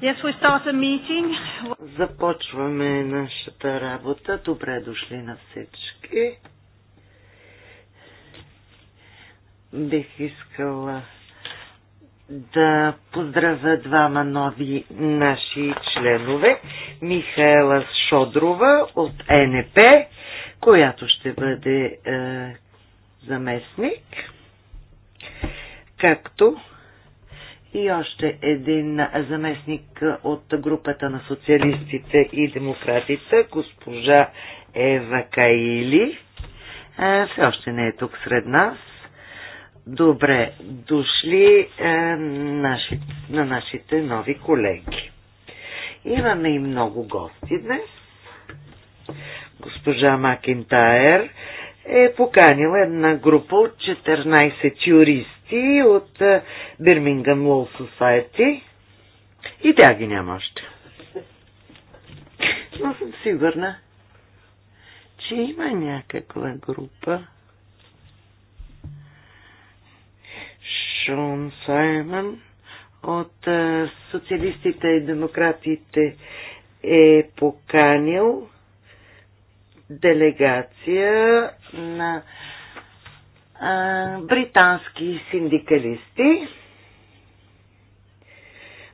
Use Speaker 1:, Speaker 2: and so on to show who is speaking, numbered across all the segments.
Speaker 1: Yes, we start a meeting.
Speaker 2: Започваме нашата работа. Добре дошли на всички. Бих искала да поздравя двама нови наши членове. Михаела Шодрова от НП, която ще бъде е, заместник, както и още един заместник от групата на социалистите и демократите, госпожа Ева Каили. Е, все още не е тук сред нас. Добре дошли е, наши, на нашите нови колеги. Имаме и много гости днес. Госпожа Макинтайер е поканила една група от 14 юристи артисти от е, Birmingham Лоу Society. И тя ги няма още. Но съм сигурна, че има някаква група. Шон Саймън от а, е, социалистите и демократите е поканил делегация на британски синдикалисти,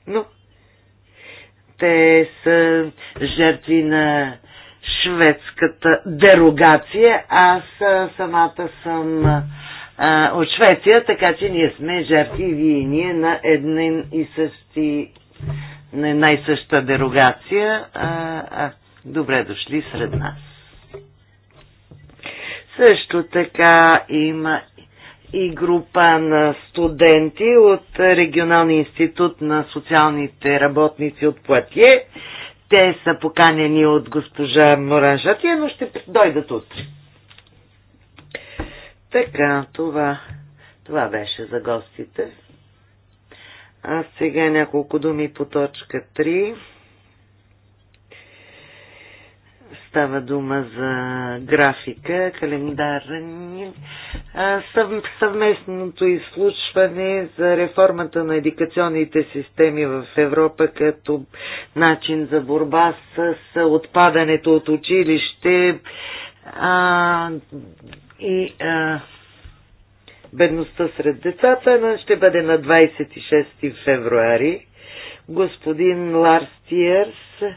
Speaker 2: но те са жертви на шведската дерогация. Аз самата съм а, от Швеция, така че ние сме жертви вие и ние на един и същи на една и съща дерогация. А, а, добре дошли сред нас. Също така има и група на студенти от Регионалния институт на социалните работници от Платие. Те са поканени от госпожа Моран но ще дойдат утре. Така, това, това беше за гостите. А сега няколко думи по точка 3. Става дума за графика, календарен, съв, съвместното изслушване за реформата на едикационните системи в Европа като начин за борба с отпадането от училище а, и а, бедността сред децата ще бъде на 26 февруари. Господин Ларс Тиерс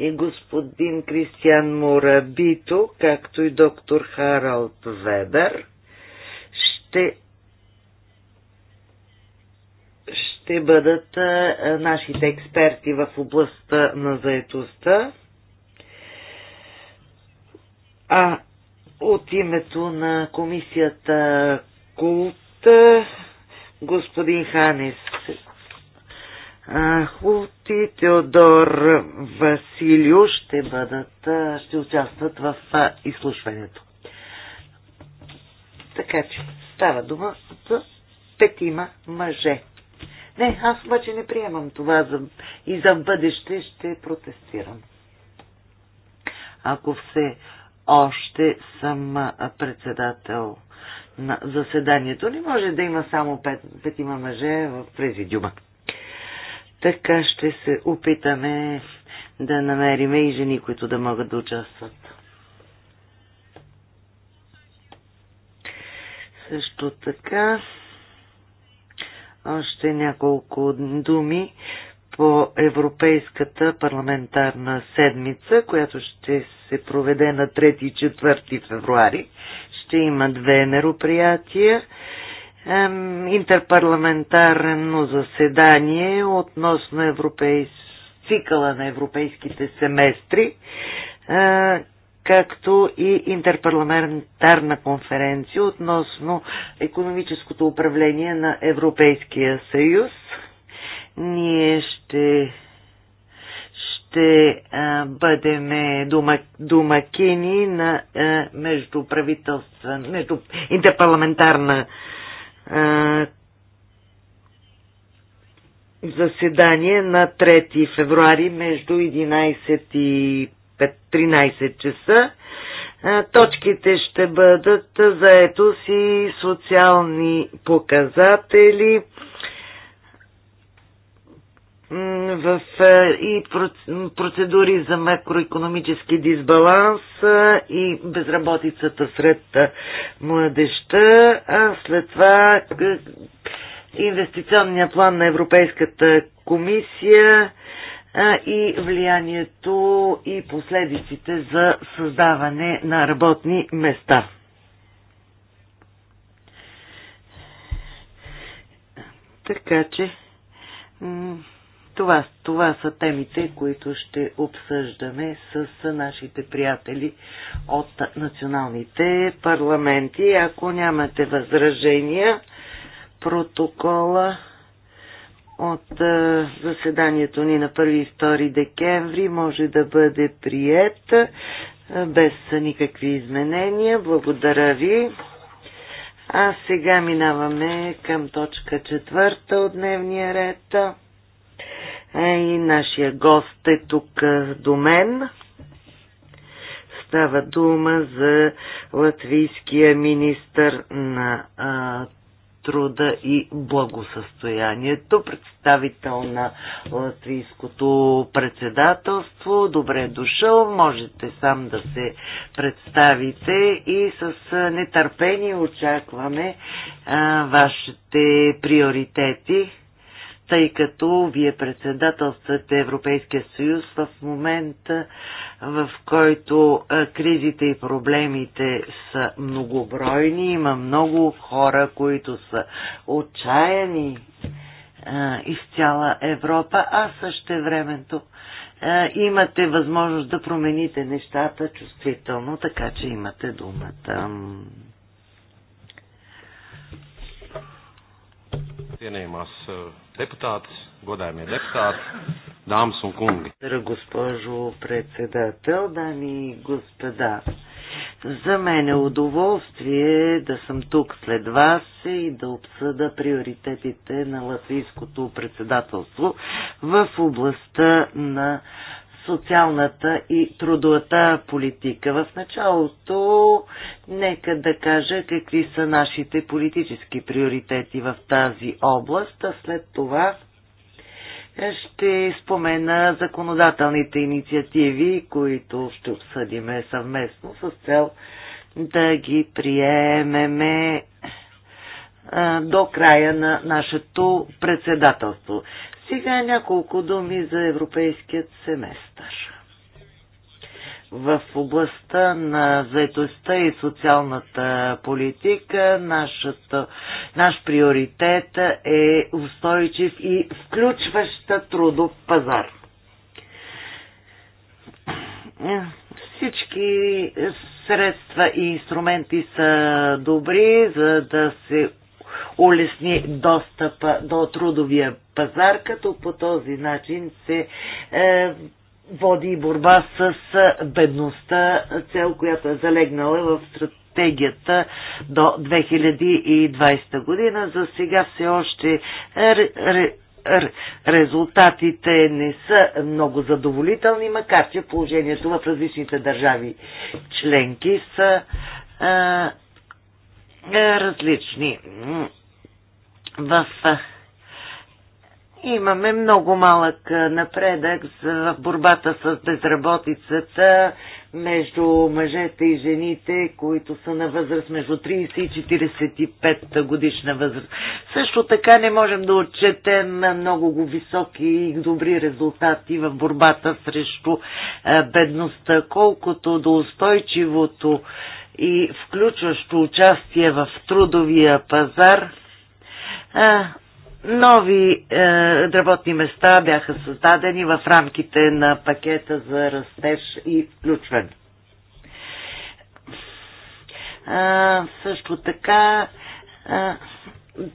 Speaker 2: и господин Кристиан Морабито, както и доктор Харалд Вебер, ще ще бъдат а, нашите експерти в областта на заетостта. А от името на комисията Култ господин Ханес Хулти, Теодор Василио ще бъдат, ще участват в изслушването. Така че става дума за петима мъже. Не, аз обаче не приемам това за, и за бъдеще ще протестирам. Ако все още съм председател на заседанието, не може да има само пет, петима мъже в президиума. Така ще се опитаме да намериме и жени, които да могат да участват. Също така, още няколко думи по Европейската парламентарна седмица, която ще се проведе на 3 и 4 февруари. Ще има две мероприятия интерпарламентарно заседание относно европейс... цикъла на европейските семестри, е, както и интерпарламентарна конференция относно економическото управление на Европейския съюз. Ние ще ще а, е, бъдем домакини на а, е, междуправителствен, между интерпарламентарна заседание на 3 февруари между 11 и 13 часа. Точките ще бъдат заето си социални показатели, в, е, и процедури за макроекономически дисбаланс е, и безработицата сред е, младеща, а след това инвестиционния план на Европейската комисия и влиянието и последиците за създаване на работни места. Така че. Това, това са темите, които ще обсъждаме с нашите приятели от националните парламенти. Ако нямате възражения, протокола от е, заседанието ни на 1 и 2 декември може да бъде прият е, без никакви изменения. Благодаря ви. А сега минаваме към точка четвърта от дневния ред. Е, и нашия гост е тук е, до мен. Става дума за латвийския министр на а, труда и благосъстоянието, представител на латвийското председателство. Добре е дошъл, можете сам да се представите и с нетърпение очакваме а, вашите приоритети тъй като вие председателствате Европейския съюз в момента, в който кризите и проблемите са многобройни, има много хора, които са отчаяни из цяла Европа, а също времето имате възможност да промените нещата чувствително, така че имате думата.
Speaker 3: аз deputāts, godājumie дам dāmas кунги.
Speaker 2: Дара Госпожо председател, дами и господа, за мен е удоволствие да съм тук след вас и да обсъда приоритетите на латвийското председателство в областта на социалната и трудовата политика. В началото нека да кажа какви са нашите политически приоритети в тази област, а след това ще спомена законодателните инициативи, които ще обсъдиме съвместно с цел да ги приемеме до края на нашето председателство. Сега няколко думи за европейският семестър. В областта на заетостта и социалната политика нашата, наш приоритет е устойчив и включваща трудов пазар. Всички средства и инструменти са добри, за да се улесни достъпа до трудовия пазар, като по този начин се е, води и борба с е, бедността, цел, която е залегнала в стратегията до 2020 година. За сега все още е, резултатите не са много задоволителни, макар че положението в различните държави членки са е, е, различни. В е, имаме много малък е, напредък в борбата с безработицата между мъжете и жените, които са на възраст между 30 и 45 годишна възраст. Също така не можем да отчетем много високи и добри резултати в борбата срещу бедността, колкото до устойчивото и включващо участие в трудовия пазар, нови е, работни места бяха създадени в рамките на пакета за растеж и включване. Също така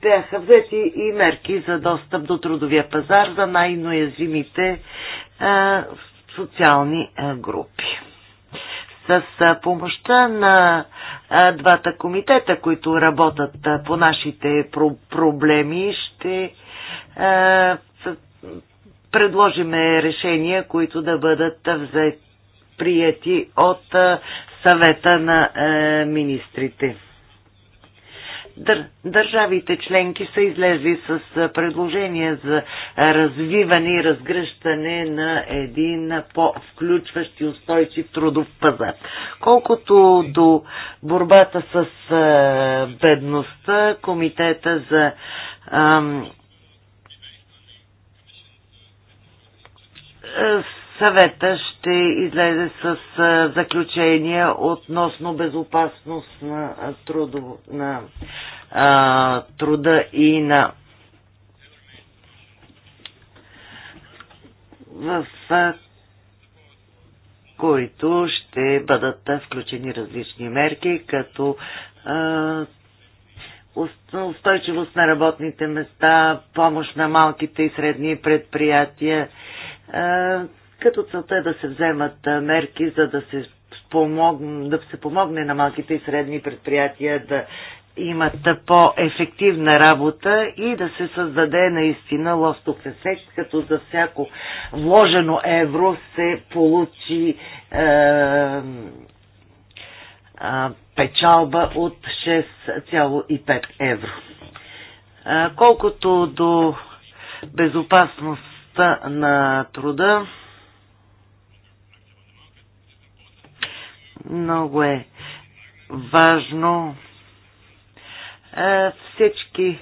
Speaker 2: бяха взети и мерки за достъп до трудовия пазар за най-ноязвимите социални групи с помощта на двата комитета, които работят по нашите проблеми, ще предложиме решения, които да бъдат взети прияти от съвета на министрите дър, държавите членки са излезли с предложение за развиване и разгръщане на един по-включващ и устойчив трудов пазар. Колкото до борбата с бедността, комитета за ам, съвета ще излезе с заключение относно безопасност на, трудо, на а, труда и на в а, които ще бъдат включени различни мерки, като а, устойчивост на работните места, помощ на малките и средни предприятия, като целта е да се вземат мерки, за да се, спомог... да се помогне на малките и средни предприятия да имат по-ефективна работа и да се създаде наистина лостов ефект, като за всяко вложено евро се получи е, е, печалба от 6,5 евро. Е, колкото до безопасността на труда, Много е важно всички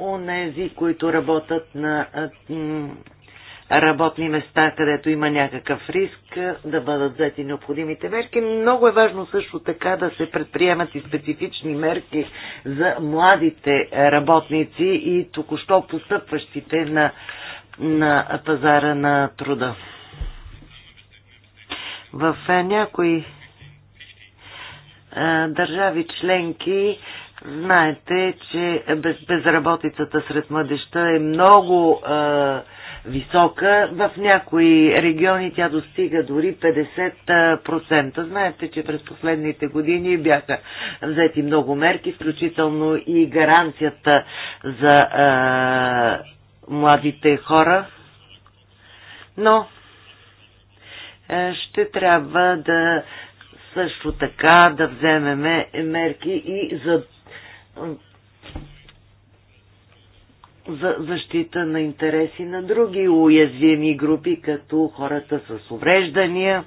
Speaker 2: онези, които работят на работни места, където има някакъв риск, да бъдат взети необходимите мерки. Много е важно също така да се предприемат и специфични мерки за младите работници и току-що постъпващите на на пазара на труда. В е, някои е, държави членки знаете, че безработицата сред младеща е много е, висока. В някои региони тя достига дори 50%. Знаете, че през последните години бяха взети много мерки, включително и гаранцията за младите хора, но е, ще трябва да също така да вземеме мерки и за, за защита на интереси на други уязвими групи, като хората с увреждания.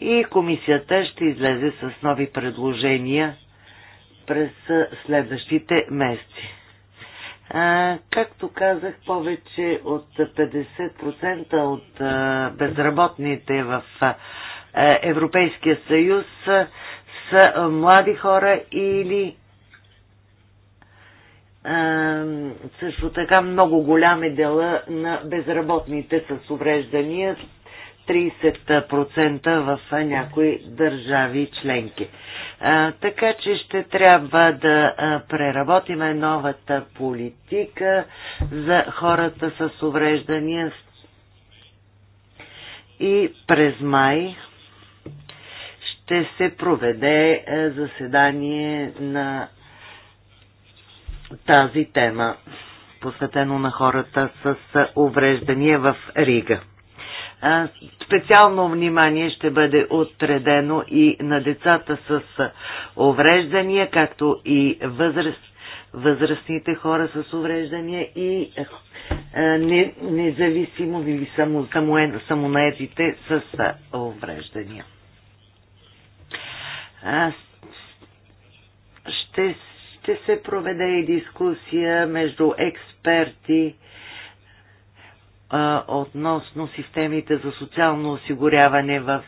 Speaker 2: И комисията ще излезе с нови предложения през следващите месеци. А, както казах, повече от 50% от а, безработните в а, Европейския съюз а, са а, млади хора или а, също така много голям е дела на безработните с увреждания 30% в някои държави членки. така че ще трябва да преработиме новата политика за хората с увреждания и през май ще се проведе заседание на тази тема, посветено на хората с увреждания в Рига. Специално внимание ще бъде отредено и на децата с увреждания, както и възраст, възрастните хора с увреждания и не, независимо или само, само, самонаетите с увреждания. Ще, ще се проведе и дискусия между експерти, относно системите за социално осигуряване в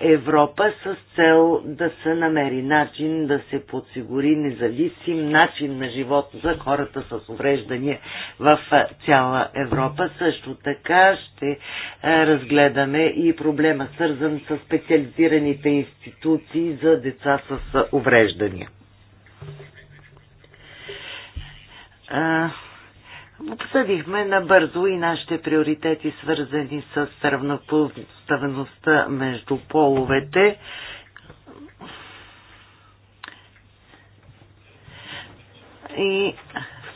Speaker 2: Европа с цел да се намери начин да се подсигури независим начин на живот за хората с увреждания в цяла Европа. Също така ще разгледаме и проблема свързан с специализираните институции за деца с увреждания. Обсъдихме набързо и нашите приоритети, свързани с равнопоставеността между половете. И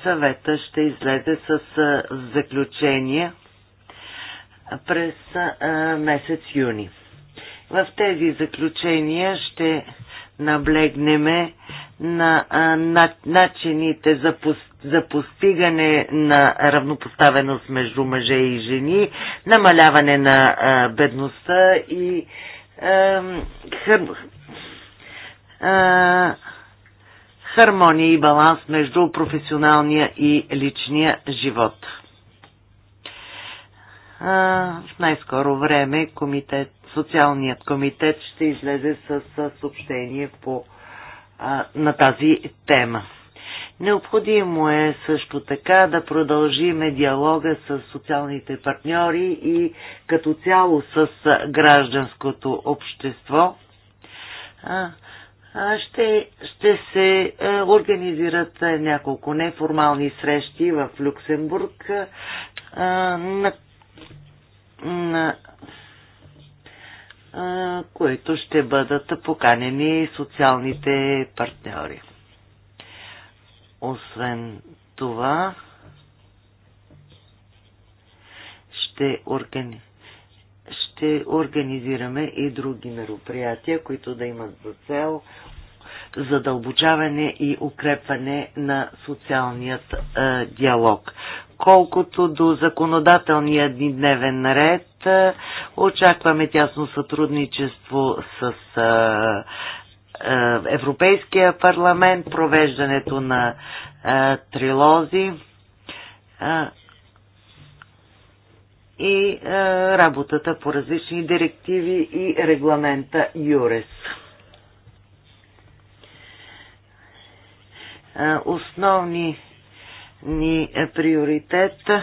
Speaker 2: съвета ще излезе с заключение през месец юни. В тези заключения ще наблегнеме на, на начините за постигане за постигане на равнопоставеност между мъже и жени, намаляване на а, бедността и а, хър, а, хармония и баланс между професионалния и личния живот. А, в най-скоро време комитет, социалният комитет ще излезе с, с съобщение по, а, на тази тема. Необходимо е също така да продължиме диалога с социалните партньори и като цяло с гражданското общество. Ще, ще се е, организират няколко неформални срещи в Люксембург, е, на, на е, които ще бъдат поканени социалните партньори. Освен това, ще, органи... ще организираме и други мероприятия, които да имат за цел задълбочаване и укрепване на социалният е, диалог. Колкото до законодателния ни дневен ред, е, очакваме тясно сътрудничество с е, е, Европейския парламент, провеждането на е, трилози е, и работата по различни директиви и регламента ЮРЕС. Основни ни приоритета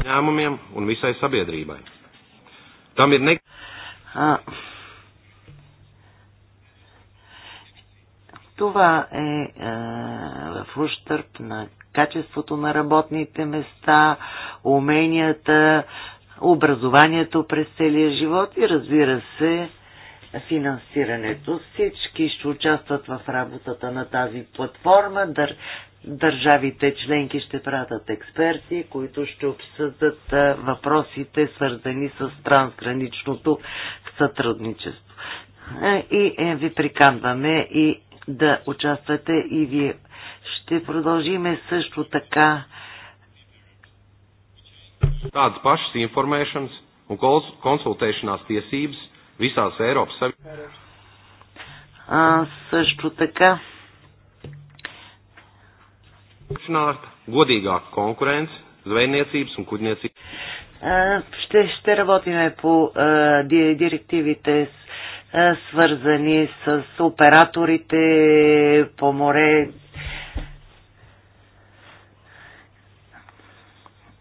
Speaker 3: uzņēmumiem un visai sabiedrībai. Tam ir ne...
Speaker 2: А, това е а, е, в ущърп на качеството на работните места, уменията, образованието през целия живот и разбира се финансирането. Всички ще участват в работата на тази платформа, дър, държавите членки ще пратят експерти, които ще обсъдат въпросите, свързани с трансграничното сътрудничество. Е, и е, ви приканваме и да участвате и вие. Ще продължиме също така
Speaker 3: Tādas pašas informēšanas un konsultēšanās tiesības visās Също така е,
Speaker 2: ще, ще работиме по е, директивите а, е, свързани с операторите по море.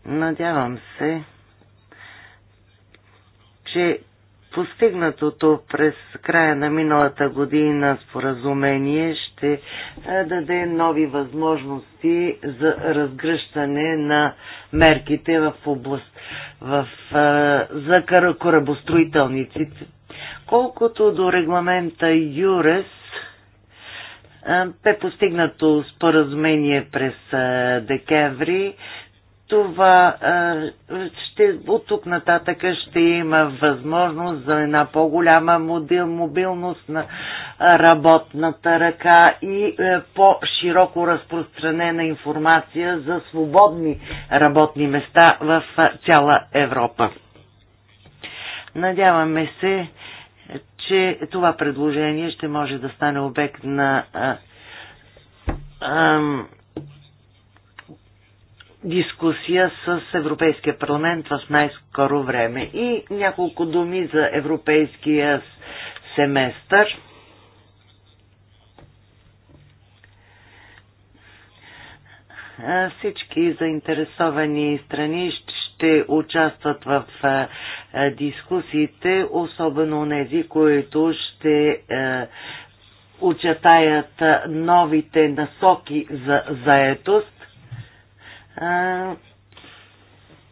Speaker 2: Надявам се, че Постигнатото през края на миналата година споразумение ще е, даде нови възможности за разгръщане на мерките в област в, е, за корабостроителниците. Колкото до регламента ЮРЕС, е, бе постигнато споразумение през декември това ще, от тук нататък ще има възможност за една по-голяма модел, мобилност на работната ръка и е, по-широко разпространена информация за свободни работни места в цяла Европа. Надяваме се, че това предложение ще може да стане обект на а, а, дискусия с Европейския парламент в най-скоро време. И няколко думи за Европейския семестър. Всички заинтересовани страни ще участват в дискусиите, особено тези, които ще очертаят новите насоки за заетост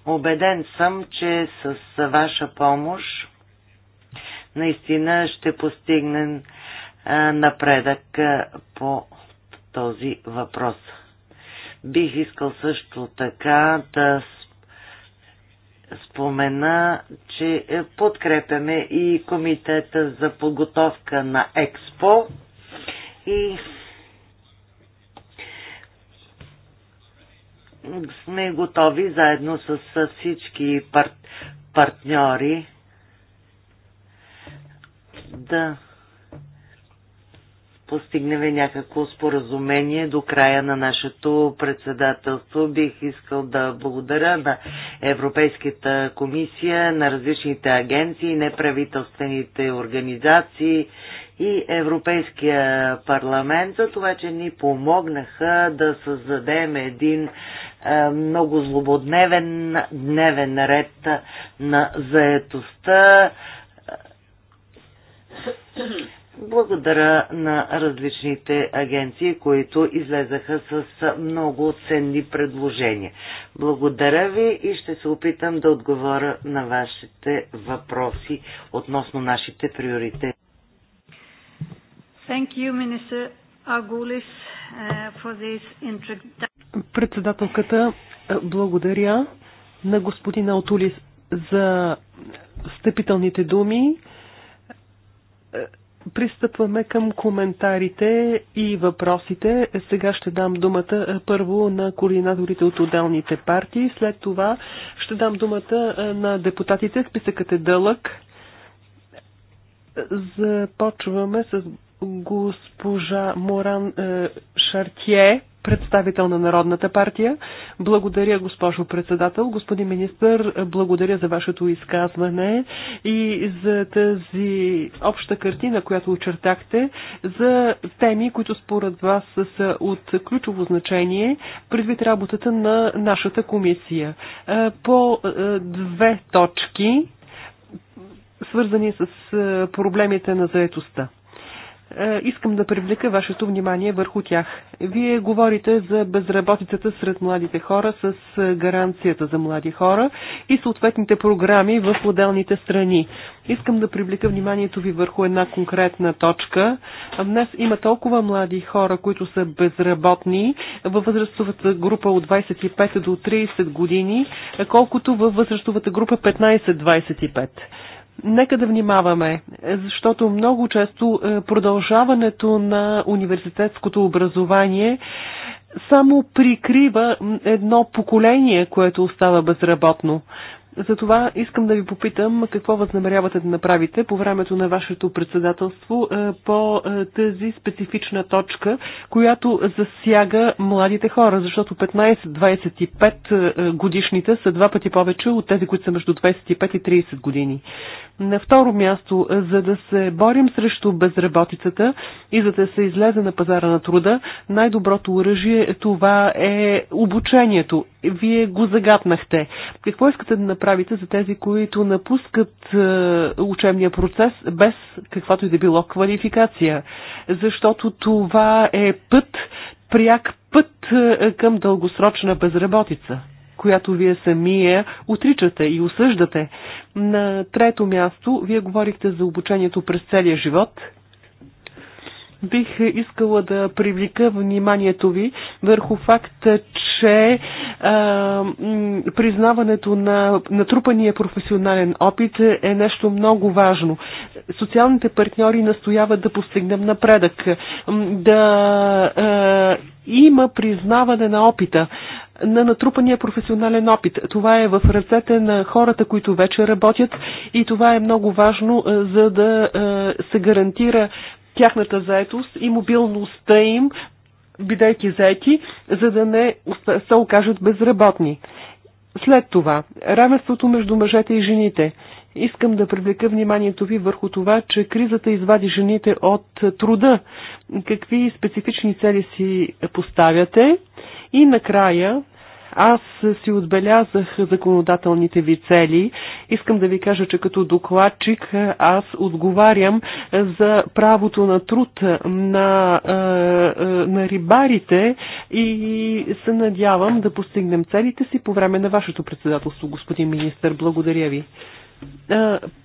Speaker 2: Обеден съм, че с ваша помощ наистина ще постигнем напредък по този въпрос. Бих искал също така да спомена, че е, подкрепяме и комитета за подготовка на Експо и сме готови заедно с всички пар... партньори да постигнем някакво споразумение до края на нашето председателство. Бих искал да благодаря на Европейската комисия, на различните агенции, неправителствените организации и Европейския парламент за това, че ни помогнаха да създадем един е, много злободневен дневен ред на заетостта. Благодаря на различните агенции, които излезаха с много ценни предложения. Благодаря ви и ще се опитам да отговоря на вашите въпроси относно нашите приоритети.
Speaker 1: Thank you, Minister Агулис, uh, for this introduction.
Speaker 4: Председателката е, благодаря на господин Отулис за встъпителните думи. Е, пристъпваме към коментарите и въпросите. Сега ще дам думата е, първо на координаторите от отделните партии. След това ще дам думата на депутатите. Списъкът е дълъг. Започваме с госпожа Моран е, Шартие, представител на Народната партия. Благодаря, госпожо председател. Господин министр, благодаря за вашето изказване и за тази обща картина, която очертахте, за теми, които според вас са от ключово значение предвид работата на нашата комисия. Е, по е, две точки, свързани с е, проблемите на заетостта. Е, искам да привлека вашето внимание върху тях. Вие говорите за безработицата сред младите хора с е, гаранцията за млади хора и съответните програми в отделните страни. Искам да привлека вниманието ви върху една конкретна точка. Днес има толкова млади хора, които са безработни във възрастовата група от 25 до 30 години, е, колкото във възрастовата група 15-25. Нека да внимаваме, защото много често е, продължаването на университетското образование само прикрива едно поколение, което остава безработно. Затова искам да ви попитам какво възнамерявате да направите по времето на вашето председателство е, по е, тази специфична точка, която засяга младите хора, защото 15-25 годишните са два пъти повече от тези, които са между 25 и 30 години. На второ място, за да се борим срещу безработицата и за да се излезе на пазара на труда, най-доброто оръжие това е обучението. Вие го загатнахте. Какво искате да направите за тези, които напускат е, учебния процес без каквато и да било квалификация? Защото това е път, пряк път е, към дългосрочна безработица която вие самия отричате и осъждате. На трето място, вие говорихте за обучението през целия живот. Бих искала да привлека вниманието ви върху факта, че а, признаването на натрупания професионален опит е нещо много важно. Социалните партньори настояват да постигнем напредък, да а, има признаване на опита на натрупания професионален опит. Това е в ръцете на хората, които вече работят и това е много важно, е, за да е, се гарантира тяхната заетост и мобилността им, бидейки заети, за да не се окажат безработни. След това, равенството между мъжете и жените. Искам да привлека вниманието ви върху това, че кризата извади жените от труда. Какви специфични цели си поставяте? И накрая, аз си отбелязах законодателните ви цели. Искам да ви кажа, че като докладчик е, аз отговарям за правото на труд на, е, е, на рибарите и се надявам да постигнем целите си по време на вашето председателство, господин министр. Благодаря ви.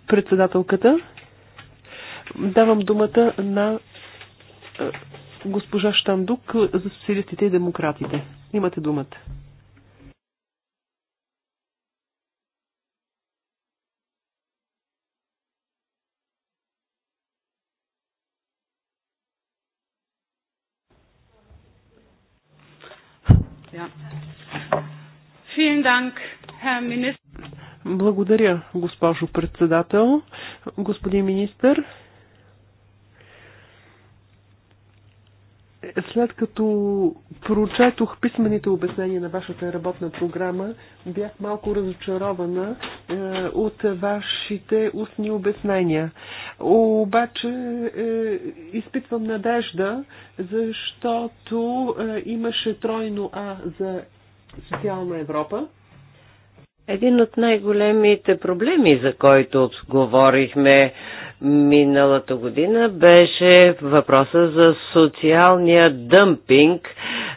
Speaker 4: Председателката, давам думата на Госпожа Штандук за социалистите и демократите. Имате думата. Благодаря, госпожо председател. Господин министър, След като прочетох писмените обяснения на вашата работна програма, бях малко разочарована е, от вашите устни обяснения. Обаче е, изпитвам надежда, защото е, имаше тройно А за социална Европа.
Speaker 5: Един от най-големите проблеми, за който говорихме миналата година, беше въпроса за социалния дъмпинг,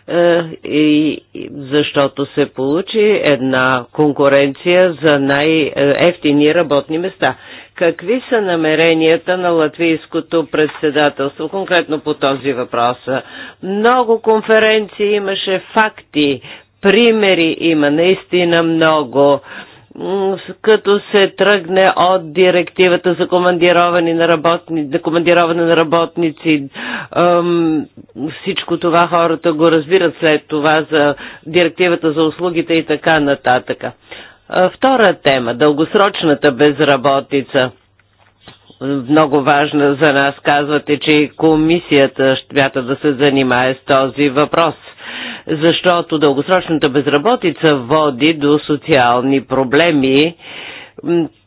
Speaker 5: е, и защото се получи една конкуренция за най-ефтини работни места. Какви са намеренията на латвийското председателство конкретно по този въпрос? Много конференции имаше факти, примери има наистина много като се тръгне от директивата за командироване на, работни, на, командироване на работници, ем, всичко това хората го разбират след това за директивата за услугите и така нататък. Втора тема дългосрочната безработица много важна за нас. Казвате, че и комисията ще да се занимае с този въпрос – защото дългосрочната безработица води до социални проблеми,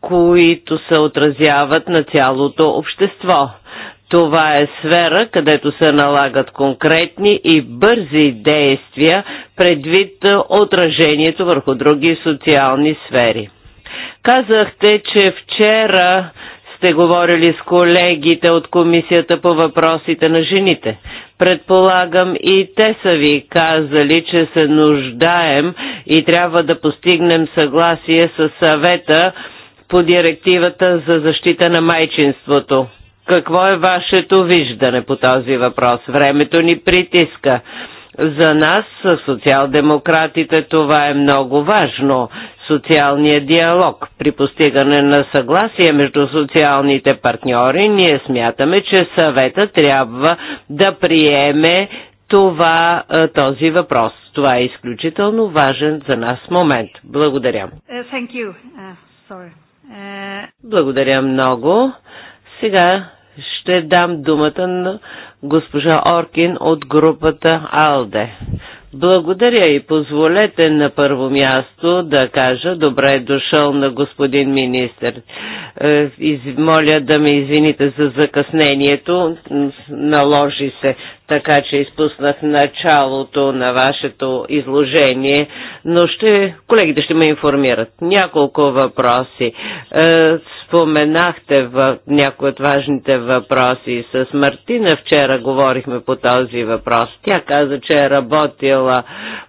Speaker 5: които се отразяват на цялото общество. Това е сфера, където се налагат конкретни и бързи действия предвид отражението върху други социални сфери. Казахте, че вчера сте говорили с колегите от Комисията по въпросите на жените. Предполагам и те са ви казали, че се нуждаем и трябва да постигнем съгласие с съвета по директивата за защита на майчинството. Какво е вашето виждане по този въпрос? Времето ни притиска. За нас, социал-демократите, това е много важно социалния диалог. При постигане на съгласие между социалните партньори ние смятаме, че съвета трябва да приеме това, е, този въпрос. Това е изключително важен за нас момент. Благодаря. Е, е, Благодаря много. Сега ще дам думата на госпожа Оркин от групата АЛДЕ. Благодаря и позволете на първо място да кажа добре е дошъл на господин министр. Е, моля да ме извините за закъснението, наложи се така че изпуснах началото на вашето изложение, но ще, колегите ще ме информират. Няколко въпроси. Е, споменахте в някои от важните въпроси. С Мартина вчера говорихме по този въпрос. Тя каза, че е работила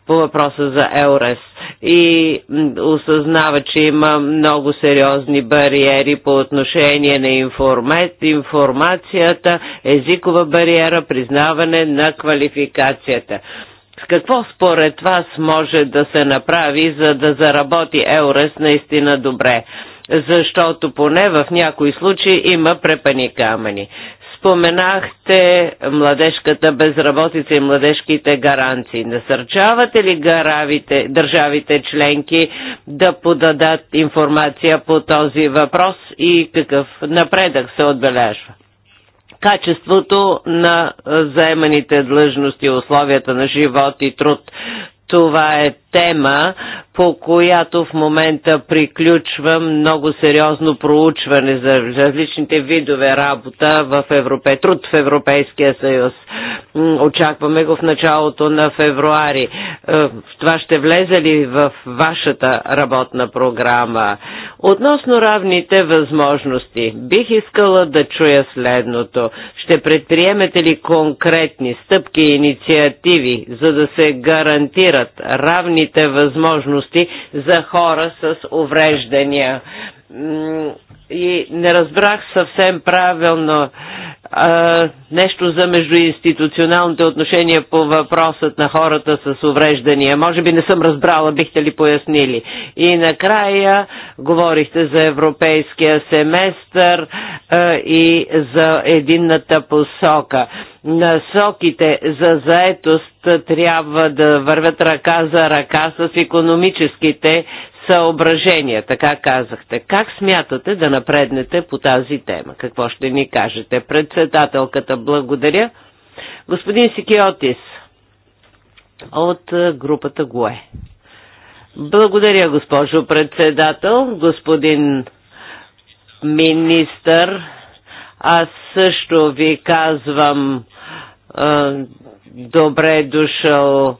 Speaker 5: по въпроса за Еурес и осъзнава, че има много сериозни бариери по отношение на информацията, езикова бариера, признаване повишаване на квалификацията. Какво според вас може да се направи, за да заработи Еурес наистина добре? Защото поне в някои случаи има препани камъни. Споменахте младежката безработица и младежките гаранции. Насърчавате ли гаравите, държавите членки да подадат информация по този въпрос и какъв напредък се отбележва? качеството на заеманите длъжности, условията на живот и труд. Това е тема, по която в момента приключвам много сериозно проучване за различните видове работа в Европе, труд в Европейския съюз. Очакваме го в началото на февруари. Е, това ще влезе ли в вашата работна програма? Относно равните възможности, бих искала да чуя следното. Ще предприемете ли конкретни стъпки и инициативи, за да се гарантират равни необходимите възможности за хора с увреждания и не разбрах съвсем правилно а, нещо за междуинституционалните отношения по въпросът на хората с увреждания. Може би не съм разбрала, бихте ли пояснили. И накрая говорихте за европейския семестър а, и за единната посока. Насоките за заетост трябва да вървят ръка за ръка с економическите съображения, така казахте. Как смятате да напреднете по тази тема? Какво ще ни кажете? Председателката, благодаря. Господин Сикиотис от е, групата ГОЕ. Благодаря, госпожо председател, господин министър. Аз също ви казвам е, добре дошъл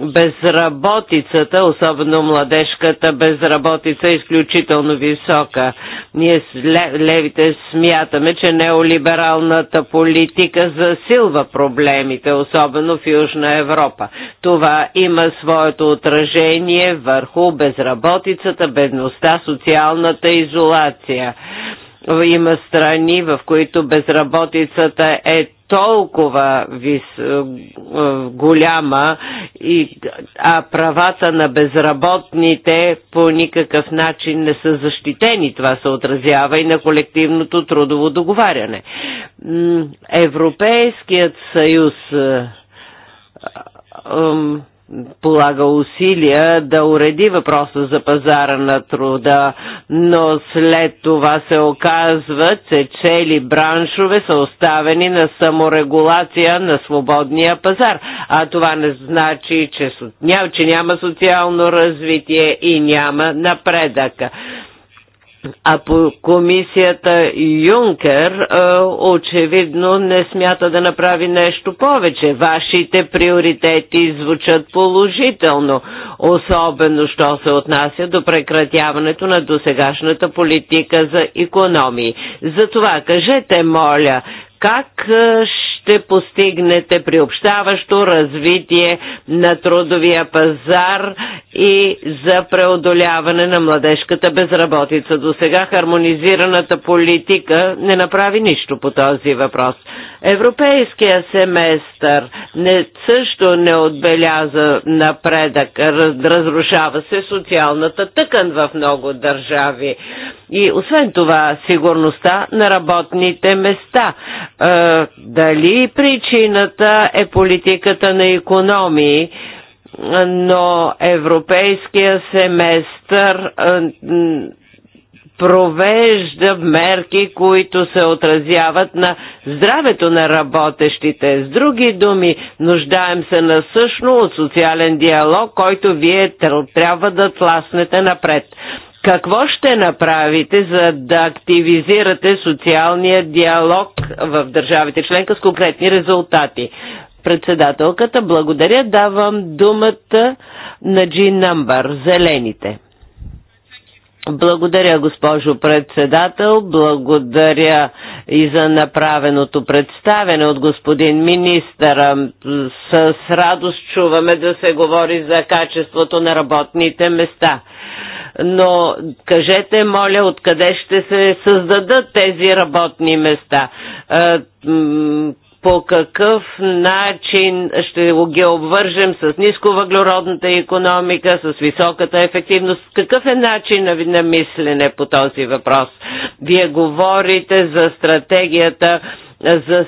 Speaker 5: безработицата, особено младежката безработица е изключително висока. Ние левите смятаме, че неолибералната политика засилва проблемите, особено в Южна Европа. Това има своето отражение върху безработицата, бедността, социалната изолация. Има страни, в които безработицата е толкова вис, е, голяма, и, а правата на безработните по никакъв начин не са защитени. Това се отразява и на колективното трудово договаряне. Европейският съюз е, полага усилия да уреди въпроса за пазара на труда, но след това се оказва, че цели браншове са оставени на саморегулация на свободния пазар. А това не значи, че, че няма социално развитие и няма напредъка. А по комисията Юнкер е, очевидно не смята да направи нещо повече. Вашите приоритети звучат положително, особено що се отнася до прекратяването на досегашната политика за економии. Затова кажете, моля, как е, ще постигнете приобщаващо развитие на трудовия пазар и за преодоляване на младежката безработица. До сега хармонизираната политика не направи нищо по този въпрос. Европейския семестър не, също не отбеляза напредък. Разрушава се социалната тъкан в много държави. И освен това, сигурността на работните места. Е, дали причината е политиката на економии? но европейския семестър провежда мерки, които се отразяват на здравето на работещите. С други думи, нуждаем се същно от социален диалог, който вие трябва да тласнете напред. Какво ще направите, за да активизирате социалния диалог в държавите членка с конкретни резултати? Председателката, благодаря. Давам думата на Джин Намбар, Зелените. Благодаря, госпожо председател. Благодаря и за направеното представене от господин министъра. С радост чуваме да се говори за качеството на работните места. Но кажете, моля, откъде ще се създадат тези работни места? Е, по какъв начин ще ги обвържем с нисковъглеродната економика, с високата ефективност. Какъв е начинът на мислене по този въпрос? Вие говорите за стратегията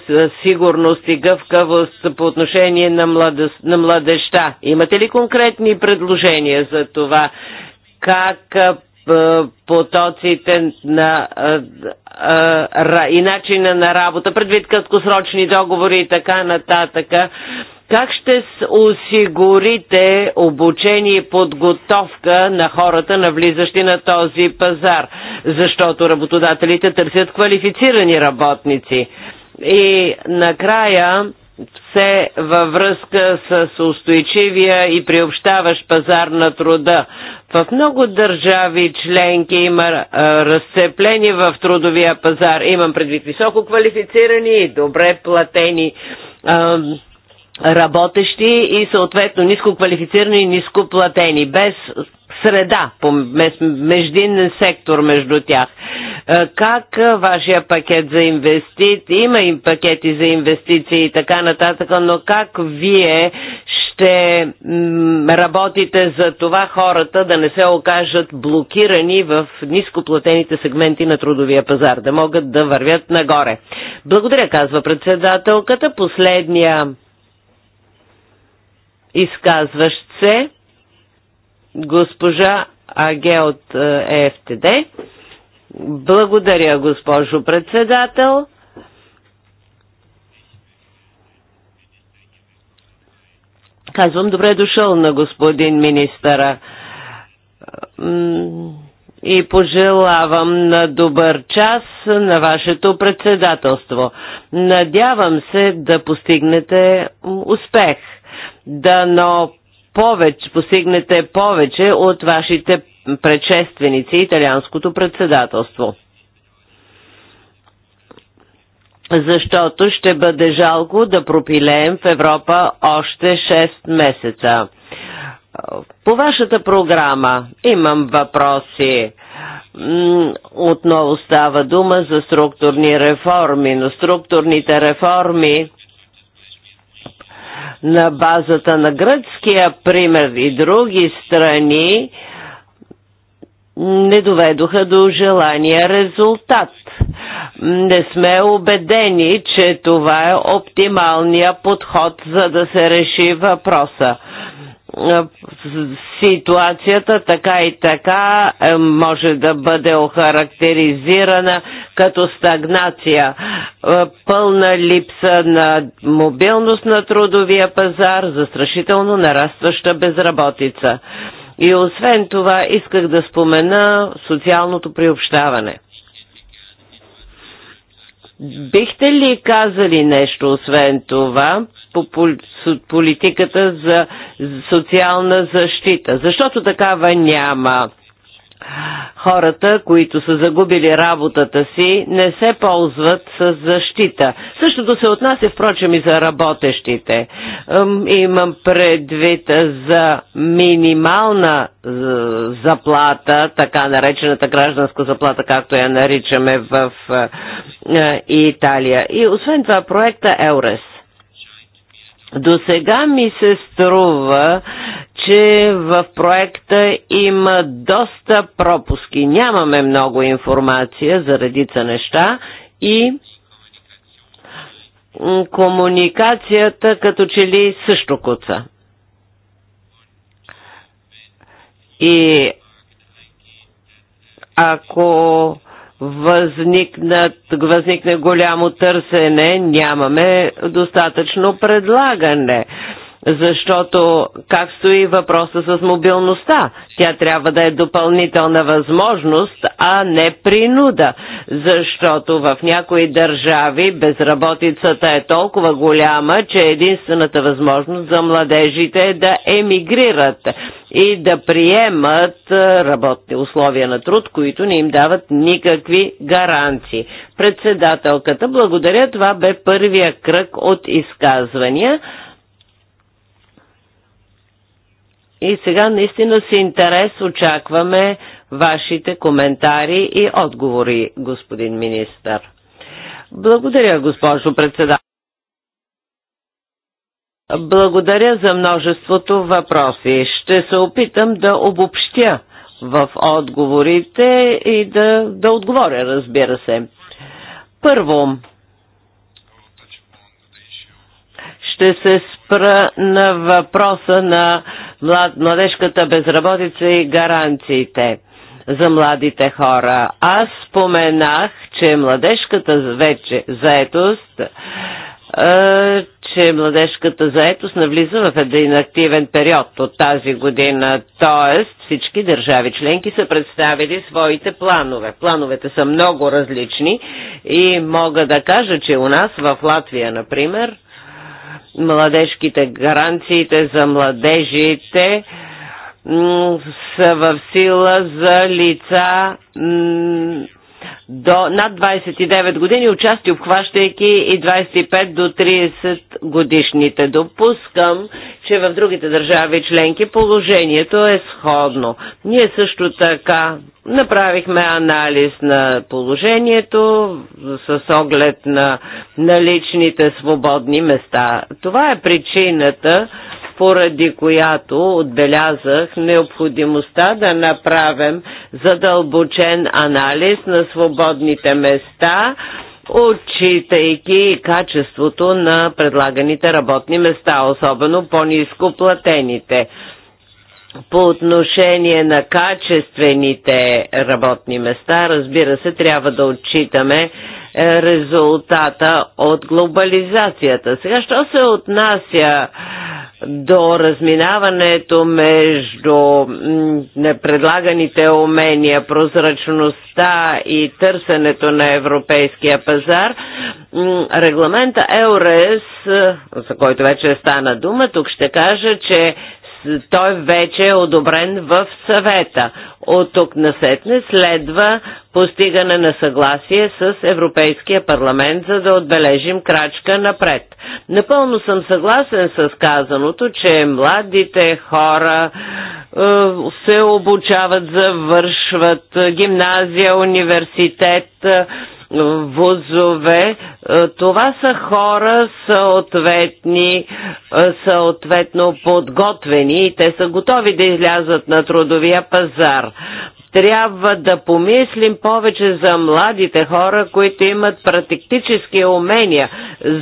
Speaker 5: за сигурност и гъвкавост по отношение на, младеж, на младеща. Имате ли конкретни предложения за това? Как потоците на, и начина на работа, предвид краткосрочни договори и така нататък. Как ще осигурите обучение и подготовка на хората, навлизащи на този пазар? Защото работодателите търсят квалифицирани работници. И накрая все във връзка с устойчивия и приобщаващ пазар на труда. В много държави членки има разцепление в трудовия пазар. Имам предвид високо квалифицирани и добре платени работещи и съответно ниско квалифицирани и ниско платени, без среда, междинен сектор между тях. Е, как е, вашия пакет за инвестиции, има им пакети за инвестиции и така нататък, но как вие ще работите за това хората да не се окажат блокирани в нископлатените сегменти на трудовия пазар, да могат да вървят нагоре. Благодаря, казва председателката. Последния изказващ се Госпожа Аге от е, ЕФТД. Благодаря, госпожо председател. Казвам, добре дошъл на господин министъра и пожелавам на добър час на вашето председателство. Надявам се да постигнете успех. Да, но повече, постигнете повече от вашите предшественици италианското председателство. Защото ще бъде жалко да пропилеем в Европа още 6 месеца. По вашата програма имам въпроси. Отново става дума за структурни реформи, но структурните реформи на базата на гръцкия пример и други страни не доведоха до желания резултат. Не сме убедени, че това е оптималният подход, за да се реши въпроса ситуацията така и така е, може да бъде охарактеризирана като стагнация, пълна липса на мобилност на трудовия пазар, застрашително нарастваща безработица. И освен това исках да спомена социалното приобщаване. Бихте ли казали нещо освен това? политиката за социална защита, защото такава няма. Хората, които са загубили работата си, не се ползват с защита. Същото се отнася, впрочем, и за работещите. Имам предвид за минимална е, заплата, така наречената гражданска заплата, както я наричаме в е, е, Италия. И освен това проекта Еурес до сега ми се струва, че в проекта има доста пропуски. Нямаме много информация за редица неща и комуникацията като че ли също куца. И ако възникнат, възникне голямо търсене, нямаме достатъчно предлагане защото как стои въпроса с мобилността? Тя трябва да е допълнителна възможност, а не принуда, защото в някои държави безработицата е толкова голяма, че единствената възможност за младежите е да емигрират и да приемат е, работни условия на труд, които не им дават никакви гаранции. Председателката, благодаря, това бе първия кръг от изказвания. И сега наистина с интерес очакваме вашите коментари и отговори, господин министър. Благодаря, госпожо председател. Благодаря за множеството въпроси. Ще се опитам да обобщя в отговорите и да, да отговоря, разбира се. Първо, ще се спра на въпроса на млад, младежката безработица и гаранциите за младите хора. Аз споменах, че младежката вече заетост е, че младежката заетост навлиза в един активен период от тази година, т.е. всички държави членки са представили своите планове. Плановете са много различни и мога да кажа, че у нас в Латвия, например, младежките гаранциите за младежите са в сила за лица до над 29 години, участи, обхващайки и 25 до 30 годишните. Допускам, че в другите държави членки положението е сходно. Ние също така направихме анализ на положението с оглед на наличните свободни места. Това е причината, поради която отбелязах необходимостта да направим задълбочен анализ на свободните места, отчитайки качеството на предлаганите работни места, особено по-низко платените. По отношение на качествените работни места, разбира се, трябва да отчитаме е, резултата от глобализацията. Сега, що се отнася до разминаването между предлаганите умения, прозрачността и търсенето на европейския пазар, регламента ЕОРЕС, е, за който вече стана дума, тук ще кажа, че той вече е одобрен в съвета. От тук на сетне следва постигане на съгласие с Европейския парламент, за да отбележим крачка напред. Напълно съм съгласен с казаното, че младите хора е, се обучават, завършват гимназия, университет, е, вузове. Е, това са хора съответни, е, съответно подготвени и те са готови да излязат на трудовия пазар трябва да помислим повече за младите хора, които имат практически умения,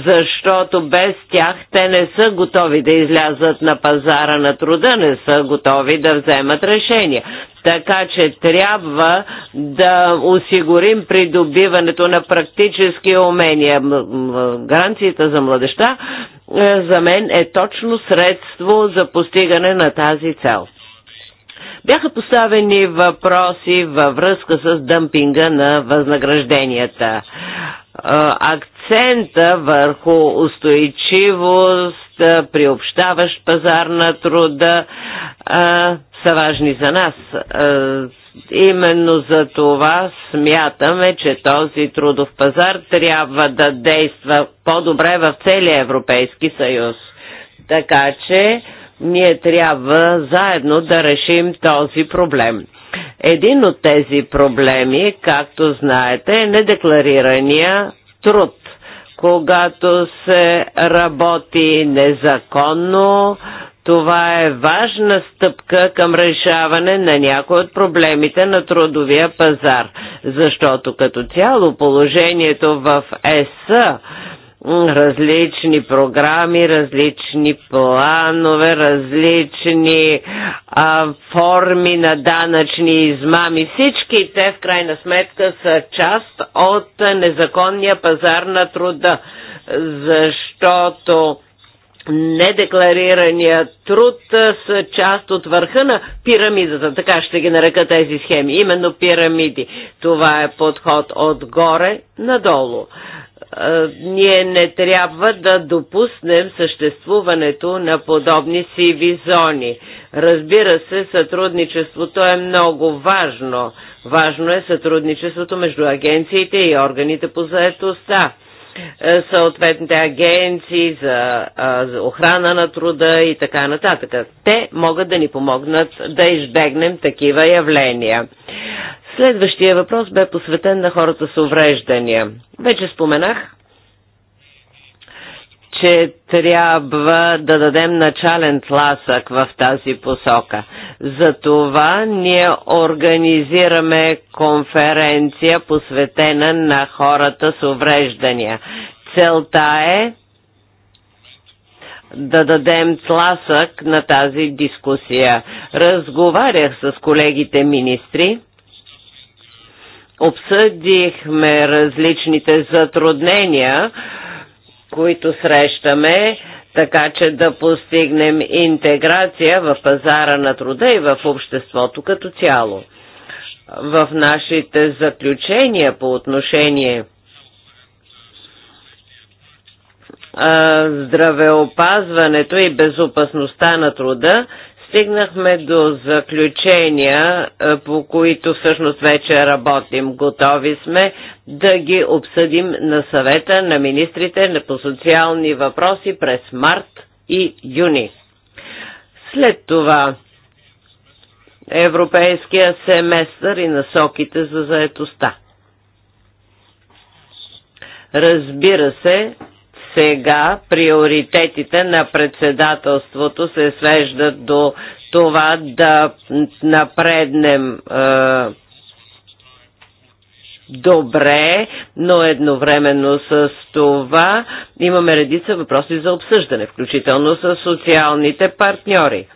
Speaker 5: защото без тях те не са готови да излязат на пазара на труда, не са готови да вземат решения. Така че трябва да осигурим придобиването на практически умения. Гаранцията за младеща е, за мен е точно средство за постигане на тази цел. Бяха поставени въпроси във връзка с дъмпинга на възнагражденията е, акцента върху устойчивост приобщаващ пазар на труда а, са важни за нас. А, Именно за това смятаме, че този трудов пазар трябва да действа по-добре в целия Европейски съюз. Така че ние трябва заедно да решим този проблем. Един от тези проблеми, както знаете, е недекларирания труд когато се работи незаконно, това е важна стъпка към решаване на някои от проблемите на трудовия пазар, защото като цяло положението в ЕС различни програми, различни планове, различни а, форми на данъчни измами. Всички те в крайна сметка са част от незаконния пазар на труда, защото недекларирания труд са част от върха на пирамидата, така ще ги нарека тези схеми, именно пирамиди. Това е подход отгоре надолу ние не трябва да допуснем съществуването на подобни сиви зони. Разбира се, сътрудничеството е много важно. Важно е сътрудничеството между агенциите и органите по заетостта. Е, съответните агенции за, за охрана на труда и така нататък. Те могат да ни помогнат да избегнем такива явления. Следващия въпрос бе посветен на хората с увреждания. Вече споменах, че трябва да дадем начален тласък в тази посока. Затова ние организираме конференция, посветена на хората с увреждания. Целта е да дадем тласък на тази дискусия. Разговарях с колегите министри обсъдихме различните затруднения, които срещаме, така че да постигнем интеграция в пазара на труда и в обществото като цяло. В нашите заключения по отношение здравеопазването и безопасността на труда Стигнахме до заключения, по които всъщност вече работим. Готови сме да ги обсъдим на съвета на министрите по социални въпроси през март и юни. След това Европейския семестър и насоките за заетостта. Разбира се, сега приоритетите на председателството се свеждат до това да напреднем добре, но едновременно с това имаме редица въпроси за обсъждане, включително с социалните партньори,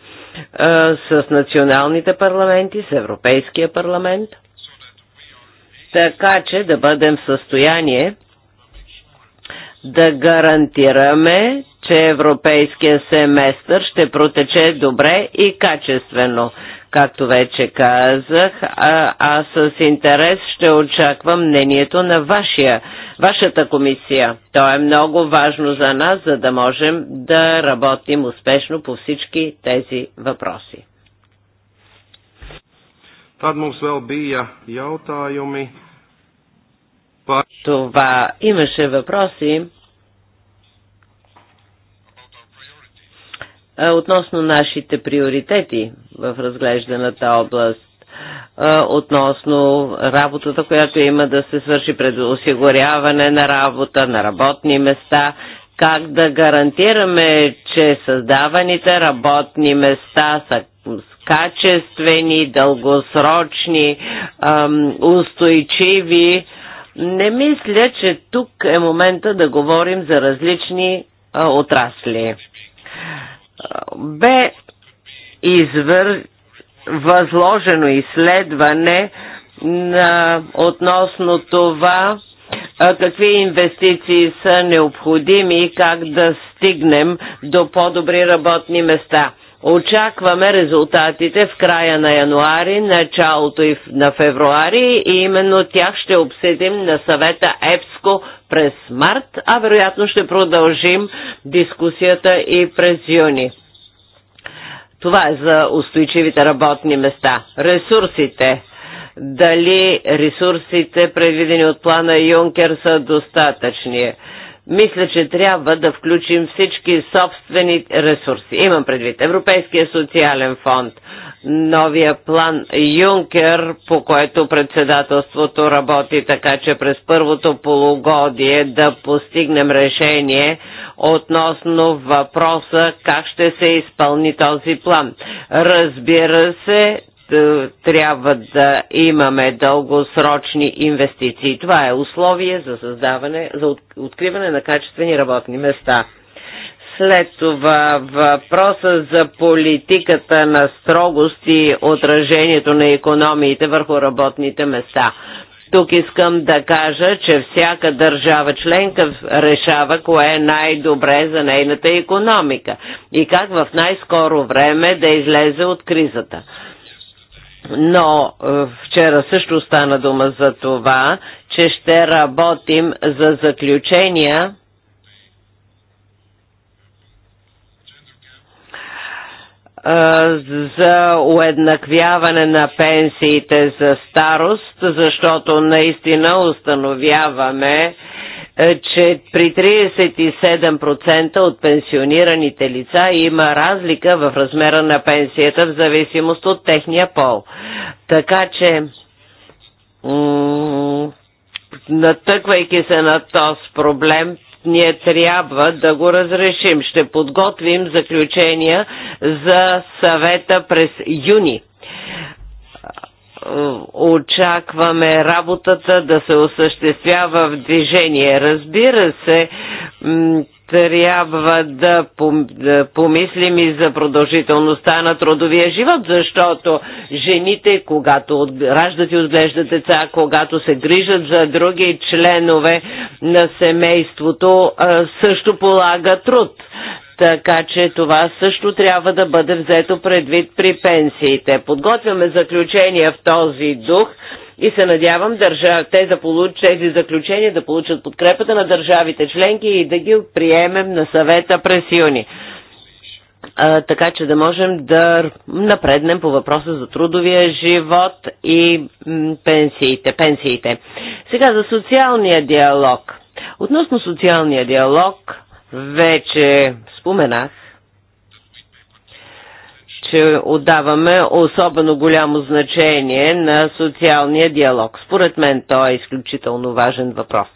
Speaker 5: с националните парламенти, с Европейския парламент, така че да бъдем в състояние да гарантираме, че европейския семестър ще протече добре и качествено. Както вече казах, а, аз с интерес ще очаквам мнението на вашия, вашата комисия. То е много важно за нас, за да можем да работим успешно по всички тези въпроси.
Speaker 3: Tad mums vēl bija jautājumi това имаше въпроси
Speaker 5: относно нашите приоритети в разглежданата област относно работата, която има да се свърши пред осигуряване на работа, на работни места, как да гарантираме, че създаваните работни места са качествени, дългосрочни, устойчиви не мисля, че тук е момента да говорим за различни а, отрасли. Бе извър... възложено изследване на... относно това, какви инвестиции са необходими и как да стигнем до по-добри работни места. Очакваме резултатите в края на януари, началото и на февруари и именно тях ще обсъдим на съвета ЕПСКО през март, а вероятно ще продължим дискусията и през юни. Това е за устойчивите работни места. Ресурсите. Дали ресурсите, предвидени от плана Юнкер, са достатъчни? Мисля, че трябва да включим всички собствени ресурси. Имам предвид Европейския социален фонд, новия план Юнкер, по който председателството работи така, че през първото полугодие да постигнем решение относно въпроса как ще се изпълни този план. Разбира се, е, трябва да имаме дългосрочни инвестиции. Това е условие за създаване, за откриване на качествени работни места. След това въпроса за политиката на строгост и отражението на економиите върху работните места. Тук искам да кажа, че всяка държава членка решава кое е най-добре за нейната економика и как в най-скоро време да излезе от кризата. Но е, вчера също стана дума за това, че ще работим за заключения е, за уеднаквяване на пенсиите за старост, защото наистина установяваме, е, че при 37% от пенсионираните лица има разлика в размера на пенсията в зависимост от техния пол. Така че натъквайки се на този проблем, ние трябва да го разрешим. Ще подготвим заключения за съвета през юни е, очакваме работата да се осъществява в движение. Разбира се, трябва да помислим и за продължителността на трудовия живот, защото жените, когато раждат и отглеждат деца, когато се грижат за други членове на семейството, е, също полагат труд. Така че това също трябва да бъде взето предвид при пенсиите. Подготвяме заключения в този дух и се надявам държа... те да получ... тези заключения да получат подкрепата на държавите членки и да ги приемем на съвета през юни. А, така че да можем да напреднем по въпроса за трудовия живот и пенсиите. пенсиите. Сега за социалния диалог. Относно социалния диалог, вече споменах, че отдаваме особено голямо значение на социалния диалог. Според мен той е изключително важен въпрос.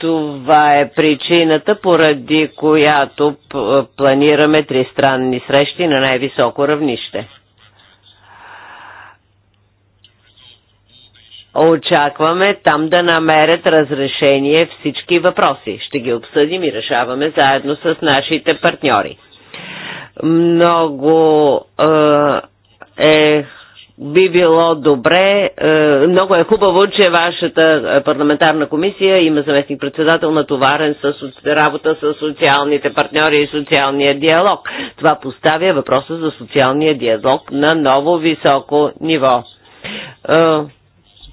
Speaker 5: Това е причината, поради която планираме тристранни срещи на най-високо равнище. Очакваме там да намерят разрешение всички въпроси. Ще ги обсъдим и решаваме заедно с нашите партньори. Много е, е би било добре. Е, много е хубаво, че вашата парламентарна комисия има заместник-председател натоварен с работа с социалните партньори и социалния диалог. Това поставя въпроса за социалния диалог на ново високо ниво. Е,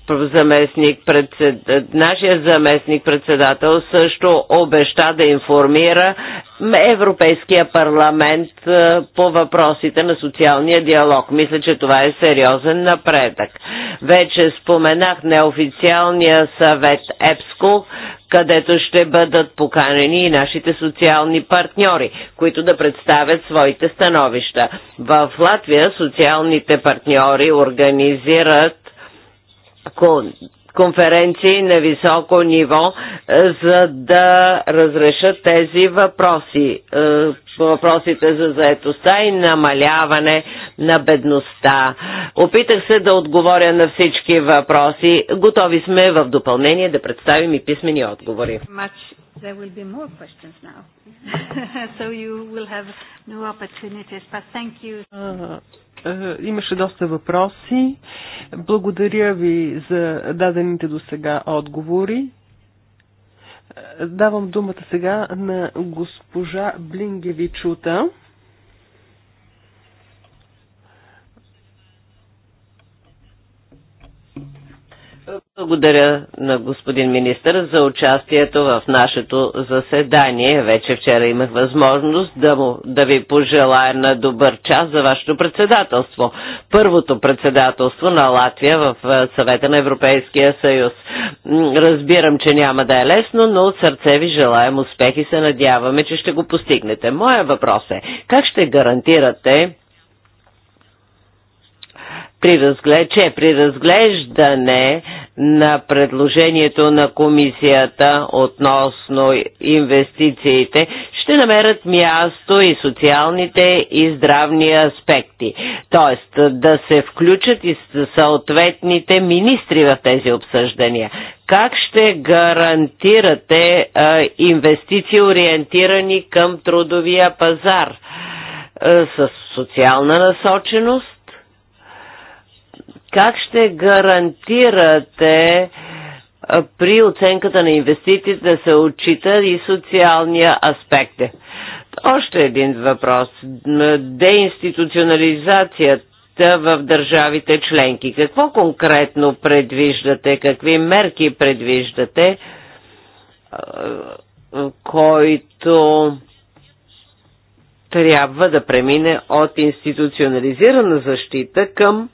Speaker 5: заместник председ... нашия заместник председател също обеща да информира Европейския парламент е, по въпросите на социалния диалог. Мисля, че това е сериозен напредък. Вече споменах неофициалния съвет ЕПСКО, където ще бъдат поканени и нашите социални партньори, които да представят своите становища. В Латвия социалните партньори организират конференции на високо ниво, е, за да разрешат тези въпроси. Е, въпросите за заетостта и намаляване на бедността. Опитах се да отговоря на всички въпроси. Готови сме в допълнение да представим и писмени отговори
Speaker 1: there will be more questions now. so you will have new opportunities, but thank you.
Speaker 4: Имаше доста въпроси. Благодаря ви за дадените до сега отговори. Давам думата сега на госпожа Блингевичута.
Speaker 5: Благодаря на господин министър за участието в нашето заседание. Вече вчера имах възможност да, му, да ви пожелая на добър час за вашето председателство. Първото председателство на Латвия в съвета на Европейския съюз. Разбирам, че няма да е лесно, но от сърце ви желаем успех и се надяваме, че ще го постигнете. Моя въпрос е, как ще гарантирате при, разглед, че при разглеждане на предложението на комисията относно инвестициите ще намерят място и социалните и здравни аспекти. Тоест да се включат и съответните министри в тези обсъждания. Как ще гарантирате а, инвестиции ориентирани към трудовия пазар а, с социална насоченост? Как ще гарантирате при оценката на инвестициите да се отчита и социалния аспект? Още един въпрос. Деинституционализацията в държавите членки. Какво конкретно предвиждате? Какви мерки предвиждате? който трябва да премине от институционализирана защита към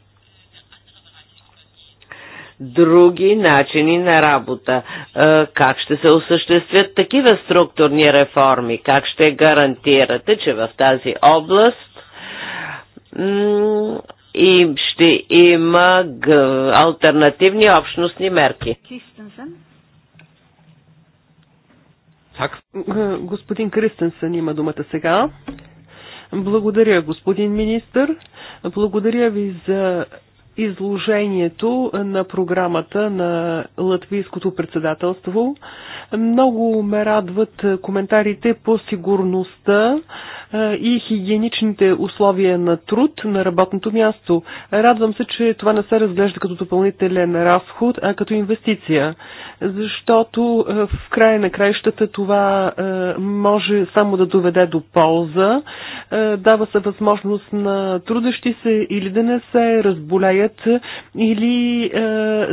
Speaker 5: други начини на работа. Е, как ще се осъществят такива структурни реформи? Как ще гарантирате, че в тази област и ще има
Speaker 4: альтернативни общностни мерки? Так. Господин Кристенсън има думата сега. Благодаря, господин министр. Благодаря ви за изложението на програмата на латвийското председателство. Много ме радват коментарите по сигурността и хигиеничните условия на труд на работното място. Радвам се, че това не се разглежда като допълнителен разход, а като инвестиция, защото в края на краищата това може само да доведе до полза. Дава се възможност на трудещи се или да не се разболеят заболеят е, или е,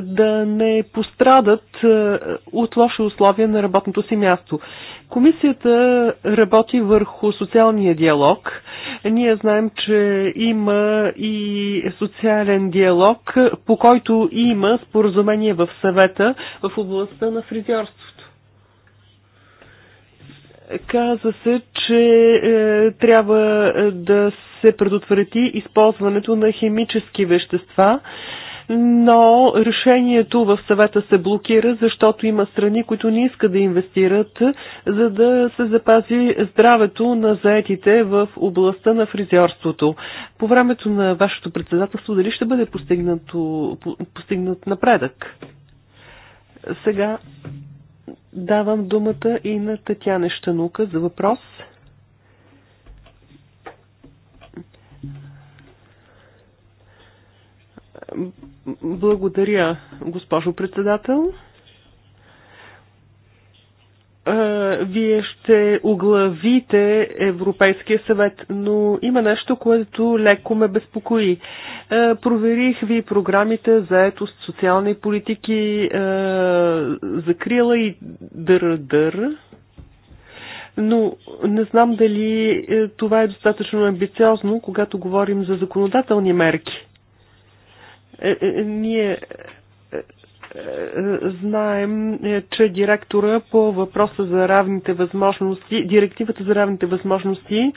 Speaker 4: да не пострадат е, от лоши условия на работното си място. Комисията работи върху социалния диалог. Ние знаем, че има и социален диалог, по който има споразумение в съвета в областта на фризьорство. Каза се, че е, трябва е, да се предотврати използването на химически вещества, но решението в съвета се блокира, защото има страни, които не искат да инвестират, за да се запази здравето на заетите в областта на фризьорството. По времето на вашето председателство дали ще бъде постигнат напредък? Сега Давам думата и на Татяна Щанука за въпрос. Благодаря, госпожо председател вие ще оглавите Европейския съвет, но има нещо, което леко ме безпокои. Проверих ви програмите за етост, социални политики, закрила и дър-дър. Но не знам дали е, това е достатъчно амбициозно, когато говорим за законодателни мерки. Е, е, ние е, знаем, е, че директора по въпроса за равните възможности, директивата за равните възможности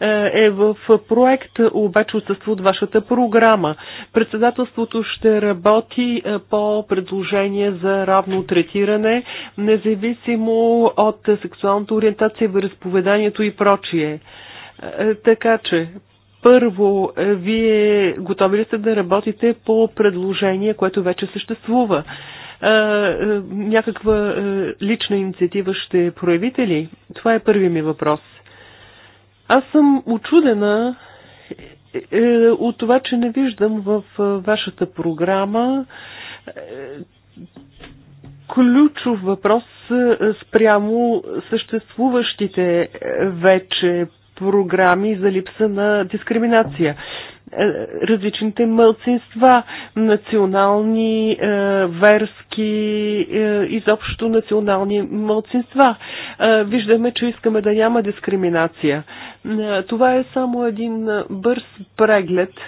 Speaker 4: е, е в проект, обаче отсъства от вашата програма. Председателството ще работи по предложение за равно третиране, независимо от сексуалната ориентация, вероисповеданието и прочие. Така че първо, е, вие готови ли сте да работите по предложение, което вече съществува? Е, е, някаква лична инициатива ще проявите ли? Това е първи ми въпрос. Аз съм очудена от това, че не виждам в вашата програма ключов въпрос спрямо съществуващите вече програми за липса на дискриминация. Е, различните мълцинства, национални, е, верски, е, изобщо национални мълцинства. Виждаме, че искаме да няма дискриминация. Това е само един бърз преглед –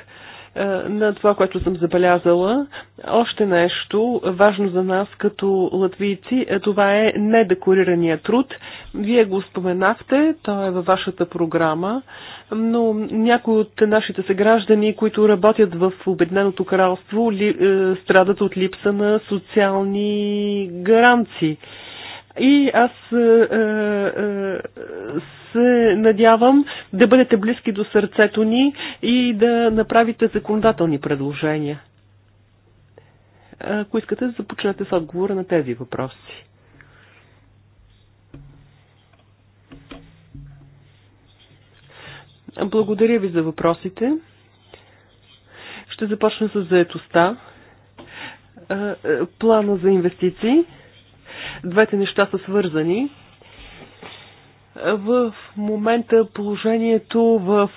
Speaker 4: е, на това, което съм забелязала. Още нещо важно за нас като латвийци, е, това е недекорирания труд. Вие го споменахте, то е във вашата програма, но някои от нашите съграждани, които работят в Обединеното кралство, ли, е, страдат от липса на социални гаранции. И аз е, е, е се надявам да бъдете близки до сърцето ни и да направите законодателни предложения. Ако искате, започнете с отговора на тези въпроси. Благодаря ви за въпросите. Ще започна с заетостта. Е, е, плана за инвестиции. Двете неща са свързани. В момента положението в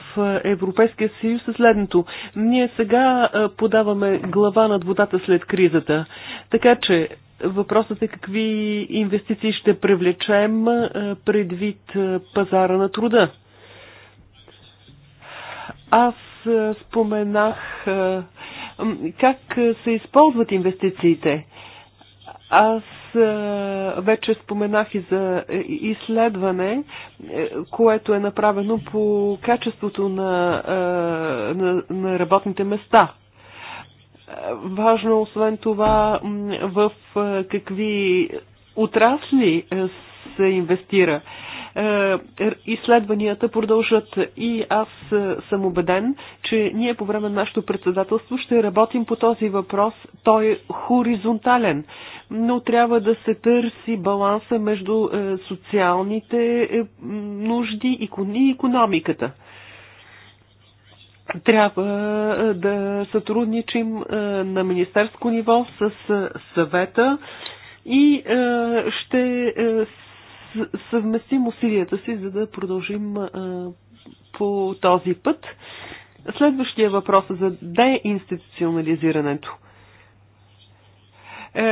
Speaker 4: Европейския съюз е следното. Ние сега подаваме глава над водата след кризата. Така че Въпросът е какви инвестиции ще привлечем предвид пазара на труда. Аз споменах как се използват инвестициите. Аз е, вече споменах и за изследване, е, което е направено по качеството на, е, на, на работните места. Важно, освен това, в какви отрасли се инвестира. Е, изследванията продължат и аз е, съм убеден, че ние по време на нашето председателство ще работим по този въпрос. Той е хоризонтален, но трябва да се търси баланса между е, социалните нужди и економиката трябва да сътрудничим на министерско ниво с съвета и ще съвместим усилията си, за да продължим по този път. Следващия въпрос е за деинституционализирането е,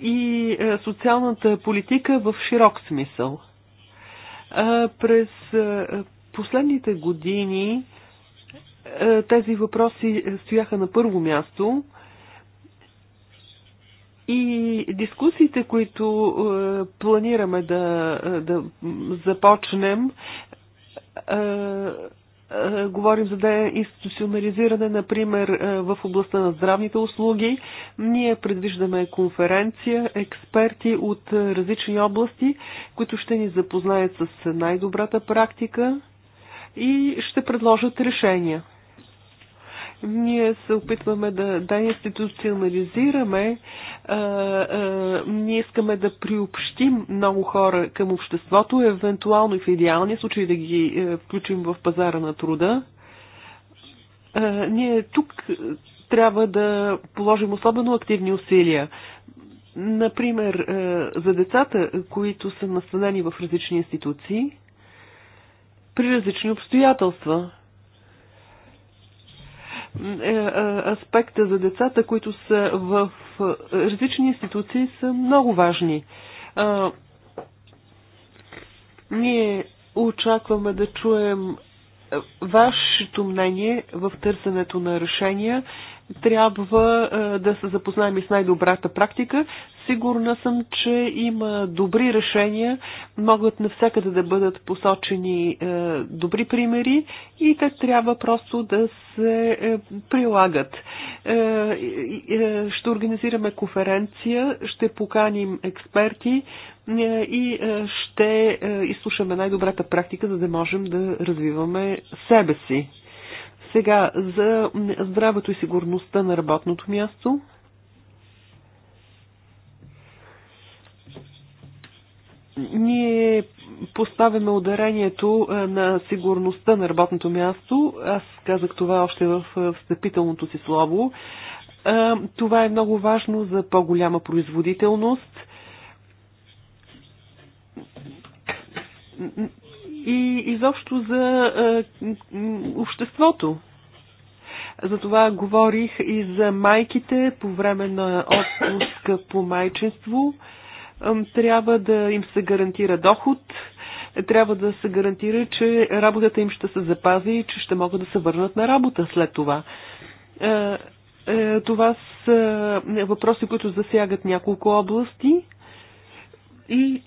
Speaker 4: и е, социалната политика в широк смисъл. Е, през последните години тези въпроси стояха на първо място и дискусиите, които е, планираме да, е, да започнем, е, говорим за деинституционализиране, например, в областта на здравните услуги. Ние предвиждаме конференция, експерти от различни области, които ще ни запознаят с най-добрата практика и ще предложат решения. Ние се опитваме да, да институционализираме, а, а, ние искаме да приобщим много хора към обществото, евентуално и в идеалния случай да ги а, е, включим в пазара на труда. А, ние тук трябва да положим особено активни усилия. Например, е, за децата, които са настанени в различни институции, при различни обстоятелства – е, е, аспекта за децата, които са в е, различни институции, са много важни. Ние очакваме да чуем вашето мнение в търсенето на решения. Трябва да се запознаем и с най-добрата практика. Сигурна съм, че има добри решения, могат навсякъде да бъдат посочени е, добри примери и те трябва просто да се е, прилагат. Е, ще организираме конференция, ще поканим експерти и ще изслушаме най-добрата практика, за да можем да развиваме себе си. Сега за здравето и сигурността на работното място. Ние поставяме ударението е, на сигурността на работното място. Аз казах това още в е, встъпителното си слово. Е, това е много важно за по-голяма производителност. И изобщо за обществото. За това говорих и за майките по време на отпуска по майчинство трябва да им се гарантира доход, трябва да се гарантира, че работата им ще се запази и че ще могат да се върнат на работа след това. Това са въпроси, които засягат няколко области и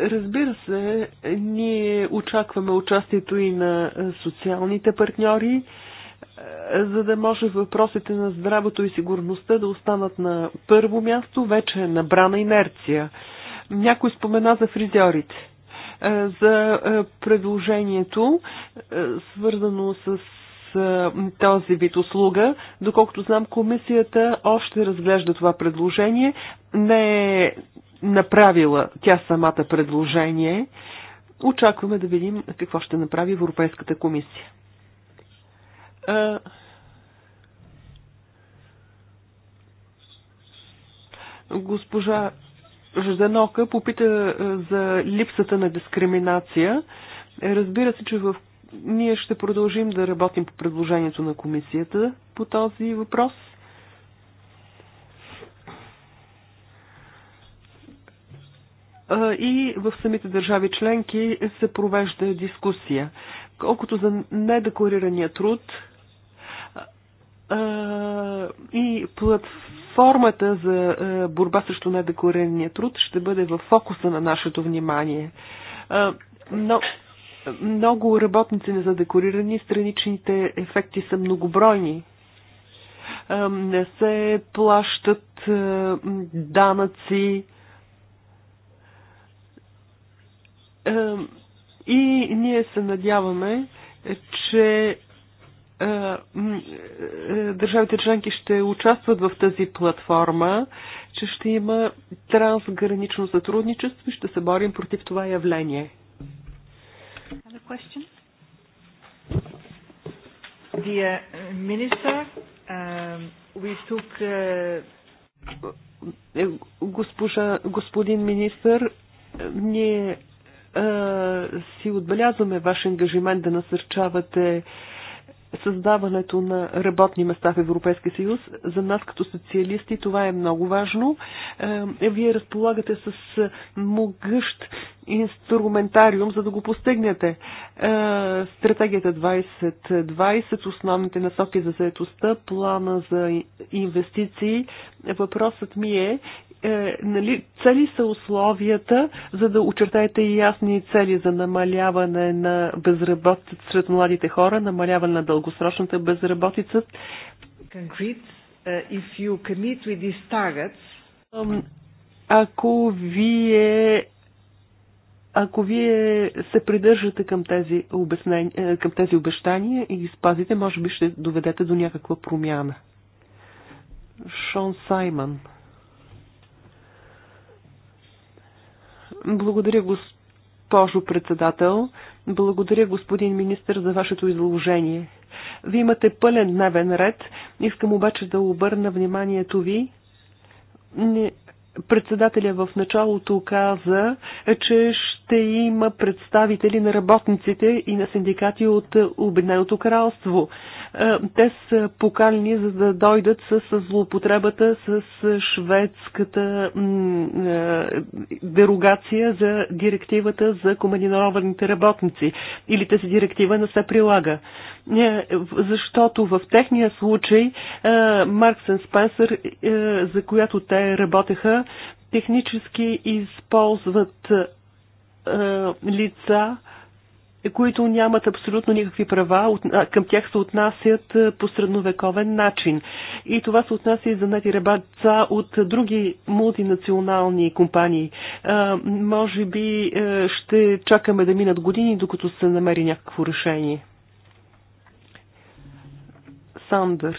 Speaker 4: Разбира се, ние очакваме участието и на социалните партньори, за да може въпросите на здравото и сигурността да останат на първо място, вече е набрана инерция. Някой спомена за фризьорите, е, за е, предложението, е, свързано с този вид услуга. Доколкото знам, комисията още разглежда това предложение. Не е направила тя самата предложение. Очакваме да видим какво ще направи Европейската комисия. Госпожа Жозенока попита за липсата на дискриминация. Разбира се, че в... ние ще продължим да работим по предложението на комисията по този въпрос. И в самите държави членки се провежда дискусия. Колкото за недекларирания труд, и платформата за борба срещу недекларирания труд ще бъде в фокуса на нашето внимание. Но много работници не са декорирани, страничните ефекти са многобройни. Не се плащат данъци. И ние се надяваме, че е, е, държавите членки ще участват в тази платформа, че ще има трансгранично сътрудничество и ще се борим против това явление. Uh, um, uh, е, госпожа, господин министър, ние си отбелязваме ваш ангажимент да насърчавате uh, създаването на работни места в Европейския съюз. За нас като социалисти това е много важно. Е, вие разполагате с е, могъщ инструментариум, за да го постигнете. Е, стратегията 2020, основните насоки за заедостта, плана за инвестиции, Въпросът ми е, е нали, цели са условията, за да очертаете и ясни цели за намаляване на безработицата сред младите хора, намаляване на дългосрочната безработица. Uh, if you commit with these targets, ако вие ако вие се придържате към тези, обяснен... Е, към тези обещания и ги спазите, може би ще доведете до някаква промяна. Шон Сайман. Благодаря, госпожо председател. Благодаря, господин министр, за вашето изложение. Вие имате пълен дневен ред. Искам обаче да обърна вниманието ви не, председателя в началото каза, че ще има представители на работниците и на синдикати от Обединеното кралство. Е, те са покалени за да дойдат с злоупотребата с шведската е, дерогация за директивата за командированите работници. Или тази директива не се прилага. Е, защото в техния случай Марксен Спенсър, за която те работеха, технически използват е, лица, които нямат абсолютно никакви права, към тях се отнасят е, по средновековен начин. И това се отнася и за натиребаца от други мултинационални компании. Е, може би ще чакаме да минат години, докато се намери някакво решение. Сандърс.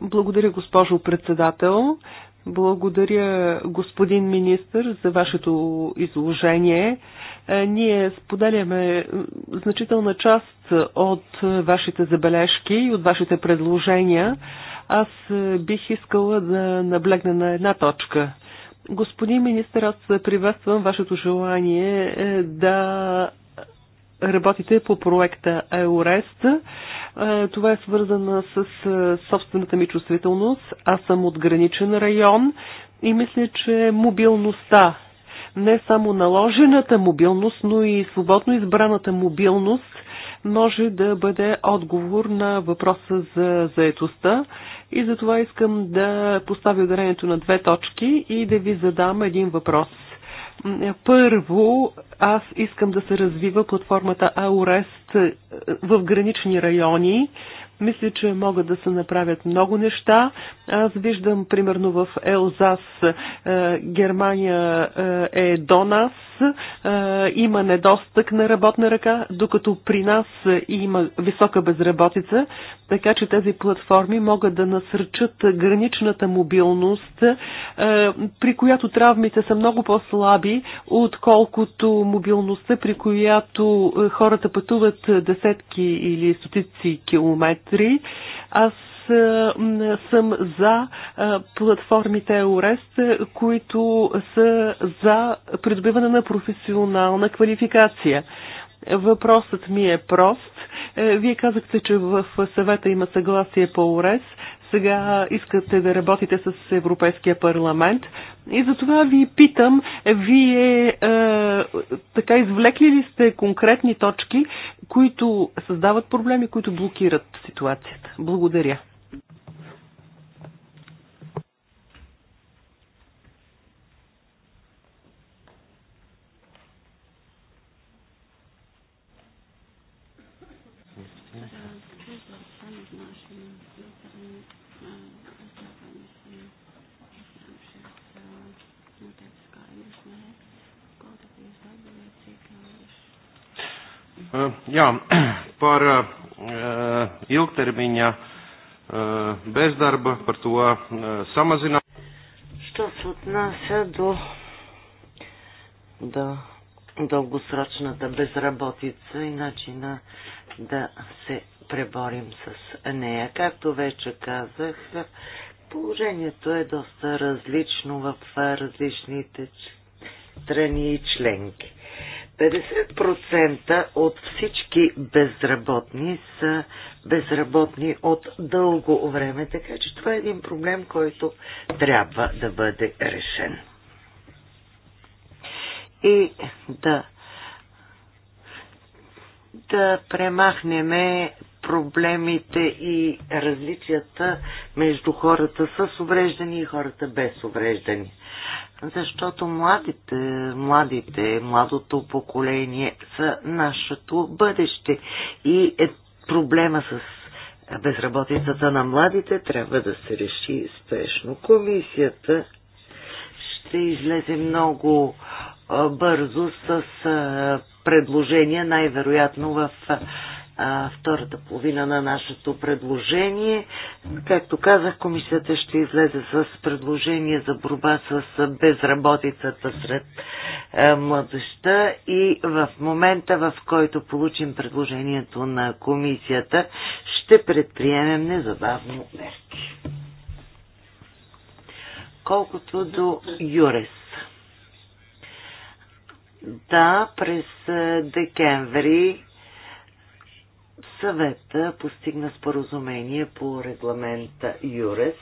Speaker 4: Благодаря, госпожо председател. Благодаря, господин министр, за вашето изложение. Е, ние споделяме значителна част от вашите забележки и от вашите предложения. Аз бих искала да наблегна на една точка. Господин министр, аз приветствам вашето желание е, да работите по проекта ЕОРЕСТ. Е, това е свързано с е, собствената ми чувствителност. Аз съм от граничен район и мисля, че мобилността, не само наложената мобилност, но и свободно избраната мобилност може да бъде отговор на въпроса за заетостта. И затова искам да поставя ударението на две точки и да ви задам един въпрос – първо, аз искам да се развива платформата Аурест е, в гранични райони, мисля, че могат да се направят много неща. Аз виждам, примерно, в Елзас е, Германия е, е до нас. Е, има недостъг на работна ръка, докато при нас има висока безработица, така че тези платформи могат да насърчат граничната мобилност, при която травмите са много по-слаби, отколкото мобилността, при която хората пътуват десетки или стотици километри сестри. Аз е, съм за е, платформите ОРЕСТ, е, които са за придобиване на професионална квалификация. Въпросът ми е прост. Вие казахте, че в съвета има съгласие по ОРЕС сега искате да работите с Европейския парламент. И затова ви питам, вие е, така извлекли ли сте конкретни точки, които създават проблеми, които блокират ситуацията? Благодаря.
Speaker 3: Jā, par ilgtermiņa bezdarba, par to samazināšanu.
Speaker 2: Що се отнася до, до дългосрочната безработица и начина да се преборим с нея. Както вече казах, положението е доста различно в различните страни и членки. 50% от всички безработни са безработни от дълго време, така че това е един проблем, който трябва да бъде решен. И да да премахнеме проблемите и различията между хората с увреждани и хората без увреждани. Защото младите, младите, младото поколение са нашето бъдеще и е проблема с безработицата на младите трябва да се реши спешно. Комисията ще излезе много бързо с предложения, най-вероятно в а, втората половина на нашето предложение. Както казах, комисията ще излезе с предложение за борба с безработицата сред а, младеща и в момента, в който получим предложението на комисията, ще предприемем незабавно мерки. Колкото до Юрес. Да, през декември съвета постигна споразумение по регламента ЮРЕС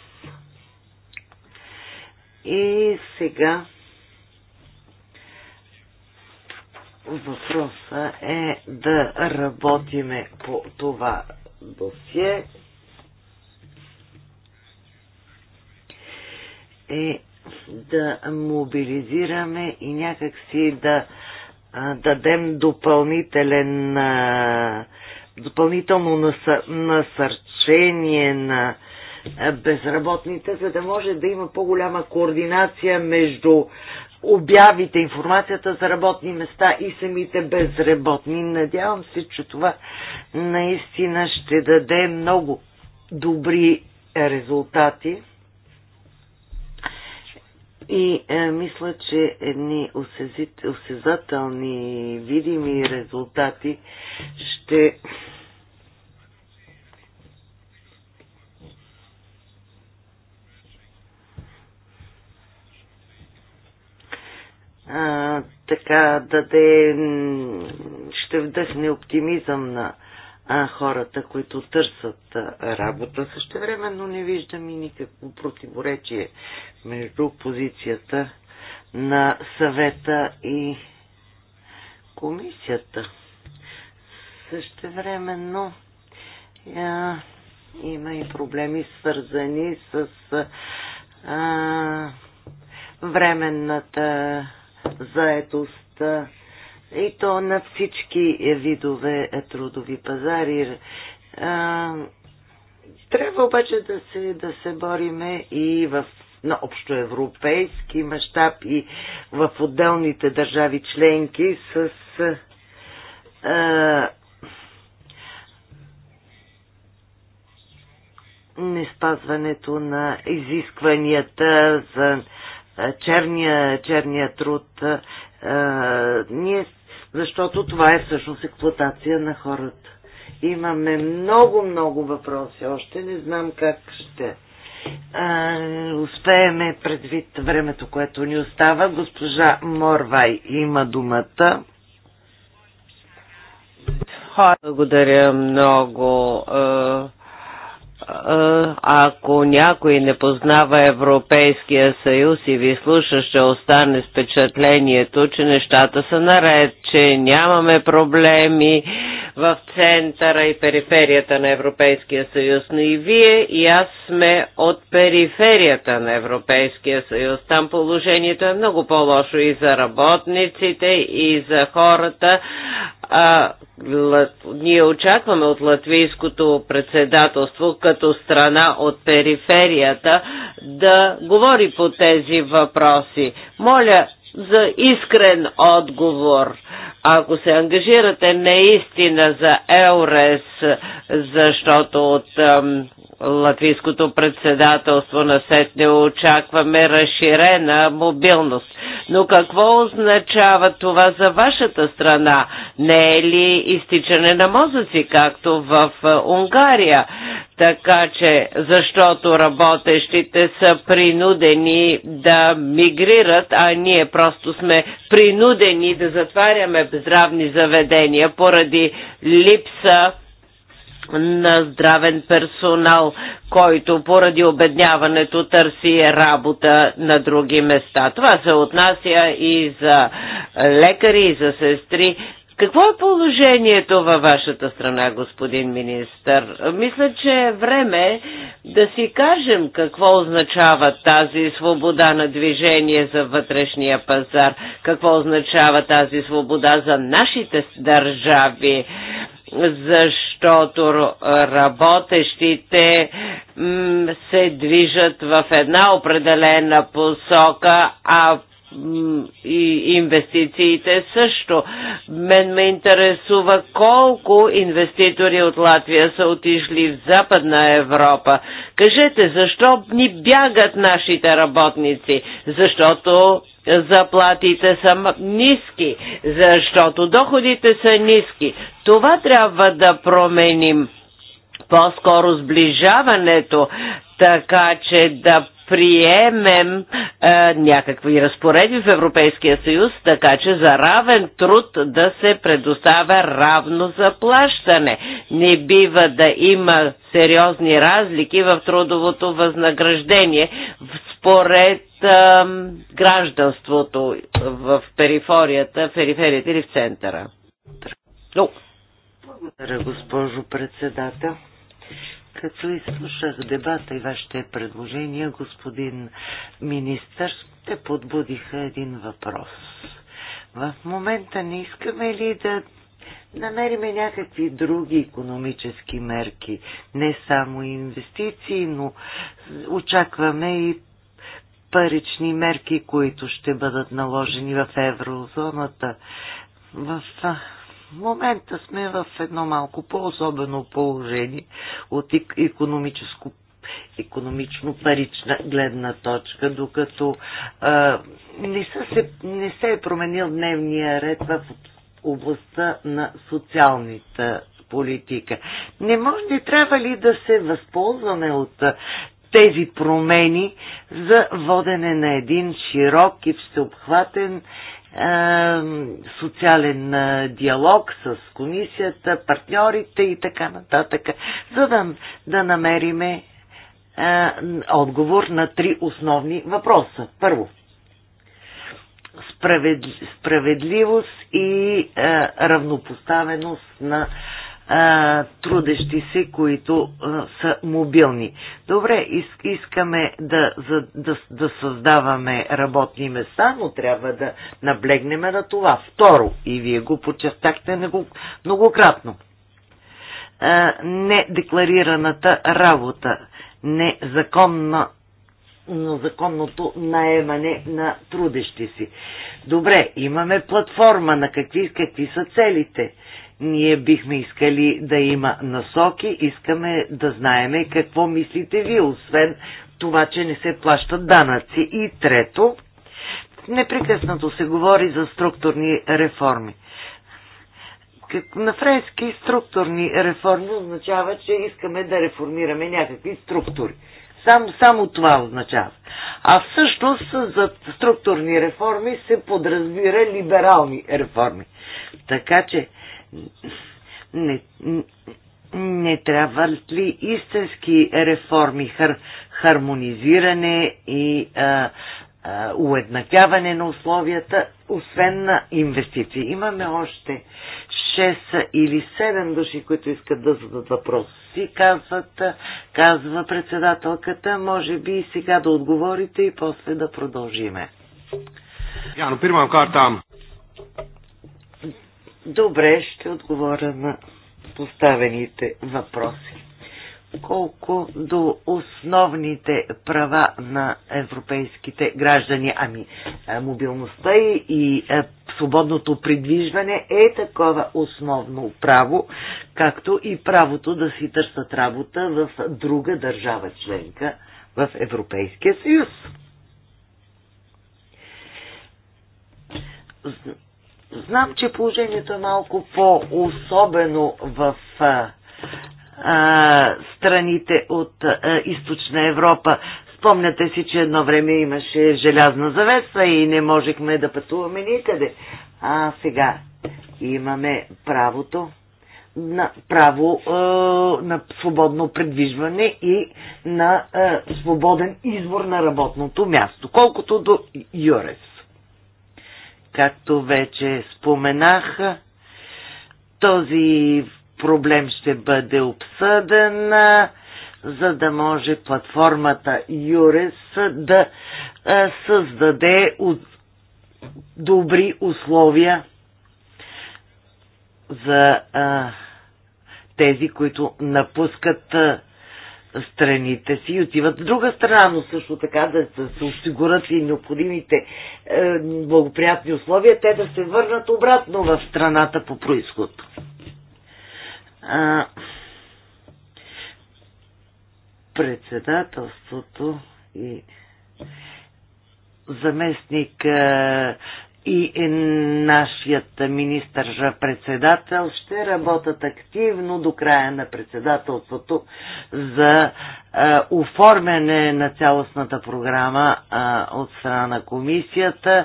Speaker 2: и сега въпроса е да работиме по това досие. И е да мобилизираме и някакси да дадем допълнителен а, допълнително насърчение на безработните, за да може да има по-голяма координация между обявите, информацията за работни места и самите безработни. Надявам се, че това наистина ще даде много добри резултати. И е, мисля, че едни осезит, осезателни, видими резултати ще а, така даде, ще вдъхне оптимизъм на а, хората, които търсят а, работа. но не виждам и никакво противоречие между позицията на съвета и комисията. но а, има и проблеми свързани с а, временната заетост и то на всички видове трудови пазари. Трябва обаче да се, да се бориме и в на общоевропейски мащаб и в отделните държави членки с а, не спазването на изискванията за черния, черния труд. А, ние защото това е всъщност експлуатация на хората. Имаме много-много въпроси още, не знам как ще а, успееме предвид времето, което ни остава. Госпожа Морвай има думата. Благодаря много ако някой
Speaker 5: не познава Европейския съюз и ви слуша, ще остане с впечатлението, че нещата са наред, че нямаме проблеми в центъра и периферията на Европейския съюз. Но и вие и аз сме от периферията на Европейския съюз. Там положението е много по-лошо и за работниците, и за хората. А, Ние очакваме от латвийското председателство, като като страна от периферията да говори по тези въпроси. Моля за искрен отговор. Ако се ангажирате наистина за Еурес, защото от ем, латвийското председателство на сет не очакваме разширена мобилност. Но какво означава това за вашата страна? Не е ли изтичане на мозъци, както в е, Унгария? Така че, защото работещите са принудени да мигрират, а ние просто сме принудени да затваряме здравни заведения поради липса на здравен персонал, който поради обедняването търси работа на други места. Това се отнася и за лекари, и за сестри. Какво е положението във вашата страна, господин министър? Мисля, че е време да си кажем какво означава тази свобода на движение за вътрешния пазар, какво означава тази свобода за нашите държави защото работещите се движат в една определена посока, а и инвестициите също. Мен ме интересува колко инвеститори от Латвия са отишли в Западна Европа. Кажете, защо ни бягат нашите работници? Защото заплатите са ниски, защото доходите са ниски. Това трябва да променим. По-скоро сближаването, така че да приемем е, някакви разпореди в Европейския съюз, така че за равен труд да се предоставя равно заплащане. Не бива да има сериозни разлики в трудовото възнаграждение според е, гражданството в
Speaker 2: периферията, периферията или в центъра. Благодаря, госпожо председател като изслушах дебата и вашите предложения, господин министър, те подбудиха един въпрос. В момента не искаме ли да намериме някакви други економически мерки, не само инвестиции, но очакваме и парични мерки, които ще бъдат наложени в еврозоната. В момента сме в едно малко по-особено положение от економическо економично-парична гледна точка, докато а, не, са се, не се е променил дневния ред в областта на социалната политика. Не може, ли трябва ли да се възползваме от тези промени за водене на един широк и всеобхватен е, социален е, диалог с комисията, партньорите и така нататък, за да, да намериме е, отговор на три основни въпроса. Първо, справедливост и равнопоставеност на а, трудещи се, които а, са мобилни. Добре, искаме да, за, да, да създаваме работни места, но трябва да наблегнеме на това. Второ, и вие го подчертахте многократно, а, недекларираната работа, незаконна на законното наемане на трудещи си. Добре, имаме платформа на какви, какви са целите ние бихме искали да има насоки, искаме да знаеме какво мислите ви, освен това, че не се плащат данъци. И трето, непрекъснато се говори за структурни реформи. На френски структурни реформи означава, че искаме да реформираме някакви структури. Само, само това означава. А всъщност за структурни реформи се подразбира либерални реформи. Така че не, не трябва ли истински реформи, хар, хармонизиране и а, а, уеднакяване на условията, освен на инвестиции? Имаме още 6 или 7 души, които искат да зададат въпрос. Си казват, казва председателката, може би сега да отговорите и после да продължиме.
Speaker 3: Я, но pirmām kārtām
Speaker 2: Добре, ще отговоря на поставените въпроси. Колко до основните права на европейските граждани, ами мобилността и, и свободното придвижване е такова основно право, както и правото да си търсят работа в друга държава членка в Европейския съюз Знам, че положението е малко по-особено в а, страните от а, източна Европа. Спомняте си, че едно време имаше желязна завеса и не можехме да пътуваме никъде. А сега имаме правото на право а, на свободно предвижване и на а, свободен избор на работното място, колкото до Юрес. Както вече споменах, този проблем ще бъде обсъден, за да може платформата Юрес да създаде добри условия за тези, които напускат страните си и отиват в друга страна, но също така да се осигурят и необходимите е, благоприятни условия, те да се върнат обратно в страната по происход. А, председателството и заместник е, и е нашият министър-председател ще работят активно до края на председателството за е, оформяне на цялостната програма е, от страна на комисията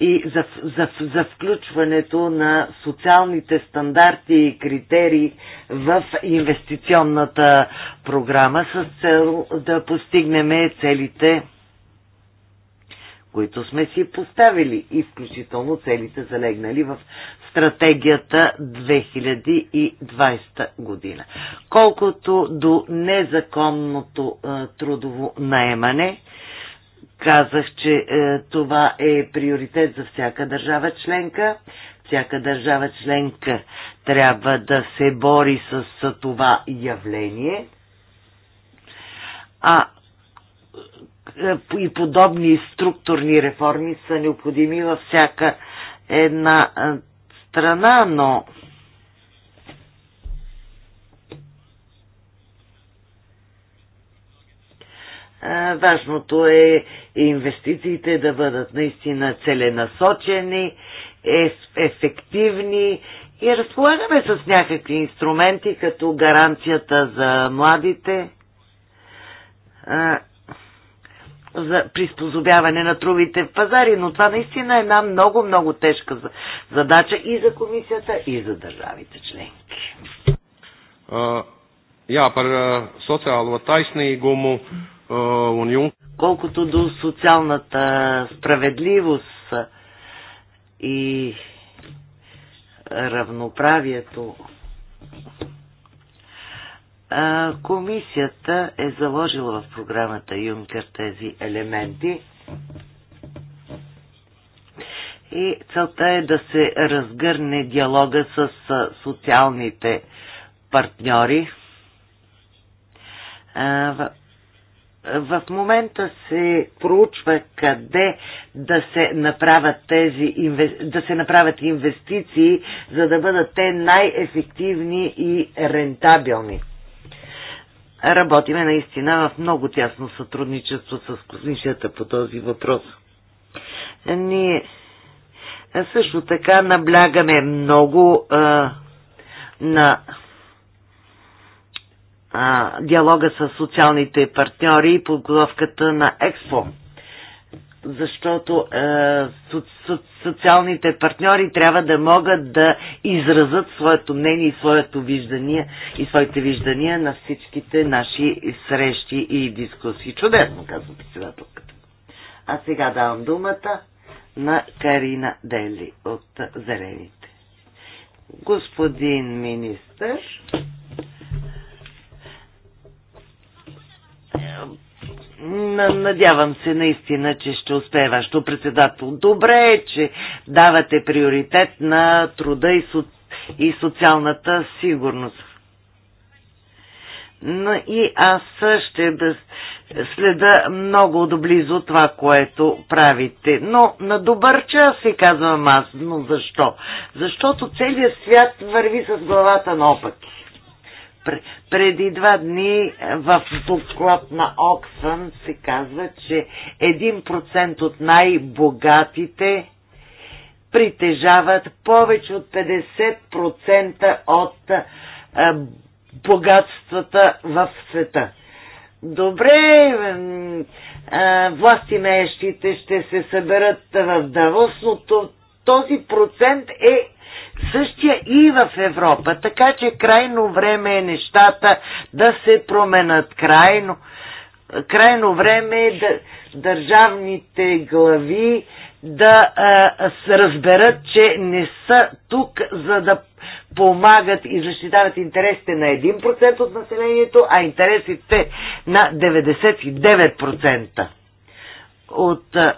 Speaker 2: и за, за, за включването на социалните стандарти и критерии в инвестиционната програма с цел да постигнем целите които сме си поставили, и включително целите залегнали в стратегията 2020 година. Колкото до незаконното е, трудово наемане, казах, че е, това е приоритет за всяка държава членка. Всяка държава членка трябва да се бори с, с това явление. А и подобни структурни реформи са необходими във всяка една страна, но Важното е инвестициите да бъдат наистина целенасочени, ефективни и разполагаме с някакви инструменти, като гаранцията за младите за приспособяване на в пазари, но това наистина е една много-много тежка задача и за комисията, и за държавите членки.
Speaker 3: Я, jā, par uh, Колкото до социалната справедливост
Speaker 2: и равноправието а, комисията е заложила в програмата Юнкер тези елементи и целта е да се разгърне диалога с социалните партньори. В, в момента се проучва къде да се направят тези да се направят инвестиции, за да бъдат те най-ефективни и рентабилни работиме наистина в много тясно сътрудничество с комисията по този въпрос. Ние също така наблягаме много а, на а, диалога с социалните партньори и подготовката на Експо защото е, со, со, социалните партньори трябва да могат да изразят своето мнение и своето виждание и своите виждания на всичките наши срещи и дискусии. Чудесно, казва председателката. А сега давам думата на Карина Дели от Зелените. Господин министър, Надявам се наистина, че ще успее вашето председател. Добре е, че давате приоритет на труда и, со... и социалната сигурност. Но и аз ще да следа много доблизо това, което правите. Но на добър час ви казвам аз. Но защо? Защото целият свят върви с главата наопаки преди два дни в доклад на Оксън се казва, че 1% от най-богатите притежават повече от 50% от а, богатствата в света. Добре, власти ще се съберат в Давос, но този процент е същия и в Европа. Така че крайно време е нещата да се променят. Крайно, крайно време е да, държавните глави да а, се разберат, че не са тук за да помагат и защитават интересите на 1% от населението, а интересите на 99% от а,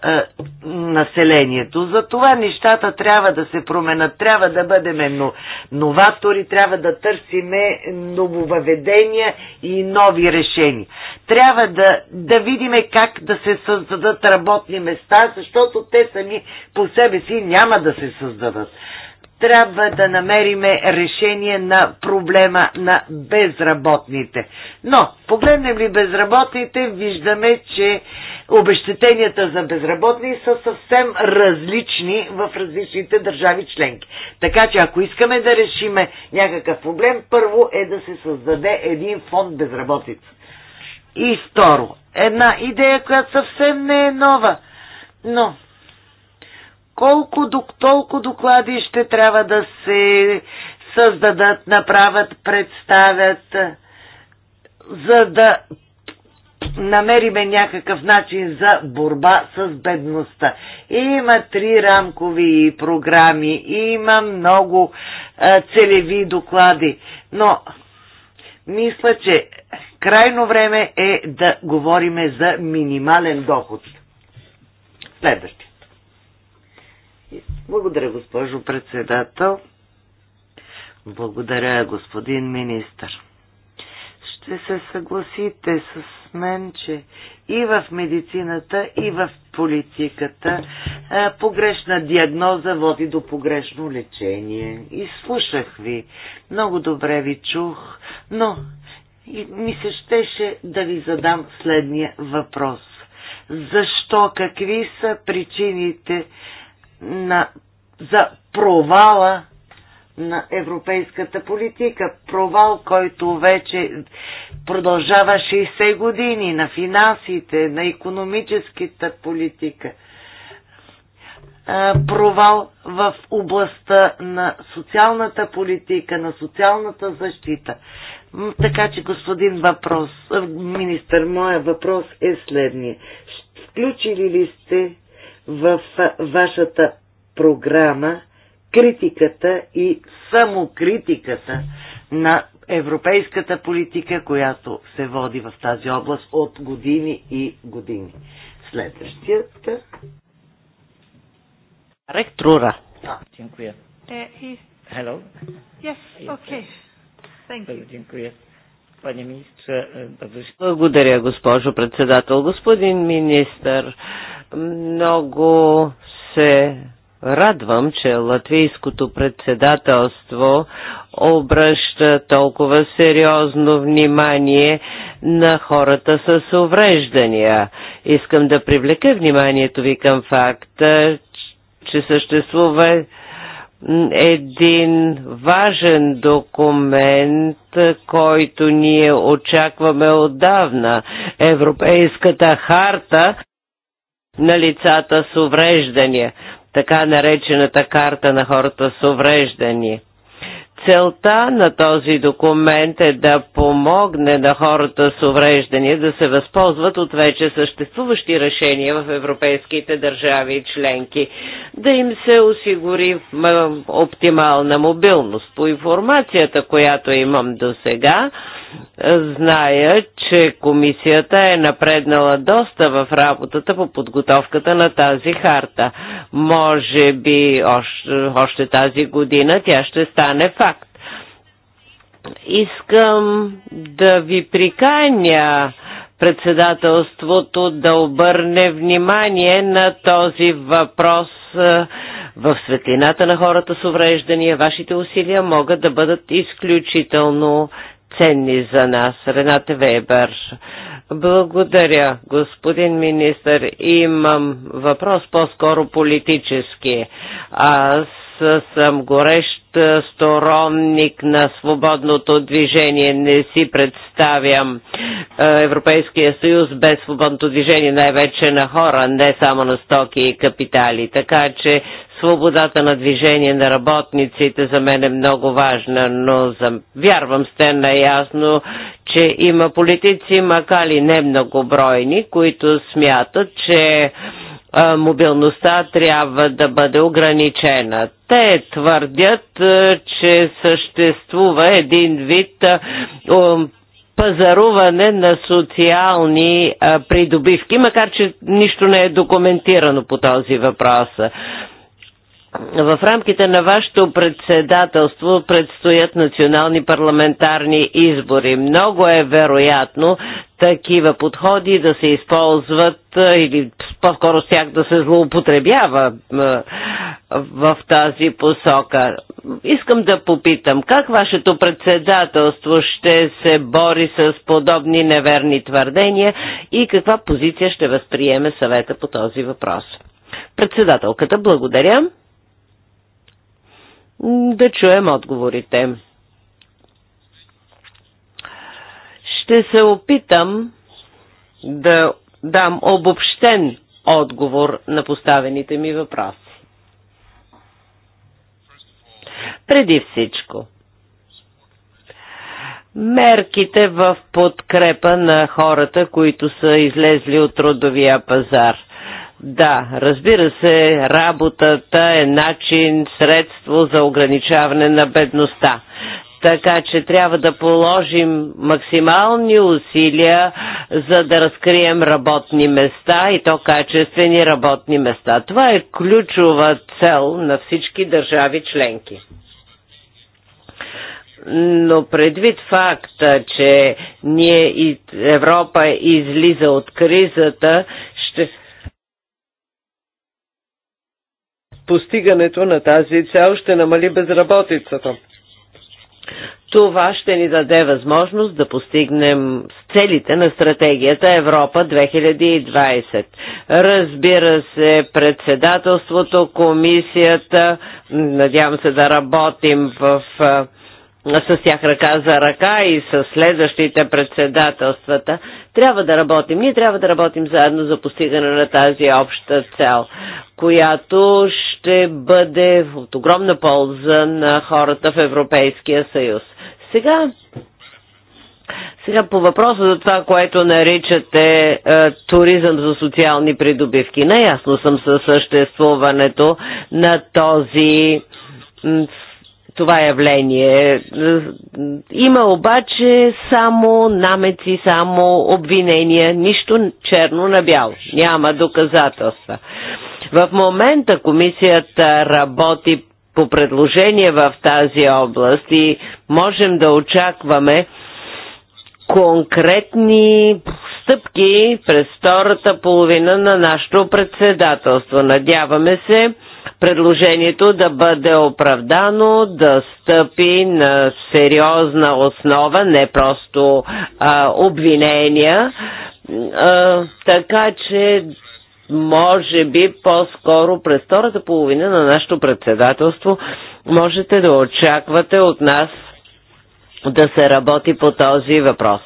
Speaker 2: населението. За това нещата трябва да се променят, трябва да бъдем но, новатори, трябва да търсиме нововъведения и нови решения. Трябва да, да видиме как да се създадат работни места, защото те сами по себе си няма да се създадат трябва да намериме решение на проблема на безработните. Но, погледнем ли безработните, виждаме, че обещетенията за безработни са съвсем различни в различните държави членки. Така че, ако искаме да решиме някакъв проблем, първо е да се създаде един фонд безработица. И второ, една идея, която съвсем не е нова, но колко толкова доклади ще трябва да се създадат, направят, представят, за да намериме някакъв начин за борба с бедността. Има три рамкови програми, има много а, целеви доклади, но мисля, че крайно време е да говориме за минимален доход. Следващи. Благодаря, госпожо председател. Благодаря, господин министър. Ще се съгласите с мен, че и в медицината, и в политиката погрешна диагноза води до погрешно лечение. И слушах ви, много добре ви чух, но ми се щеше да ви задам следния въпрос. Защо, какви са причините на, за провала на европейската политика. Провал, който вече продължава 60 години на финансите, на економическата политика. Провал в областта на социалната политика, на социалната защита. Така че, господин въпрос, министър, моя въпрос е следния. Включили ли сте в вашата програма критиката и самокритиката на европейската политика, която се води в тази област от години и години. Следващият. Marek е, Hello.
Speaker 1: Yes, okay. Thank you.
Speaker 5: Е, Благодаря, госпожо председател. Господин министър, много се Радвам, че латвийското председателство обръща толкова сериозно внимание на хората с увреждания. Искам да привлека вниманието ви към факта, че съществува един важен документ, който ние очакваме отдавна. Европейската харта на лицата с увреждания, така наречената карта на хората с увреждания. Целта на този документ е да помогне на хората с увреждания да се възползват от вече съществуващи решения в европейските държави и членки, да им се осигури оптимална мобилност. По информацията, която имам до сега, Зная, че комисията е напреднала доста в работата по подготовката на тази харта. Може би още, още тази година тя ще стане факт. Искам да ви приканя председателството да обърне внимание на този въпрос в светлината на хората с увреждания. Вашите усилия могат да бъдат изключително ценни за нас. Рената Вебер. Благодаря, господин министр. Имам въпрос по-скоро политически. Аз съм горещ сторонник на свободното движение. Не си представям
Speaker 6: е,
Speaker 5: Европейския съюз без свободното движение, най-вече на хора, не само на стоки и капитали. Така че Свободата на движение на работниците за мен е много важна, но за... вярвам сте наясно, че има политици, макар и не многобройни, които смятат, че мобилността трябва да бъде ограничена. Те твърдят, че съществува един вид пазаруване на социални придобивки, макар че нищо не е документирано по този въпрос в рамките на вашето председателство предстоят национални парламентарни избори. Много е вероятно такива подходи да се използват или по-скоро с тях да се злоупотребява в тази посока. Искам да попитам, как вашето председателство ще се бори с подобни неверни твърдения и каква позиция ще възприеме съвета по този въпрос? Председателката, благодаря да чуем отговорите. Ще се опитам да дам обобщен отговор на поставените ми въпроси. Преди всичко, мерките в подкрепа на хората, които са излезли от трудовия пазар – да, разбира се, работата е начин, средство за ограничаване на бедността. Така че трябва да положим максимални усилия, за да разкрием работни места и то качествени работни места. Това е ключова цел на всички държави членки но предвид факта, че ние и Европа излиза от кризата, ще постигането на тази цел ще намали
Speaker 2: безработицата.
Speaker 5: Това ще ни даде възможност да постигнем целите на стратегията Европа 2020. Разбира се, председателството, комисията, надявам се да работим в с тях ръка за ръка и с следващите председателствата. Трябва да работим. Ние трябва да работим заедно за постигане на тази обща цел, която ще бъде от огромна полза на хората в Европейския съюз. Сега сега по въпроса за това, което наричате е, туризъм за социални придобивки. Наясно съм със съществуването на този това явление. Има обаче само намеци, само обвинения, нищо черно на бяло. Няма доказателства. В момента комисията работи по предложение в тази област и можем да очакваме конкретни стъпки през втората половина на нашето председателство. Надяваме се, предложението да бъде оправдано, да стъпи на сериозна основа, не просто а, обвинения, а, така че може би по-скоро през втората половина на нашето председателство можете да очаквате от нас да се работи по този въпрос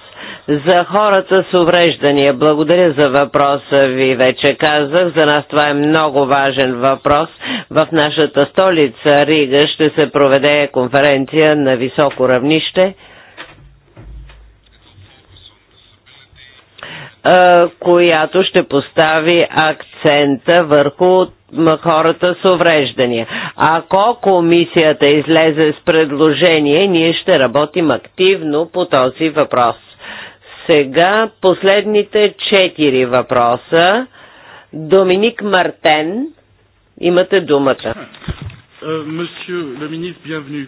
Speaker 5: за хората с увреждания. Благодаря за въпроса ви. Вече казах, за нас това е много важен въпрос. В нашата столица Рига ще се проведе конференция на високо равнище. която ще постави акцента върху хората с увреждания. Ако комисията излезе с предложение, ние ще работим активно по този въпрос сега последните четири въпроса. Доминик Мартен, имате
Speaker 2: думата. Е, е,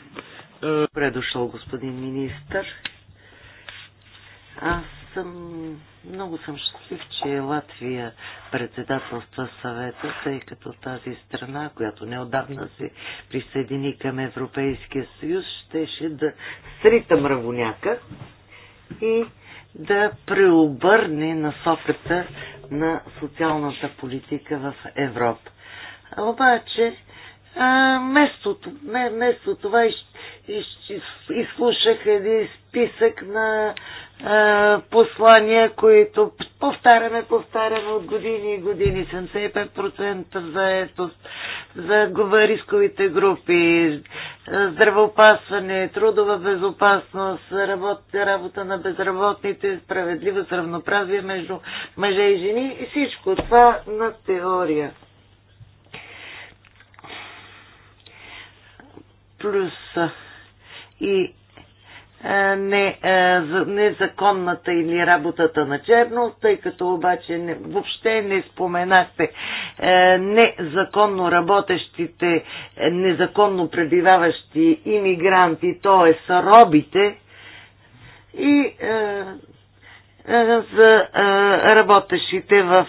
Speaker 2: Добре дошъл, господин министър. Аз съм... Много съм щастлив, че Латвия председателства съвета, тъй като тази страна, която неодавна се присъедини към Европейския съюз, щеше да срита мравоняка и да преобърне насоката на социалната политика в Европа. Обаче не, вместо това из, из, из, изслушах един списък на а, послания, които повтаряме, повтаряме от години и години. 75% заетост за рисковите групи, здравеопасване, трудова безопасност, работ, работа на безработните, справедливост, равноправие между мъже и жени и всичко това на теория. плюс и не, незаконната или работата на черно, тъй като обаче не, въобще не споменахте незаконно работещите, незаконно пребиваващи иммигранти, т.е. робите и за работещите в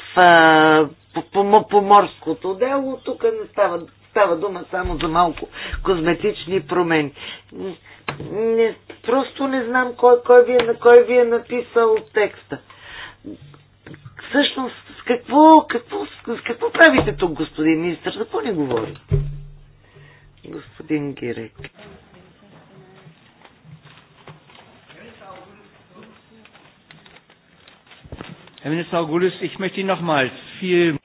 Speaker 2: по, по, по морското дело. Тук не става става дума само за малко козметични промени. Не, просто не знам кой, кой, ви е, кой ви е написал текста. Всъщност, какво, какво, какво правите тук, господин министр? За какво ни говори? Господин Гирек.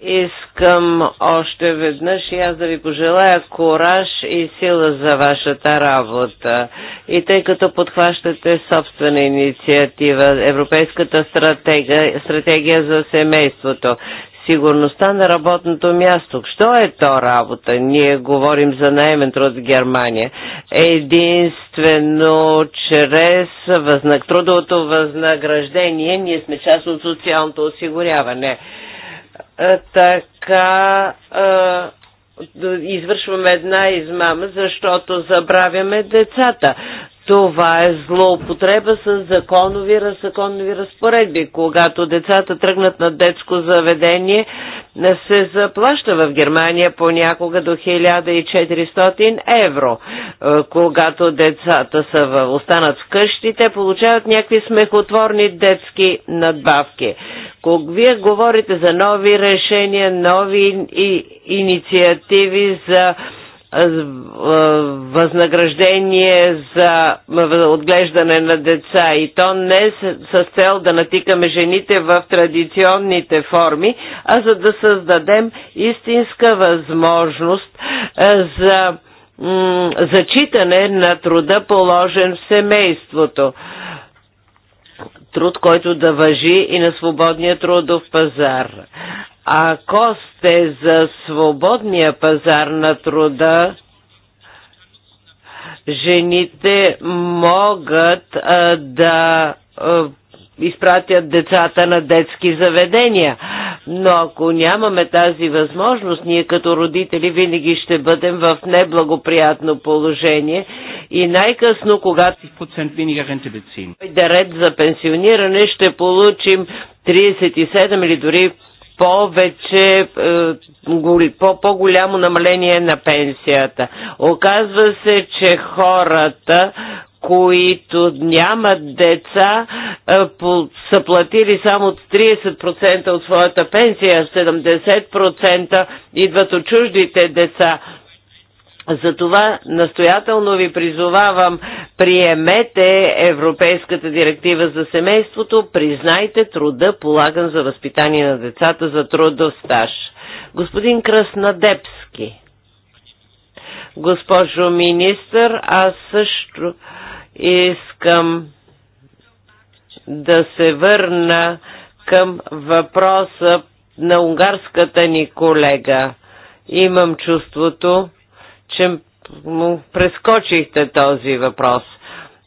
Speaker 5: Искам още веднъж и аз да ви пожелая кораж и сила за вашата работа. И тъй като подхващате собствена инициатива, Европейската стратегия, стратегия за семейството, сигурността на работното място. Що е то работа? Ние говорим за наемен труд в Германия. Единствено чрез възнаг... трудовото възнаграждение ние сме част от социалното осигуряване. Така извършваме една измама, защото забравяме децата. Това е злоупотреба с законови, законови разпоредби. Когато децата тръгнат на детско заведение, се заплаща в Германия понякога до 1400 евро.
Speaker 6: Е,
Speaker 5: когато децата са в, останат вкъщи, те получават някакви смехотворни детски надбавки. Кога вие говорите за нови решения, нови и, инициативи за възнаграждение за отглеждане на деца и то не с, цел да натикаме жените в традиционните форми, а за да създадем истинска възможност е, за зачитане на труда положен в семейството труд, който да въжи и на свободния трудов пазар. Ако сте за свободния пазар на труда, жените могат а, да а, изпратят децата на детски заведения. Но ако нямаме тази възможност, ние като родители винаги ще бъдем в неблагоприятно положение и най-късно, когато да ред за пенсиониране, ще получим 37 или дори повече, е, по-голямо -по намаление на пенсията. Оказва се, че хората, които нямат деца, е, са платили само 30% от своята пенсия, 70% идват от чуждите деца. Затова настоятелно ви призовавам, приемете Европейската директива за семейството, признайте труда, полаган за възпитание на децата за трудов стаж. Господин Краснадепски, госпожо министър, аз също искам да се върна към въпроса на унгарската ни колега. Имам чувството, че прескочихте този въпрос.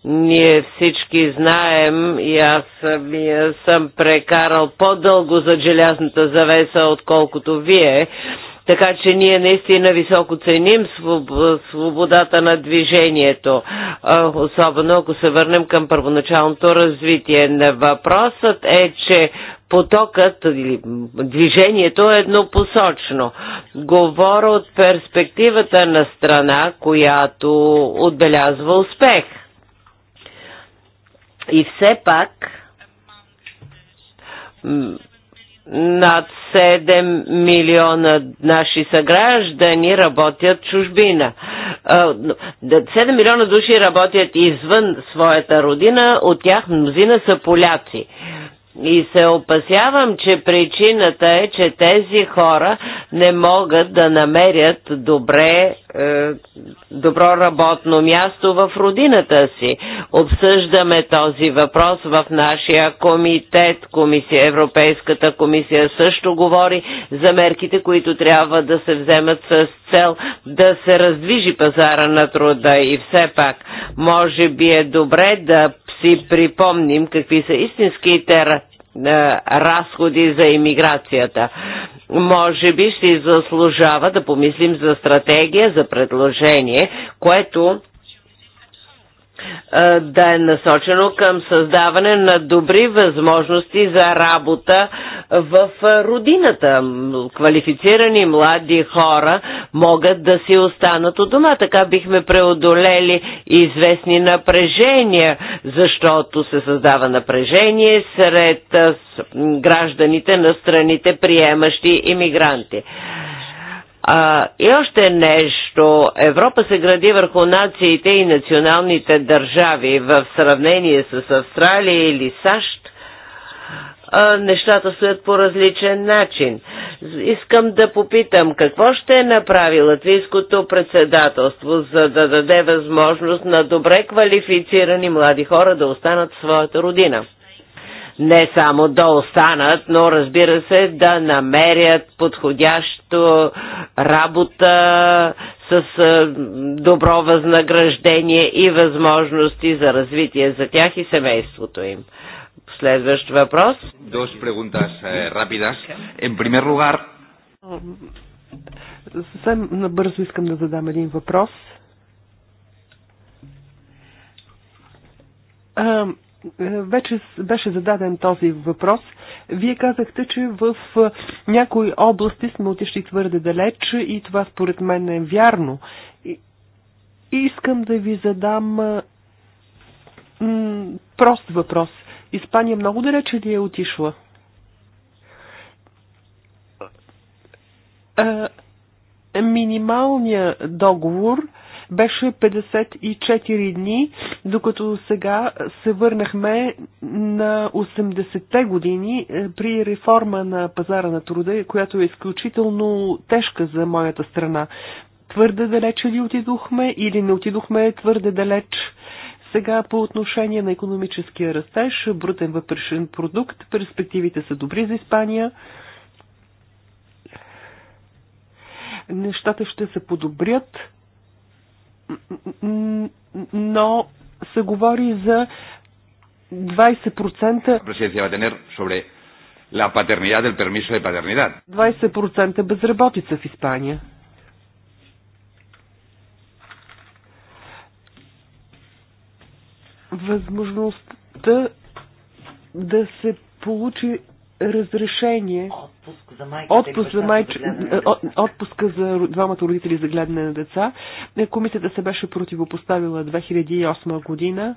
Speaker 5: Ние всички знаем и аз самия съм прекарал по-дълго за желязната завеса, отколкото вие. Така че ние наистина високо ценим свободата на движението, особено ако се върнем към първоначалното развитие. Въпросът е, че потокът или движението е еднопосочно. Говоря от перспективата на страна, която отбелязва успех. И все пак над 7 милиона наши съграждани работят чужбина. 7 милиона души работят извън своята родина, от тях мнозина са поляци. И се опасявам, че причината е, че тези хора не могат да намерят добре е, добро работно място в родината си. Обсъждаме този въпрос в нашия комитет. Комисия, Европейската комисия също говори за мерките, които трябва да се вземат с цел да се раздвижи пазара на труда и все пак може би е добре да си припомним какви са истинските е, разходи за иммиграцията. Може би ще заслужава да помислим за стратегия, за предложение, което да е насочено към създаване на добри възможности за работа в родината. Квалифицирани млади хора могат да си останат от дома. Така бихме преодолели известни напрежения, защото се създава напрежение сред гражданите на страните, приемащи иммигранти. А, и още нещо. Европа се гради върху нациите и националните държави в сравнение с Австралия или САЩ нещата стоят по различен начин. Искам да попитам какво ще направи латвийското председателство, за да даде възможност на добре квалифицирани млади хора да останат в своята родина. Не само да останат, но разбира се да намерят подходящ като работа с добро възнаграждение и възможности за развитие за тях и семейството им.
Speaker 4: Следващ въпрос.
Speaker 3: Дос preguntas eh, rápidas. En primer lugar...
Speaker 4: Съвсем набързо искам да задам един въпрос. Е, вече беше зададен този въпрос. Вие казахте, че в някои области сме отишли твърде далеч и това според мен е вярно. И искам да ви задам прост въпрос. Испания много далече ли е отишла? Минималният договор – беше 54 дни, докато сега се върнахме на 80-те години е, при реформа на пазара на труда, която е изключително тежка за моята страна. Твърде далече ли отидохме или не отидохме твърде далеч? Сега по отношение на економическия растеж, брутен вътрешен продукт, перспективите са добри за Испания. Нещата ще се подобрят но се говори за 20%.
Speaker 3: Presidencia va a tener sobre la paternidad del permiso de paternidad.
Speaker 4: 20% безработица в Испания. Възможността да се получи разрешение. Отпуск
Speaker 2: за майка. Отпуск за, майч... Е,
Speaker 4: отпуска за двамата родители за гледане на деца. Е, комисията се беше противопоставила 2008 година.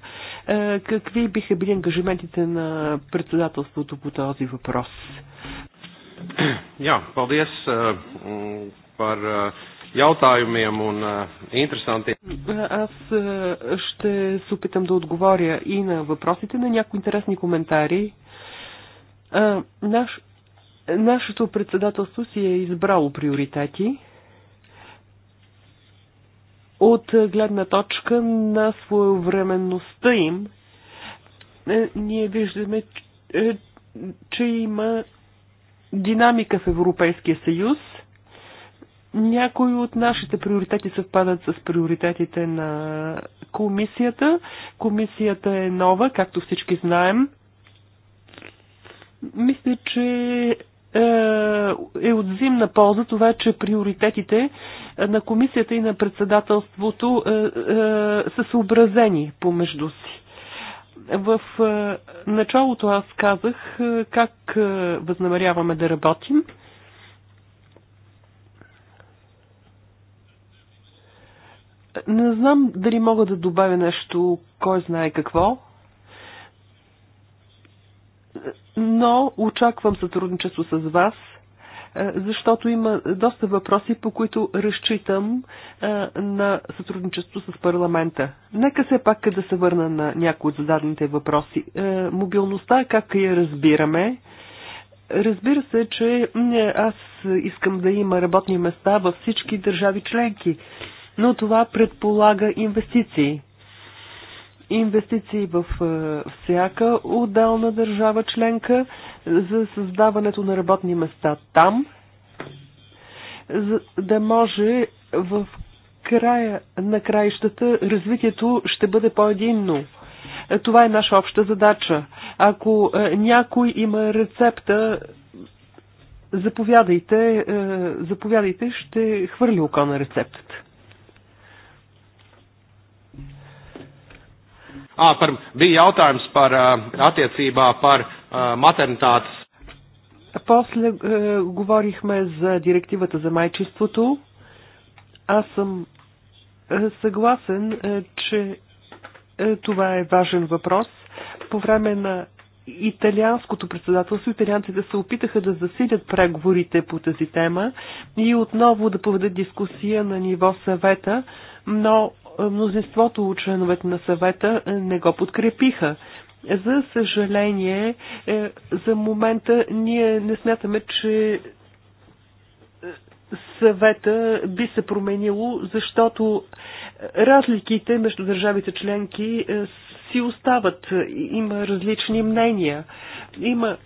Speaker 4: Е, какви биха били ангажиментите на председателството по този въпрос?
Speaker 3: paldies par jautājumiem un interesantiem.
Speaker 4: Аз ще се опитам да отговоря и на въпросите, на някои интересни коментари. Наш, нашето председателство си е избрало приоритети от гледна точка на своевременността им. Е, ние виждаме, е, че има динамика в Европейския съюз. Някои от нашите приоритети съвпадат с приоритетите на комисията. Комисията е нова, както всички знаем. Мисля, че е, е от взимна полза това, че приоритетите на комисията и на председателството е, е, са съобразени помежду си. В началото аз казах как възнамеряваме да работим. Не знам дали мога да добавя нещо, кой знае какво но очаквам сътрудничество с вас, е, защото има доста въпроси, по които разчитам е, на сътрудничество с парламента. Нека се пак да се върна на някои от зададените въпроси. Е, мобилността, как я разбираме? Разбира се, че аз искам да има работни места във всички държави членки, но това предполага инвестиции инвестиции в е, всяка отделна държава членка, за създаването на работни места там, за да може в края на краищата развитието ще бъде по-единно. Е, това е наша обща задача. Ако е, някой има рецепта, заповядайте, заповядайте, ще хвърли око на рецептата.
Speaker 3: Ā, par, bija jautājums par attiecībā par maternitātes.
Speaker 4: После э, говорихме за директивата за майчеството. Аз съм э, съгласен, э, че э, това е важен въпрос. По време на италианското председателство, италианците се опитаха да засилят преговорите по тази тема и отново да поведат дискусия на ниво съвета, но мнозинството от членовете на съвета не го подкрепиха. За съжаление, е, за момента ние не смятаме, че е, съвета би се променило, защото разликите между държавите членки е, си остават. Има различни мнения. Има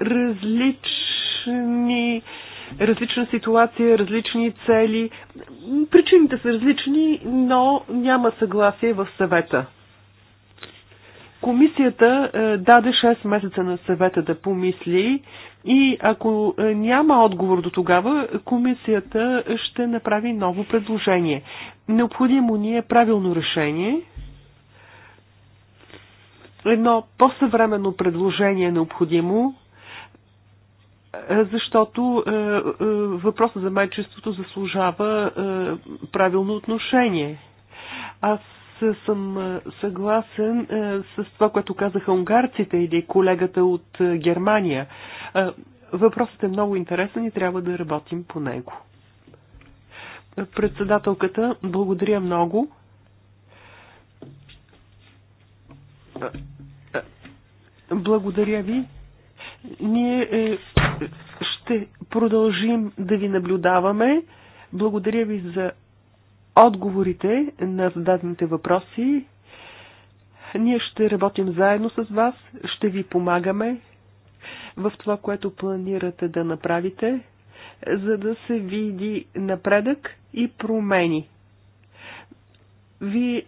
Speaker 4: различни различна ситуация, различни цели. Причините са различни, но няма съгласие в съвета. Комисията е, даде 6 месеца на съвета да помисли и ако е, няма отговор до тогава, комисията ще направи ново предложение. Необходимо ни е правилно решение. Едно по-съвременно предложение е необходимо, е, защото е, е, въпросът за майчеството заслужава е, правилно отношение. Аз съм е, съгласен е, с това, което казаха унгарците или колегата от Германия. Въпросът е много интересен и трябва да работим по него. Председателката, благодаря много. Благодаря ви. Ние е, ще продължим да ви наблюдаваме. Благодаря ви за отговорите на зададените въпроси. Ние ще работим заедно с вас, ще ви помагаме в това, което планирате да направите, за да се види напредък и промени. Вие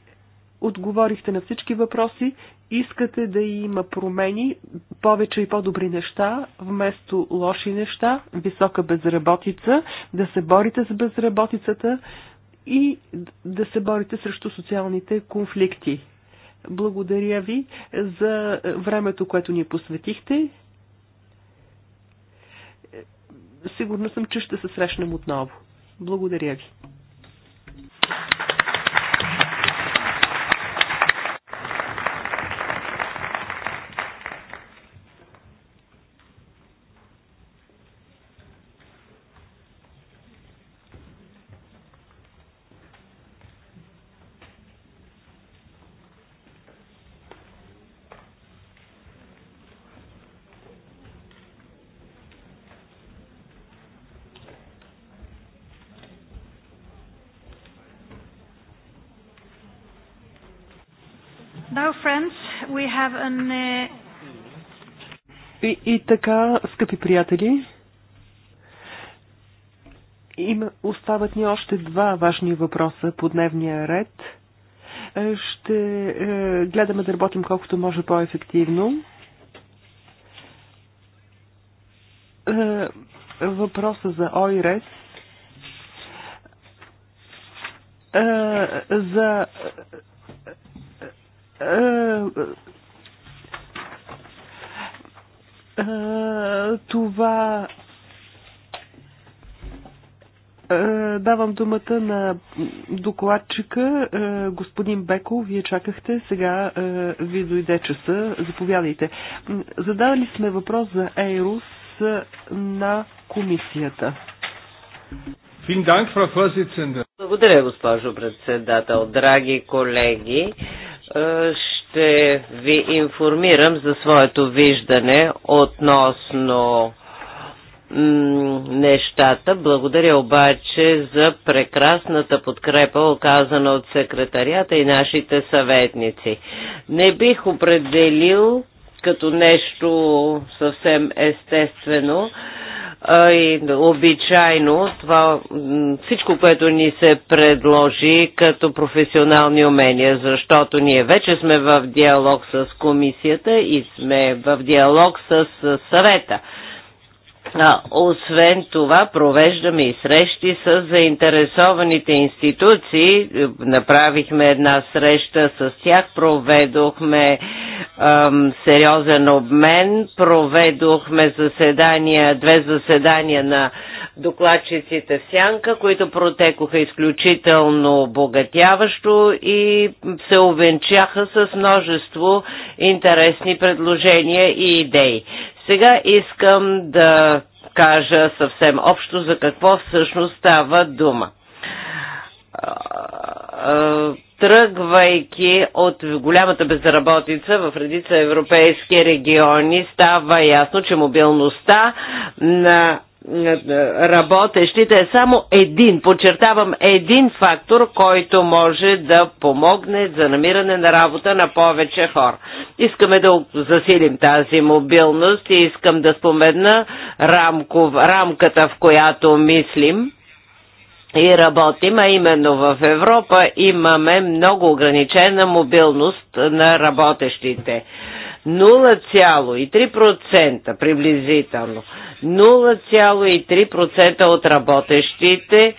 Speaker 4: отговорихте на всички въпроси искате да има промени, повече и по-добри неща, вместо лоши неща, висока безработица, да се борите с безработицата и да се борите срещу социалните конфликти. Благодаря ви за времето, което ни посветихте. Сигурно съм, че ще се срещнем отново. Благодаря ви. И, и така, скъпи приятели, има, остават ни още два важни въпроса по дневния ред. Е, ще е, гледаме да работим колкото може по-ефективно. Е, въпроса за ОИРЕС е, за това давам думата на докладчика, господин Беко. Вие чакахте, сега ви дойде часа. Заповядайте. Задавали сме въпрос за Ейрус на комисията.
Speaker 5: Благодаря, госпожо председател. Драги колеги, ще ви информирам за своето виждане относно нещата. Благодаря обаче за прекрасната подкрепа, оказана от секретарията и нашите съветници. Не бих определил като нещо съвсем естествено и обичайно това, всичко, което ни се предложи като професионални умения, защото ние вече сме в диалог с комисията и сме в диалог с съвета освен това, провеждаме и срещи с заинтересованите институции. Направихме една среща с тях, проведохме ам, сериозен обмен, проведохме заседания, две заседания на докладчиците в Сянка, които протекоха изключително богатяващо и се увенчаха с множество интересни предложения и идеи. Сега искам да кажа съвсем общо за какво всъщност става дума тръгвайки от голямата безработица в редица европейски региони, става ясно, че мобилността на работещите е само един, подчертавам един фактор, който може да помогне за намиране на работа на повече хора. Искаме да засилим тази мобилност и искам да спомена рамков, рамката, в която мислим и работим, а именно в Европа имаме много ограничена мобилност на работещите. 0,3% приблизително 0,3% от работещите е,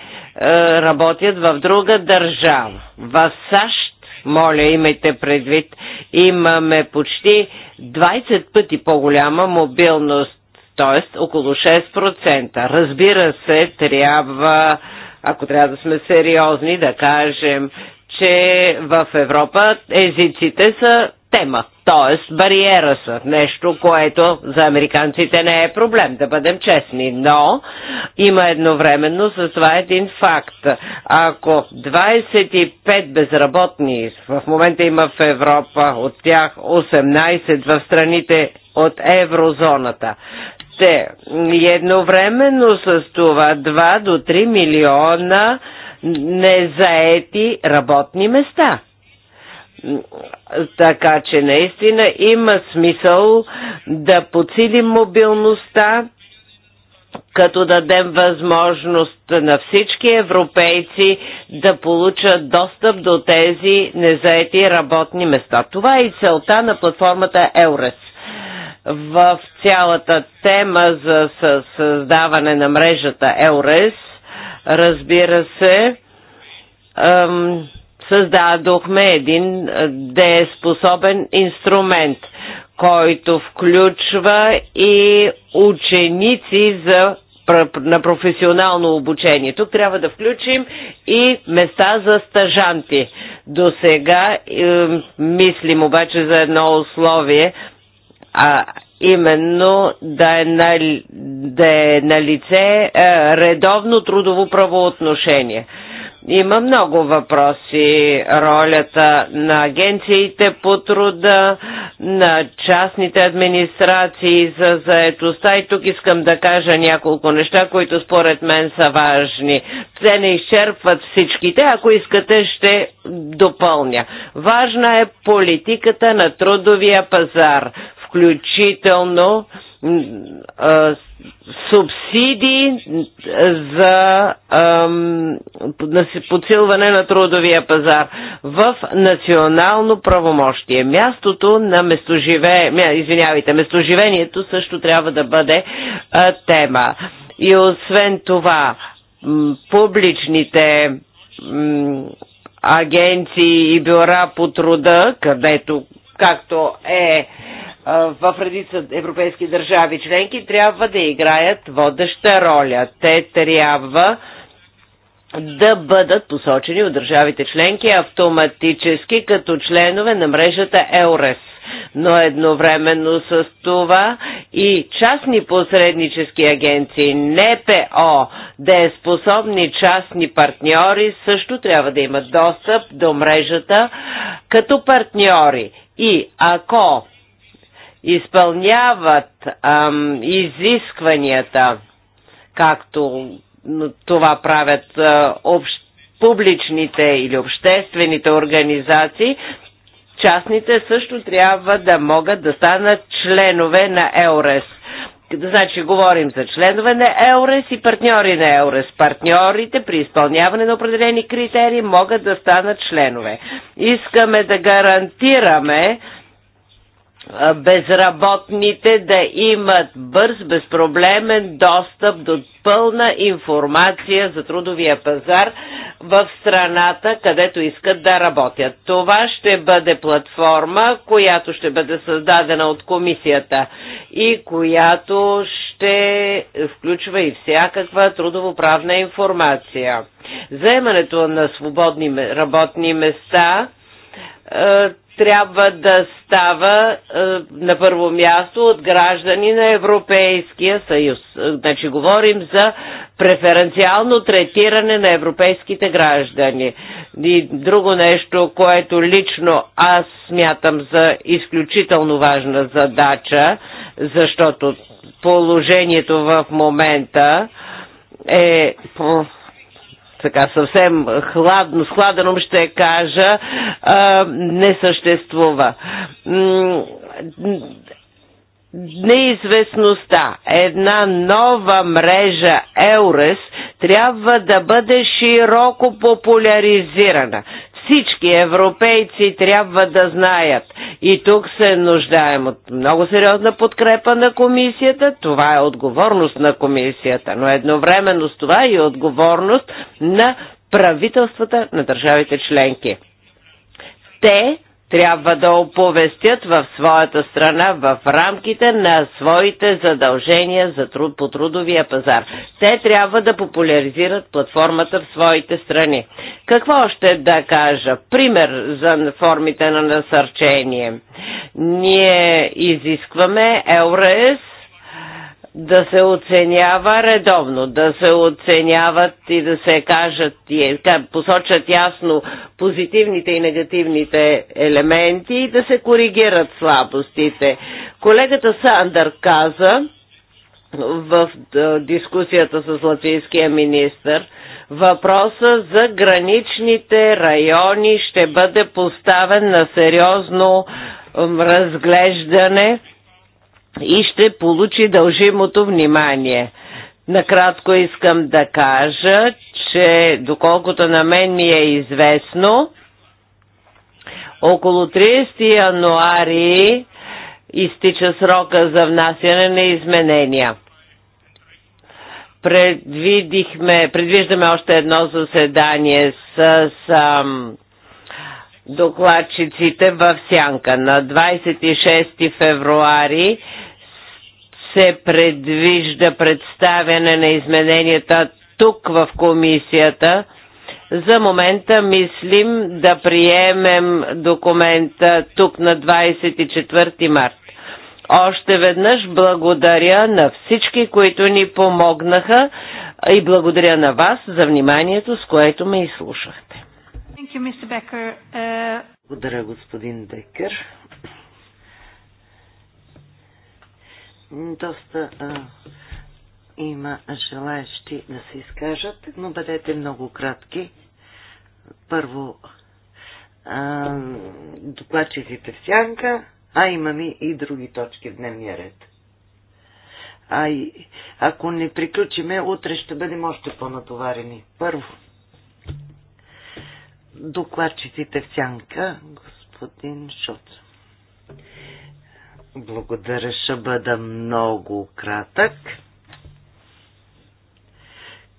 Speaker 5: работят в друга държава. В САЩ, моля, имайте предвид, имаме почти 20 пъти по-голяма мобилност, т.е. около 6%. Разбира се, трябва, ако трябва да сме сериозни, да кажем, че в Европа езиците са тема. Тоест, бариера са нещо, което за американците не е проблем, да бъдем честни. Но има едновременно с това един факт. Ако 25 безработни в момента има в Европа, от тях 18 в страните от еврозоната. Те едновременно с това 2 до 3 милиона незаети работни места – така че наистина има смисъл да подсилим мобилността, като дадем възможност на всички европейци да получат достъп до тези незаети работни места. Това е и целта на платформата Еурес в цялата тема за създаване на мрежата Еурес. Разбира се, създадохме един дееспособен инструмент, който включва и ученици за на професионално обучение. Тук трябва да включим и места за стажанти. До сега е, мислим обаче за едно условие, а именно да е на, да е на лице е, редовно трудово правоотношение. Е, има много въпроси. Ролята на агенциите по труда, на частните администрации за заетостта. И тук искам да кажа няколко неща, които според мен са важни. Те не изчерпват всичките. Ако искате, ще допълня. Важна е политиката на трудовия пазар включително субсидии за подсилване на трудовия пазар в национално правомощие. Мястото на местоживе... Извинявайте, местоживението също трябва да бъде тема. И освен това, публичните агенции и бюра по труда, където както е в редица европейски държави членки трябва да играят водеща роля. Те трябва да бъдат посочени от държавите членки автоматически като членове на мрежата ЕОРЕС но едновременно с това и частни посреднически агенции, НПО, да е способни частни партньори, също трябва да имат достъп до мрежата като партньори. И ако изпълняват ам, изискванията, както това правят а, общ, публичните или обществените организации, частните също трябва да могат да станат членове на ЕОРЕС. Значи говорим за членове на ЕОРЕС и партньори на ЕОРЕС. Партньорите при изпълняване на определени критерии могат да станат членове. Искаме да гарантираме, безработните да имат бърз, безпроблемен достъп до пълна информация за трудовия пазар в страната, където искат да работят. Това ще бъде платформа, която ще бъде създадена от комисията и която ще включва и всякаква трудовоправна информация. Заемането на свободни работни места трябва да става е, на първо място от граждани на Европейския съюз. Е, значи говорим за преференциално третиране на европейските граждани. И друго нещо, което лично аз смятам за изключително важна задача, защото положението в момента е така съвсем хладно, с хладеном ще кажа, а, не съществува. Неизвестността, една нова мрежа Еурес трябва да бъде широко популяризирана. Всички европейци трябва да знаят. И тук се нуждаем от много сериозна подкрепа на комисията. Това е отговорност на комисията, но едновременно с това и отговорност на правителствата на държавите членки. Те трябва да оповестят в своята страна в рамките на своите задължения за труд, по трудовия пазар. Те трябва да популяризират платформата в своите страни. Какво още да кажа? Пример за формите на насърчение. Ние изискваме ЕУРЕС да се оценява редовно, да се оценяват и да се кажат, е, посочат ясно позитивните и негативните елементи и да се коригират слабостите. Колегата Сандър каза в е, дискусията с латвийския министр, въпроса за граничните райони ще бъде поставен на сериозно разглеждане и ще получи дължимото внимание. Накратко искам да кажа, че доколкото на мен ми е известно, около 30 януари изтича срока за внасяне на изменения. Предвидихме, предвиждаме още едно заседание с, с докладчиците в Сянка. На 26 февруари се предвижда представяне на измененията тук в комисията. За момента мислим да приемем документа тук на 24 март. Още веднъж благодаря на всички, които ни помогнаха и благодаря на вас за вниманието, с което ме изслушахте.
Speaker 1: Thank you, Mr. Becker. Uh,
Speaker 2: Благодаря, господин Бекер. Доста а, има желаящи да се изкажат, но бъдете много кратки. Първо, а, докладчиците в сянка, а имаме и други точки в дневния ред. А и, ако не приключиме, утре ще бъдем още по-натоварени. Първо, докладчиците в сянка, господин Шот. Благодаря, ще бъда много кратък.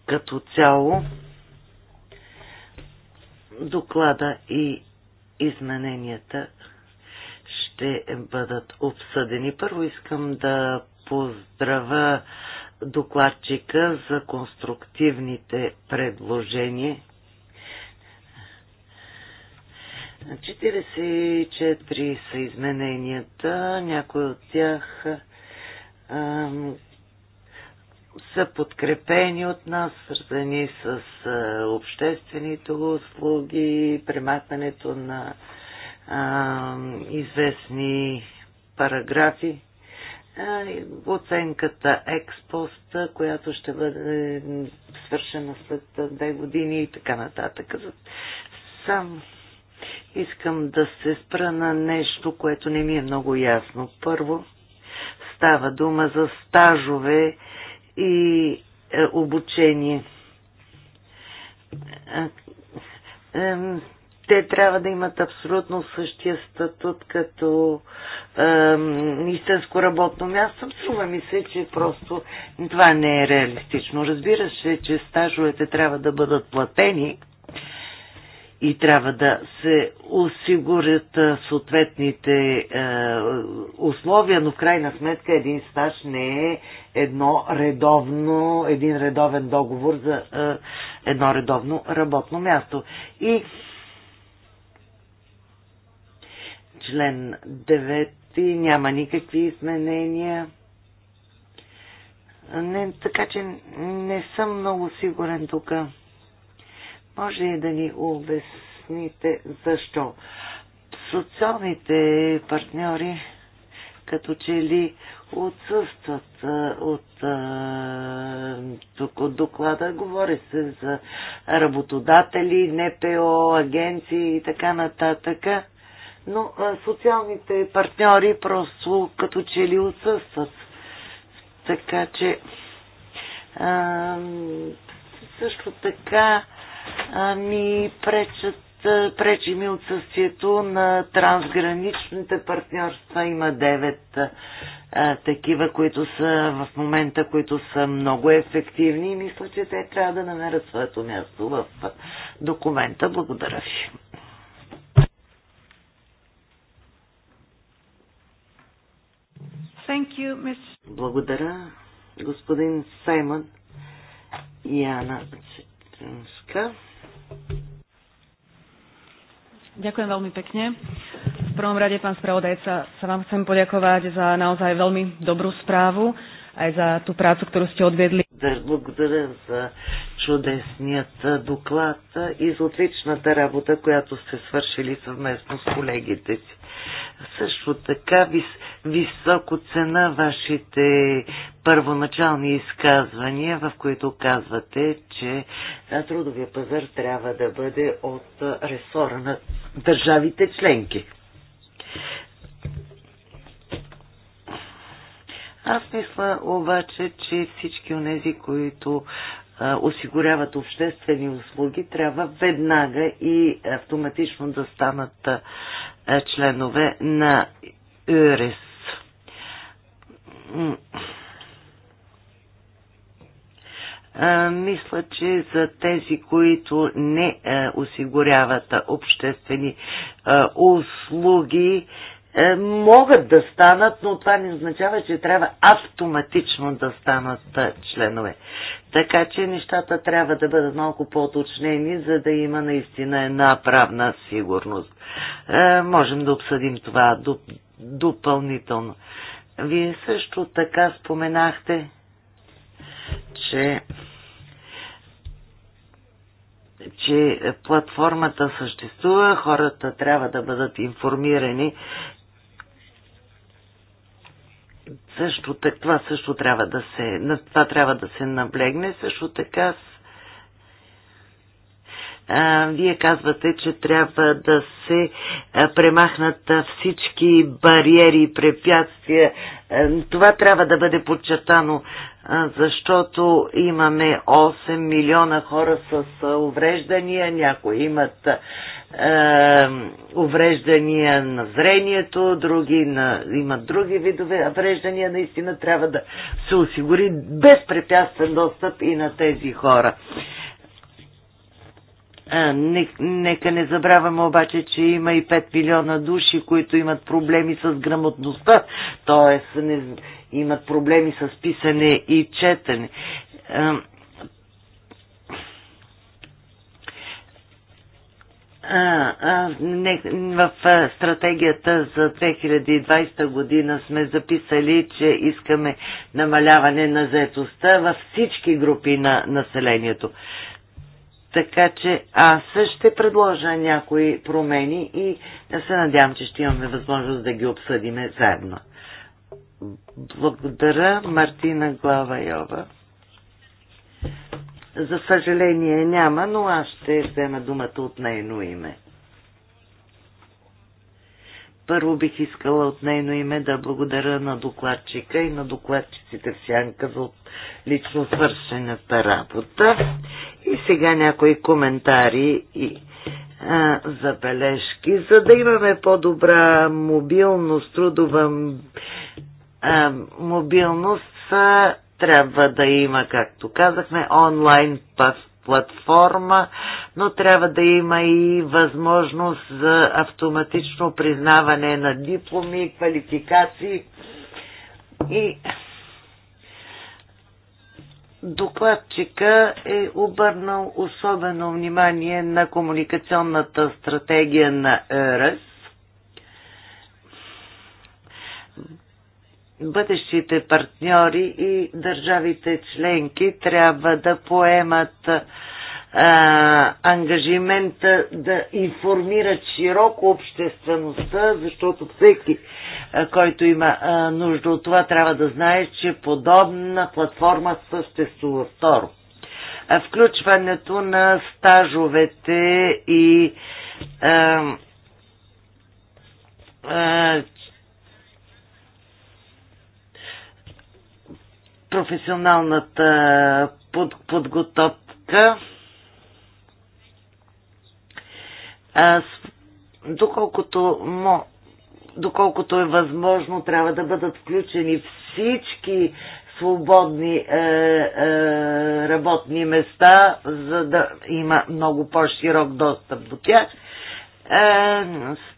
Speaker 2: Като цяло, доклада и измененията ще бъдат обсъдени. Първо искам да поздравя докладчика за конструктивните предложения 44 са измененията, някои от тях ам, са подкрепени от нас, свързани с а, обществените услуги, премахването на а, известни параграфи, оценката експост, която ще бъде свършена след две години и така нататък. Само Искам да се спра на нещо, което не ми е много ясно. Първо, става дума за стажове и е, обучение. Е, е, те трябва да имат абсолютно същия статут като е, истинско работно място. Струва ми се, че просто това не е реалистично. Разбира се, че стажовете трябва да бъдат платени, и трябва да се осигурят съответните е, условия, но в крайна сметка един стаж не е едно редовно, един редовен договор за е, едно редовно работно място. И член 9 няма никакви изменения. Не, така че не съм много сигурен тук. Може ли да ни обясните защо? Социалните партньори като че ли отсъстват от тук от доклада. Говори се за работодатели, НПО, агенции и така нататък. Но социалните партньори просто като че ли отсъстват. Така че а, също така ми пречат пречи ми отсъствието на трансграничните партньорства. Има девет такива, които са в момента, които са много ефективни и мисля, че те трябва да намерят своето място в документа. Благодаря ви.
Speaker 1: Thank you, miss.
Speaker 2: Благодаря, господин Саймън и Яна. Veronika.
Speaker 1: Ďakujem veľmi pekne. V prvom rade, pán spravodajca, sa vám chcem poďakovať za naozaj veľmi dobrú správu aj za tú prácu, ktorú отведли.
Speaker 2: odvedli. Благодаря за чудесният доклад и за отличната работа, която сте свършили съвместно с колегите си. Също така вис, високо цена вашите първоначални изказвания, в които казвате, че трудовия пазар трябва да бъде от ресора на държавите членки. Аз мисля обаче, че всички от тези, които осигуряват обществени услуги, трябва веднага и автоматично да станат членове на ЮРЕС. Мисля, че за тези, които не осигуряват обществени услуги, е, могат да станат, но това не означава, че трябва автоматично да станат е, членове. Така че нещата трябва да бъдат малко по оточнени за да има наистина една правна сигурност. Е, можем да обсъдим това допълнително. Вие също така споменахте, че че платформата съществува, хората трябва да бъдат информирани също така, това също трябва да се, на това трябва да се наблегне. Също така, а, вие казвате, че трябва да се премахнат всички бариери и препятствия. А, това трябва да бъде подчертано, а, защото имаме 8 милиона хора с увреждания, някои имат увреждания на зрението, други на, имат други видове увреждания, наистина трябва да се осигури безпрепятствен достъп и на тези хора. нека не забравяме обаче, че има и 5 милиона души, които имат проблеми с грамотността, т.е. имат проблеми с писане и четене. в стратегията за 2020 година сме записали, че искаме намаляване на заетостта във всички групи на населението. Така че аз ще предложа някои промени и се надявам, че ще имаме възможност да ги обсъдиме заедно. Благодаря, Мартина Главайова за съжаление няма, но аз ще взема думата от нейно име. Първо бих искала от нейно име да благодаря на докладчика и на докладчиците в сянка за лично свършената работа. И сега някои коментари и а, забележки, за да имаме по-добра мобилност, трудова а, мобилност. А, трябва да има, както казахме, онлайн платформа, но трябва да има и възможност за автоматично признаване на дипломи, квалификации и докладчика е обърнал особено внимание на комуникационната стратегия на ЕРС бъдещите партньори и държавите членки трябва да поемат а, ангажимента да информират широко обществеността, защото всеки, а, който има а, нужда от това, трябва да знае, че подобна платформа съществува. Второ, а, включването на стажовете и а, професионалната под, подготовка. А, доколкото, мо, доколкото е възможно, трябва да бъдат включени всички свободни е, е, работни места, за да има много по-широк достъп до тях. Е,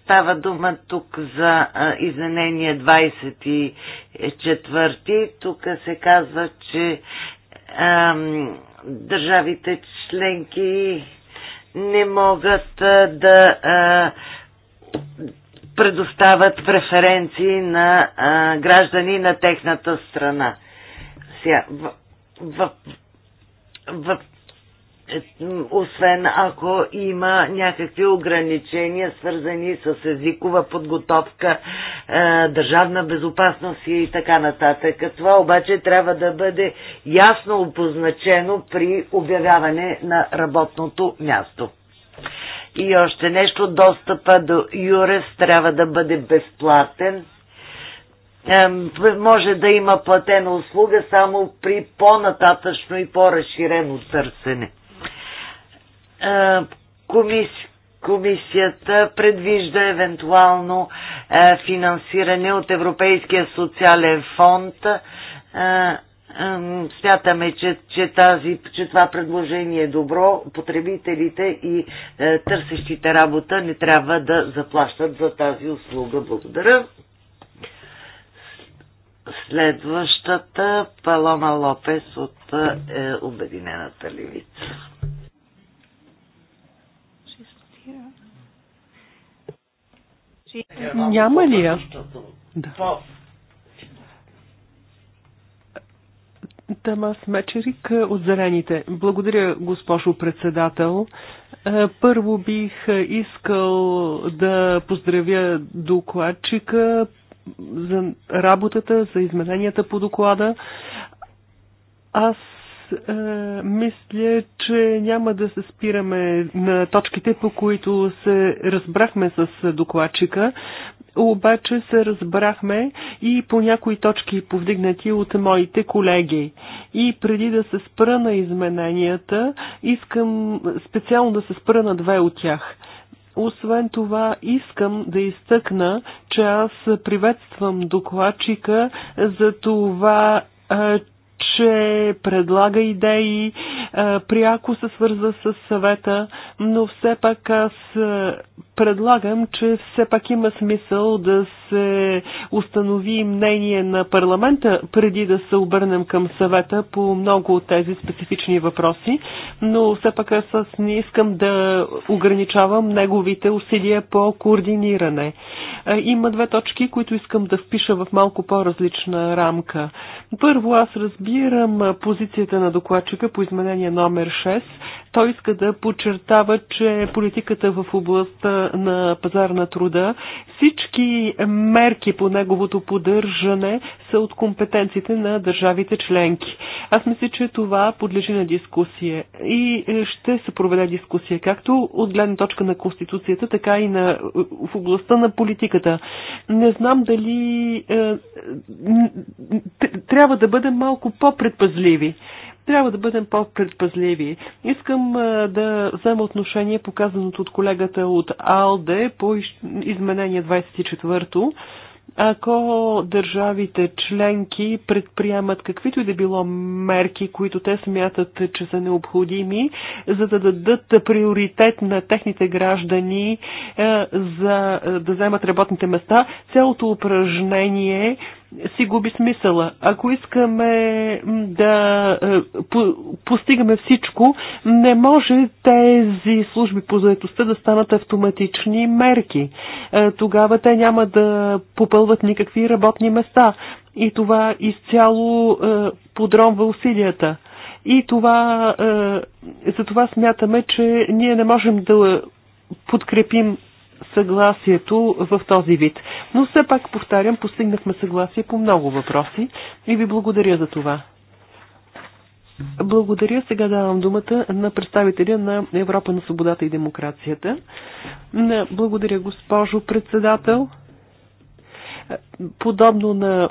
Speaker 2: Става дума тук за изменение 24. Тук се казва, че а, държавите членки не могат да а, предоставят преференции на а, граждани на техната страна. Сега, в, в, в, освен ако има някакви ограничения, свързани с езикова подготовка, е, държавна безопасност и така нататък. Това обаче трябва да бъде ясно обозначено при обявяване на работното място. И още нещо, достъпа до ЮРЕС трябва да бъде безплатен може да има платена услуга само при по-нататъчно и по-разширено търсене комис, комисията предвижда евентуално финансиране от Европейския социален фонд. Смятаме, че, че, тази, че това предложение е добро. Потребителите и е, търсещите работа не трябва да заплащат за тази услуга. Благодаря. Следващата Палома Лопес от е, Обединената левица.
Speaker 7: Няма ли я? Да.
Speaker 4: Тамас Мечерик от Зелените. Благодаря, госпожо председател. Е, първо бих искал да поздравя докладчика за работата, за измененията по доклада. Аз е, мисля, че няма да се спираме на точките, по които се разбрахме с докладчика, обаче се разбрахме и по някои точки повдигнати от моите колеги. И преди да се спра на измененията, искам специално да се спра на две от тях. Освен това, искам да изтъкна, че аз приветствам докладчика за това, е, че предлага идеи, е, пряко се свърза с съвета, но все пак аз е, предлагам, че все пак има смисъл да се установи мнение на парламента, преди да се обърнем към съвета по много от тези специфични въпроси, но все пак аз не искам да ограничавам неговите усилия по координиране. Има две точки, които искам да впиша в малко по-различна рамка. Първо, аз разбирам позицията на докладчика по изменение номер 6. Той иска да подчертава, че политиката в областта на пазар на труда. Всички мерки по неговото поддържане са от компетенциите на държавите членки. Аз мисля, че това подлежи на дискусия и ще се проведе дискусия както от гледна точка на Конституцията, така и на, в областта на политиката. Не знам дали е, трябва да бъдем малко по-предпазливи. Трябва да бъдем по-предпазливи. Искам да взема отношение показаното от колегата от АЛДЕ по изменение 24 то ако държавите членки предприемат каквито и да било мерки, които те смятат, че са необходими, за да дадат приоритет на техните граждани за да вземат работните места, цялото упражнение си губи смисъла. Ако искаме да е, постигаме всичко, не може тези служби по заедостта да станат автоматични мерки. Е, тогава те няма да попълват никакви работни места. И това изцяло е, подронва усилията. И това, за това смятаме, че ние не можем да подкрепим съгласието в този вид. Но все пак, повтарям, постигнахме съгласие по много въпроси и ви благодаря за това. Благодаря. Сега давам думата на представителя на Европа на свободата и демокрацията. Благодаря, госпожо председател. Подобно на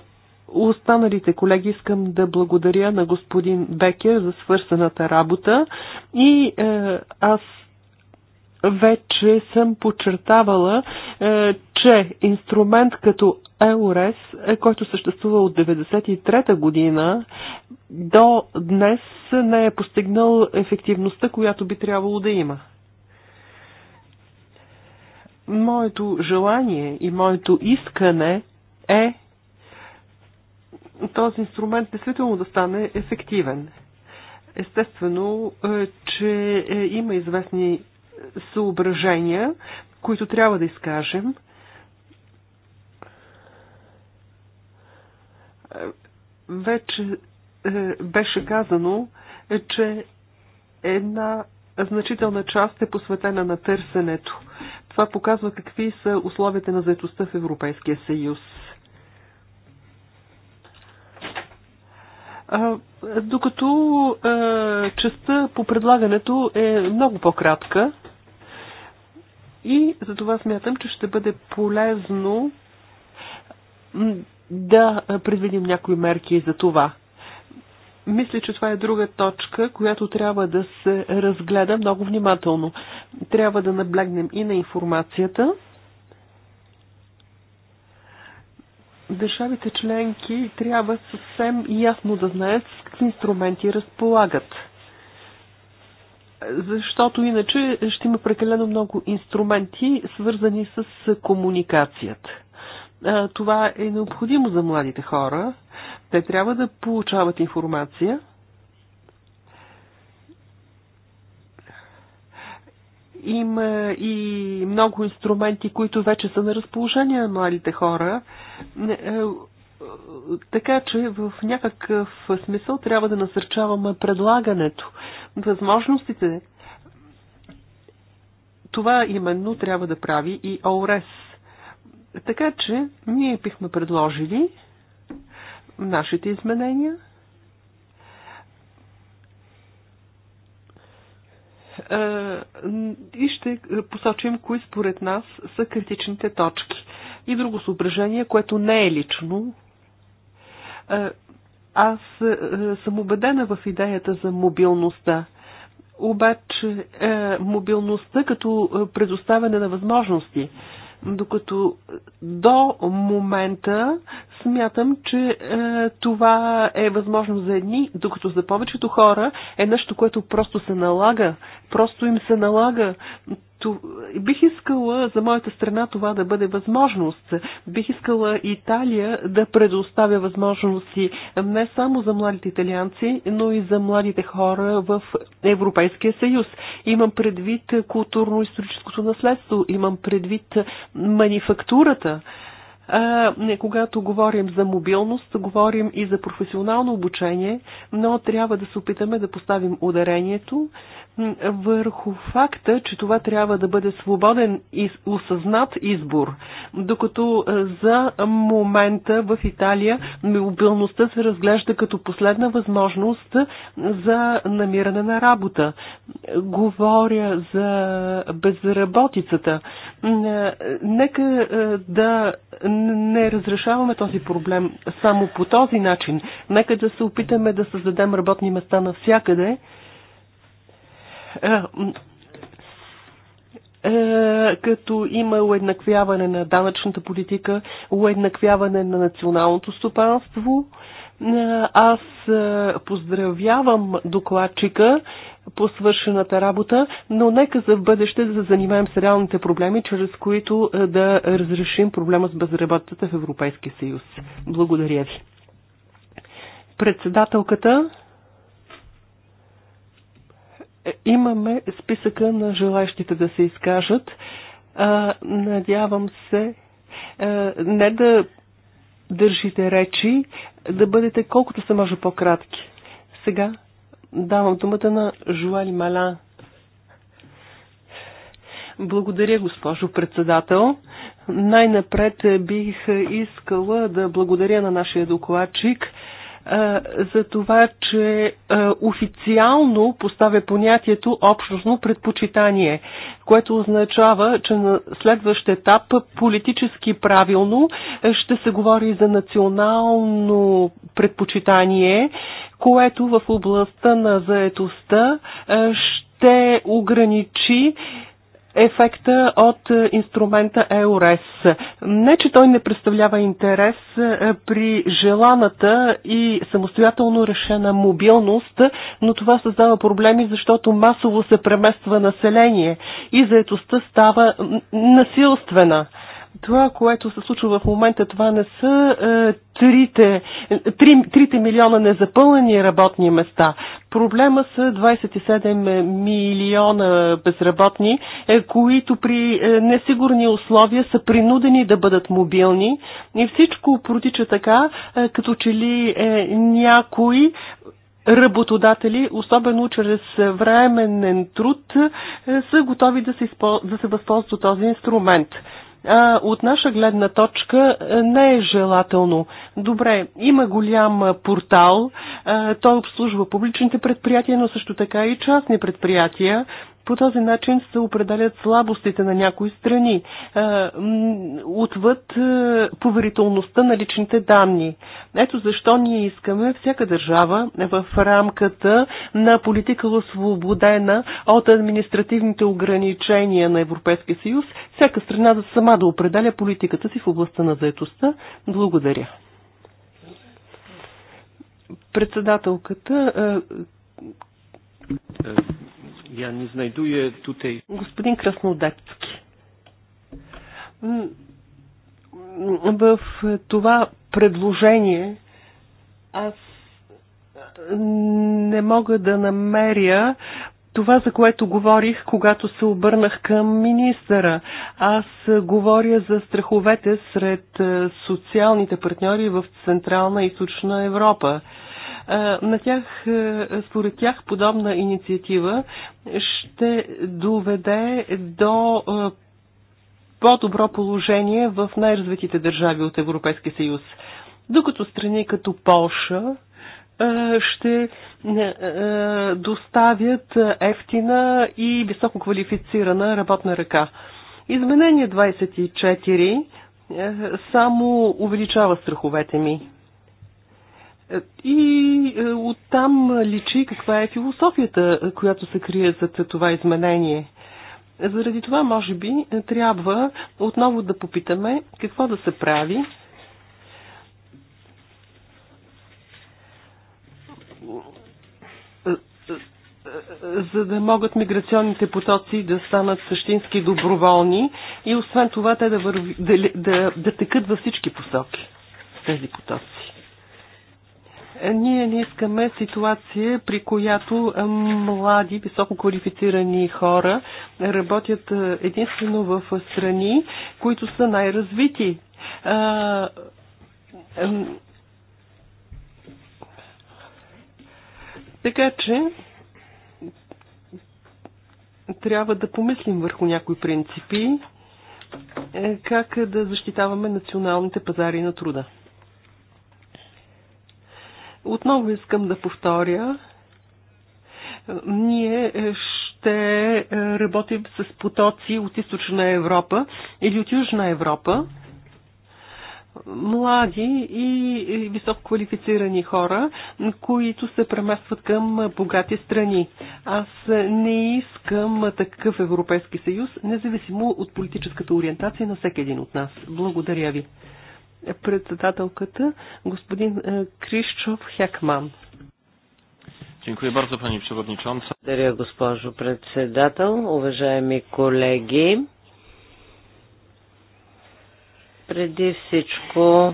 Speaker 4: останалите колеги искам да благодаря на господин Бекер за свършената работа и е, аз вече съм подчертавала, е, че инструмент като ЕОРЕС, който съществува от 1993 година, до днес не е постигнал ефективността, която би трябвало да има. Моето желание и моето искане е този инструмент действително да стане ефективен. Естествено, е, че е, има известни съображения, които трябва да изкажем. Вече е, беше казано, е, че една значителна част е посветена на търсенето. Това показва какви са условията на заетостта в Европейския съюз. докато е, частта по предлагането е много по-кратка, и за това смятам, че ще бъде полезно да предвидим някои мерки за това. Мисля, че това е друга точка, която трябва да се разгледа много внимателно. Трябва да наблегнем и на информацията. Държавите членки трябва съвсем ясно да знаят с какви инструменти разполагат защото иначе ще има прекалено много инструменти, свързани с комуникацията. Това е необходимо за младите хора. Те трябва да получават информация. Има и много инструменти, които вече са на разположение на младите хора. Е, така че в някакъв смисъл трябва да насърчаваме предлагането, възможностите. Това именно трябва да прави и ОРЕС. Така че ние бихме предложили нашите изменения. Е, и ще посочим кои според нас са критичните точки. И друго съображение, което не е лично, е, аз е, съм убедена в идеята за мобилността. Обаче е, мобилността като предоставяне на възможности докато до момента смятам, че е, това е възможно за едни, докато за повечето хора е нещо, което просто се налага, просто им се налага бих искала за моята страна това да бъде възможност. Бих искала Италия да предоставя възможности не само за младите италианци, но и за младите хора в Европейския съюз. Имам предвид културно-историческото наследство, имам предвид манифактурата. А, не, когато говорим за мобилност, говорим и за професионално обучение, но трябва да се опитаме да поставим ударението върху факта, че това трябва да бъде свободен и осъзнат избор, докато е, за момента в Италия мобилността се разглежда като последна възможност за намиране на работа. Говоря за безработицата. Е, нека е, да не разрешаваме този проблем само по този начин. Нека да се опитаме да създадем работни места навсякъде, е, е, като има уеднаквяване на данъчната политика, уеднаквяване на националното стопанство. Е, аз поздравявам докладчика по свършената работа, но нека за в бъдеще да занимаем с реалните проблеми, чрез които да разрешим проблема с безработицата в Европейския съюз. Благодаря ви. Председателката е, имаме списъка на желащите да се изкажат. Надявам се не да държите речи, да бъдете колкото се може по-кратки. Сега давам думата на Жуали Малян. Благодаря, госпожо председател. Най-напред бих искала да благодаря на нашия докладчик за това, че официално поставя понятието общностно предпочитание, което означава, че на следващ етап политически правилно ще се говори за национално предпочитание, което в областта на заетостта ще ограничи ефекта от е, инструмента ЕОРЕС. Не, че той не представлява интерес е, при желаната и самостоятелно решена мобилност, но това създава проблеми, защото масово се премества население и заетостта става насилствена това, което се случва в момента, това не са е, трите, три, трите милиона незапълнени работни места. Проблема са 27 милиона безработни, е, които при е, несигурни условия са принудени да бъдат мобилни. И всичко протича така, е, като че ли е, някой работодатели, особено чрез временен труд, е, са готови да се, да се възползват този инструмент а, от наша гледна точка не е желателно. Добре, има голям портал, а, той обслужва публичните предприятия, но също така и частни предприятия. По този начин се определят слабостите на някои страни, е, отвъд е, поверителността на личните данни. Ето защо ние искаме всяка държава в рамката на политика освободена от административните ограничения на Европейския съюз, всяка страна да сама да определя политиката си в областта на заетостта. Благодаря. Председателката е, Ja nie znajduję tutaj... Господин Краснодепски. В това предложение аз не мога да намеря това, за което говорих, когато се обърнах към министъра. Аз говоря за страховете сред е, социалните партньори в Централна и Източна Европа. На тях, е, според тях, подобна инициатива ще доведе до е, по-добро положение в най-развитите държави от Европейския съюз. Докато страни като Полша, е, ще доставят ефтина и високо квалифицирана работна ръка. Изменение 24 само увеличава страховете ми. И е, оттам личи каква е философията, която се крие за това изменение. Заради това, може би, трябва отново да попитаме какво да се прави. за да могат миграционните потоци да станат същински доброволни и освен това те да, върви, да, да, да текат във всички посоки, тези потоци. Ние не искаме ситуация, при която млади, високо квалифицирани хора работят единствено в страни, които са най-развити. Така че трябва да помислим върху някои принципи, е, как да защитаваме националните пазари на труда. Отново искам да повторя, ние ще работим с потоци от източна Европа или от южна Европа, млади и високо квалифицирани хора, които се преместват към богати страни. Аз не искам такъв Европейски съюз, независимо от политическата ориентация на всеки един от нас. Благодаря ви председателката господин е, Кришчов Хекман. Дякую bardzo пани председателка. Благодаря,
Speaker 5: госпожо председател. Уважаеми колеги, преди всичко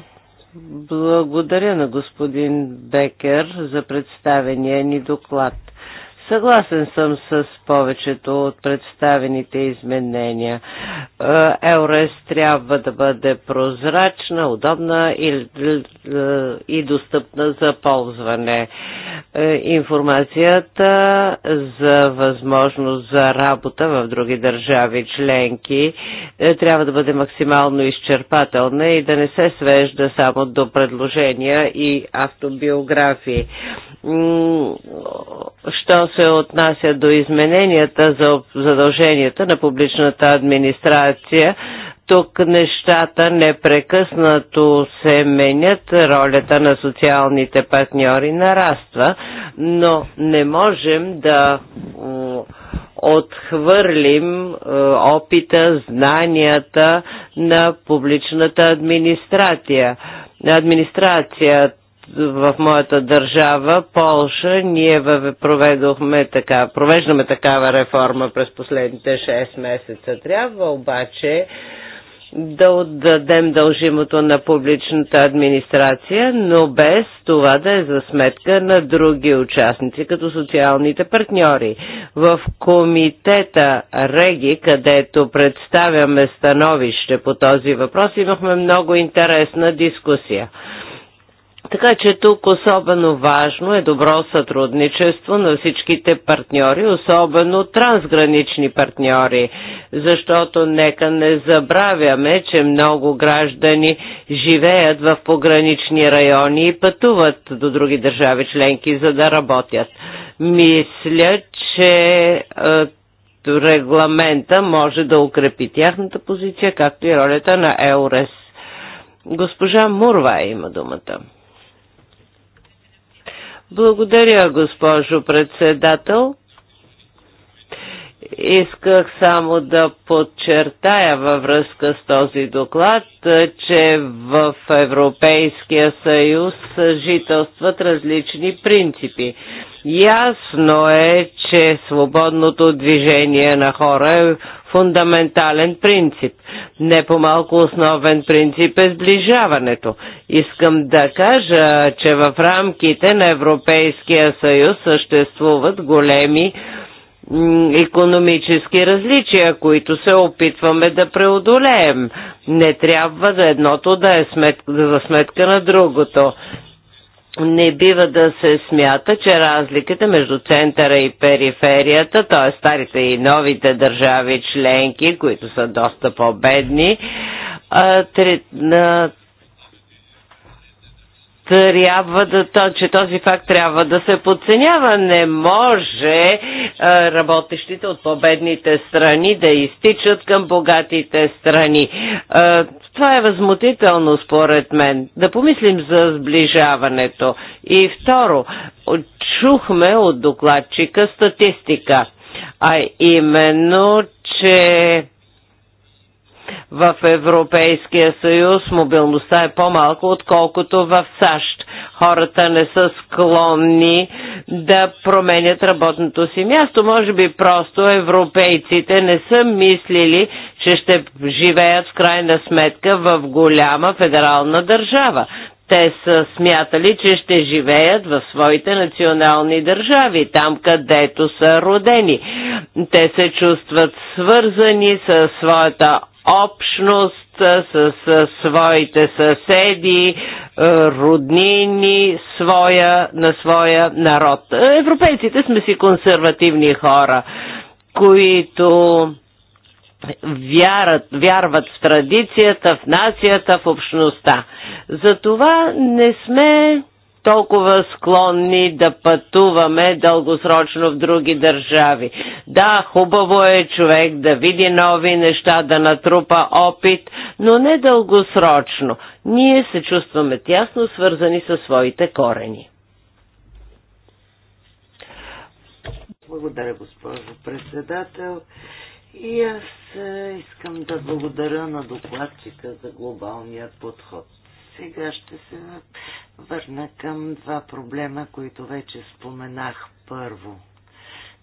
Speaker 5: благодаря на господин Бекер за представения ни доклад. Съгласен съм с повечето от представените изменения.
Speaker 6: Е,
Speaker 5: Еурес трябва да бъде прозрачна, удобна и, е, и достъпна за ползване. Е, информацията за възможност за работа в други държави членки трябва да бъде максимално изчерпателна и да не се свежда само до предложения и автобиографии. Що се отнася до измененията за задълженията на публичната администрация, тук нещата непрекъснато се менят, ролята на социалните партньори нараства, но не можем да отхвърлим е, опита, знанията на публичната администрация. Администрацията в моята държава, Полша, ние проведохме така, провеждаме такава реформа през последните 6 месеца. Трябва обаче да отдадем дължимото на публичната администрация, но без това да е за сметка на други участници, като социалните партньори. В комитета Реги, където представяме становище по този въпрос, имахме много интересна дискусия. Така че тук особено важно е добро сътрудничество на всичките партньори, особено трансгранични партньори, защото нека не забравяме, че много граждани живеят в погранични райони и пътуват до други държави членки, за да работят. Мисля, че регламента може да укрепи тяхната позиция, както и ролята на ЕУРЕС. Госпожа Мурва има думата. Благодаря, госпожо председател. Исках само да подчертая във връзка с този доклад, че в Европейския съюз съжителстват различни принципи. Ясно е, че свободното движение на хора е фундаментален принцип. Не по-малко основен принцип е сближаването. Искам да кажа, че в рамките на Европейския съюз съществуват големи економически различия, които се опитваме да преодолеем. Не трябва да едното да е сметка, за сметка на другото не бива да се смята, че разликата между центъра и периферията, т.е. старите и новите държави членки, които са доста по-бедни, трябва да, то, че този факт трябва да се подценява. Не може а, е, работещите от победните страни да изтичат към богатите страни. А, е, това е възмутително според мен. Да помислим за сближаването. И второ, чухме от докладчика статистика, а именно, че в Европейския съюз мобилността е по-малко, отколкото в САЩ. Хората не са склонни да променят работното си място. Може би просто европейците не са мислили, че ще живеят в крайна сметка в голяма федерална държава. Те са смятали, че ще живеят в своите национални държави, там където са родени. Те се чувстват свързани със своята общност, с, с своите съседи, роднини, своя, на своя народ. Европейците сме си консервативни хора, които вярат, вярват в традицията, в нацията, в общността. Затова не сме толкова склонни да пътуваме дългосрочно в други държави. Да, хубаво е човек да види нови неща, да натрупа опит, но не дългосрочно. Ние се чувстваме тясно свързани със своите корени.
Speaker 2: Благодаря, госпожо председател. И аз е, искам да благодаря на докладчика за глобалния подход. Сега ще се върна към два проблема, които вече споменах първо.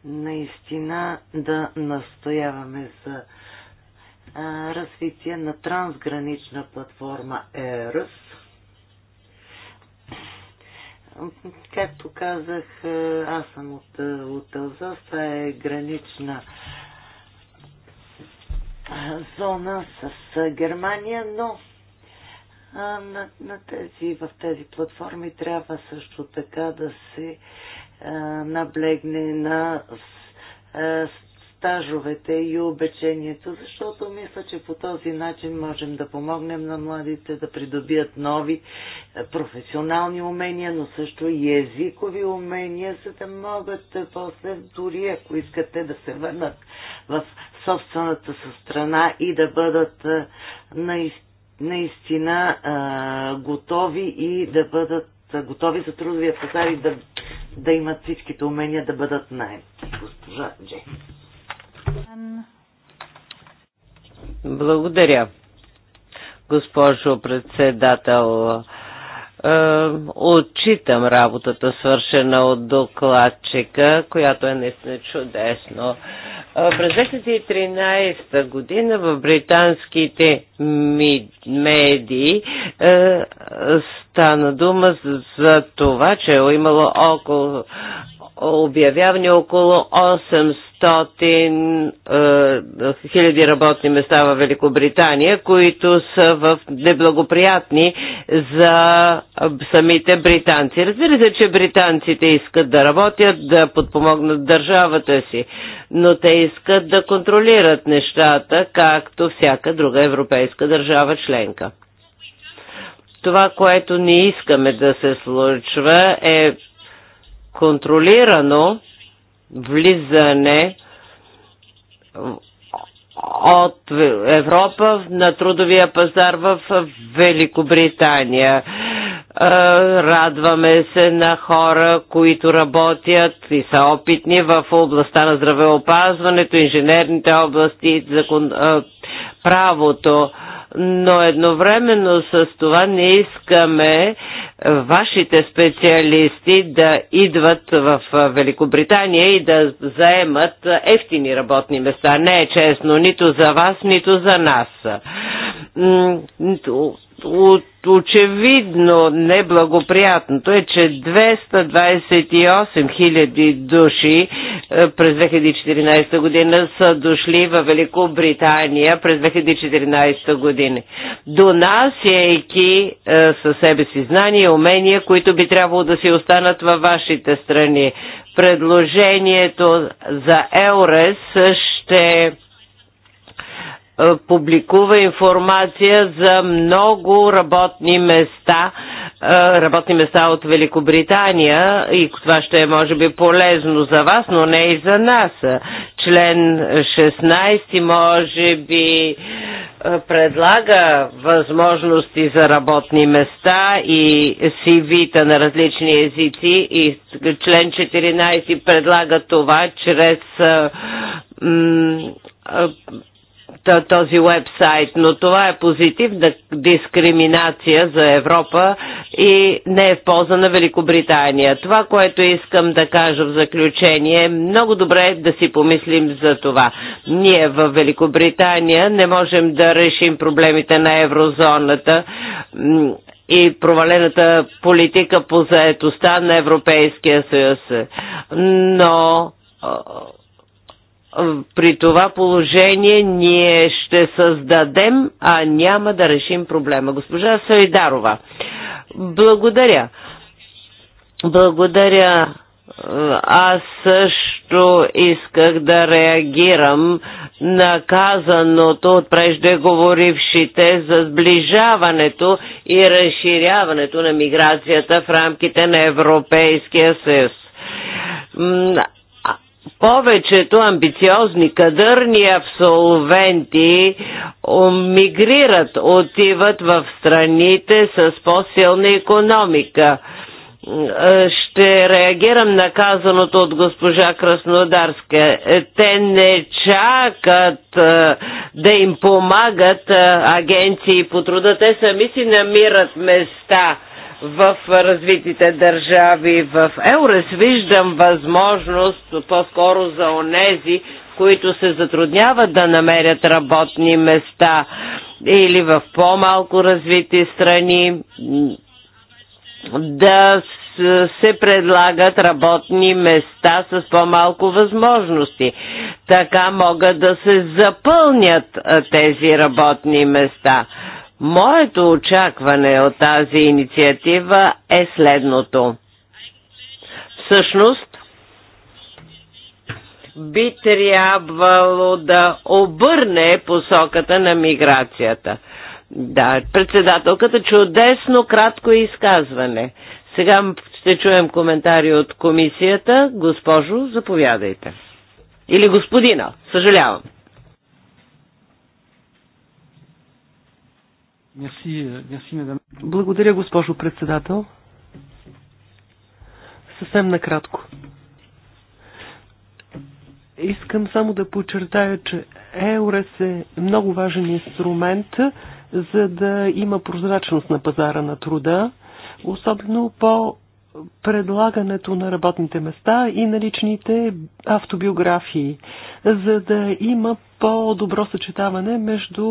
Speaker 2: Наистина да настояваме за а, развитие на трансгранична платформа ЕРС. Както казах, аз съм от, от Алзас, това е гранична зона с Германия, но а, на, на тези, в тези платформи трябва също така да се а, наблегне на а, стажовете и обечението, защото мисля, че по този начин можем да помогнем на младите да придобият нови професионални умения, но също и езикови умения, за да могат после, дори ако искате да се върнат в собствената страна и да бъдат наистина наистина а, готови и да бъдат готови за трудовия пазар и да, да имат всичките умения да бъдат най госпожа Джей.
Speaker 5: Благодаря, госпожо председател. Е, отчитам работата, свършена от докладчика, която е наистина чудесно. През 2013 година в британските медии е, е, стана дума за това, че е имало около обявявани около 800 е, хиляди работни места в Великобритания, които са в неблагоприятни за самите британци. Разбира се, че британците искат да работят, да подпомогнат държавата си, но те искат да контролират нещата, както всяка друга европейска държава членка. Това, което не искаме да се случва е контролирано влизане от Европа на трудовия пазар в Великобритания. Радваме се на хора, които работят и са опитни в областта на здравеопазването, инженерните области, закон, правото, но едновременно с това не искаме вашите специалисти да идват в Великобритания и да заемат ефтини работни места. Не е честно нито за вас, нито за нас очевидно неблагоприятното е, че 228 хиляди души е, през 2014 година са дошли в Великобритания през 2014 година, донасяйки е, със себе си знания и умения, които би трябвало да си останат във вашите страни. Предложението за ЕОРЕС ще е, публикува информация за много работни места, е, работни места от Великобритания и това ще е може би полезно за вас, но не и за нас. Член 16 може би е, предлага възможности за работни места и CV-та на различни езици и член 14 предлага това чрез този вебсайт, но това е позитивна дискриминация за Европа и не е в полза на Великобритания. Това, което искам да кажа в заключение, е много добре да си помислим за това. Ние в Великобритания не можем да решим проблемите на еврозоната и провалената политика по заетостта на Европейския съюз. Но при това положение ние ще създадем, а няма да решим проблема. Госпожа Сайдарова, благодаря. Благодаря. Аз също исках да реагирам на казаното от преждеговорившите за сближаването и разширяването на миграцията в рамките на Европейския съюз повечето амбициозни, кадърни абсолвенти мигрират, отиват в страните с по-силна економика. Ще реагирам на казаното от госпожа Краснодарска. Те не чакат да им помагат агенции по труда. Те сами си намират места в развитите държави в Еурес виждам възможност по-скоро за онези, които се затрудняват да намерят работни места или в по-малко развити страни да се предлагат работни места с по-малко възможности. Така могат да се запълнят тези работни места. Моето очакване от тази инициатива е следното. Всъщност, би трябвало да обърне посоката на миграцията. Да, председателката, чудесно кратко изказване. Сега ще чуем коментари от комисията. Госпожо, заповядайте. Или господина,
Speaker 4: съжалявам. Euh, Благодаря, госпожо председател. Съвсем накратко. Искам само да подчертая, че Еурес е много важен инструмент, за да има прозрачност на пазара на труда, особено по предлагането на работните места и на личните автобиографии, за да има по-добро съчетаване между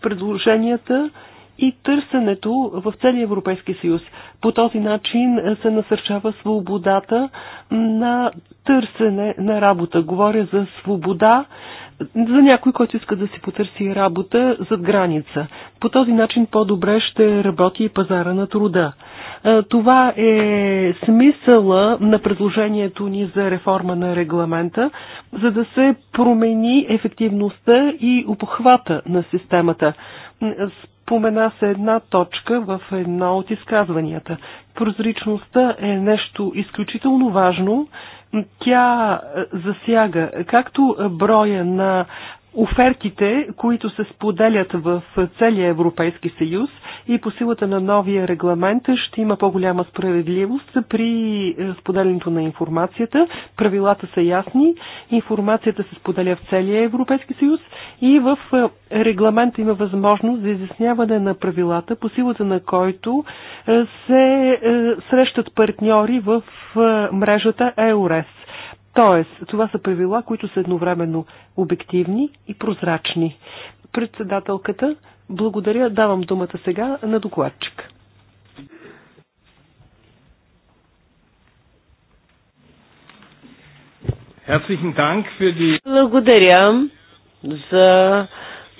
Speaker 4: предложенията и търсенето в целия Европейски съюз. По този начин се насърчава свободата на търсене на работа. Говоря за свобода за някой, който иска да си потърси работа зад граница. По този начин по-добре ще работи и пазара на труда. Е, това е смисъла на предложението ни за реформа на регламента, за да се промени ефективността и обхвата на системата. Спомена се една точка в едно от изказванията. Прозричността е нещо изключително важно. Тя засяга както броя на офертите, които се споделят в целия Европейски съюз и по силата на новия регламент ще има по-голяма справедливост при споделянето на информацията. Правилата са ясни, информацията се споделя в целия Европейски съюз и в регламента има възможност за изясняване на правилата, по силата на който се е, срещат партньори в е, мрежата EURES. Тоест, това са правила, които са едновременно обективни и прозрачни. Председателката, благодаря, давам думата сега на докладчик.
Speaker 5: Благодаря за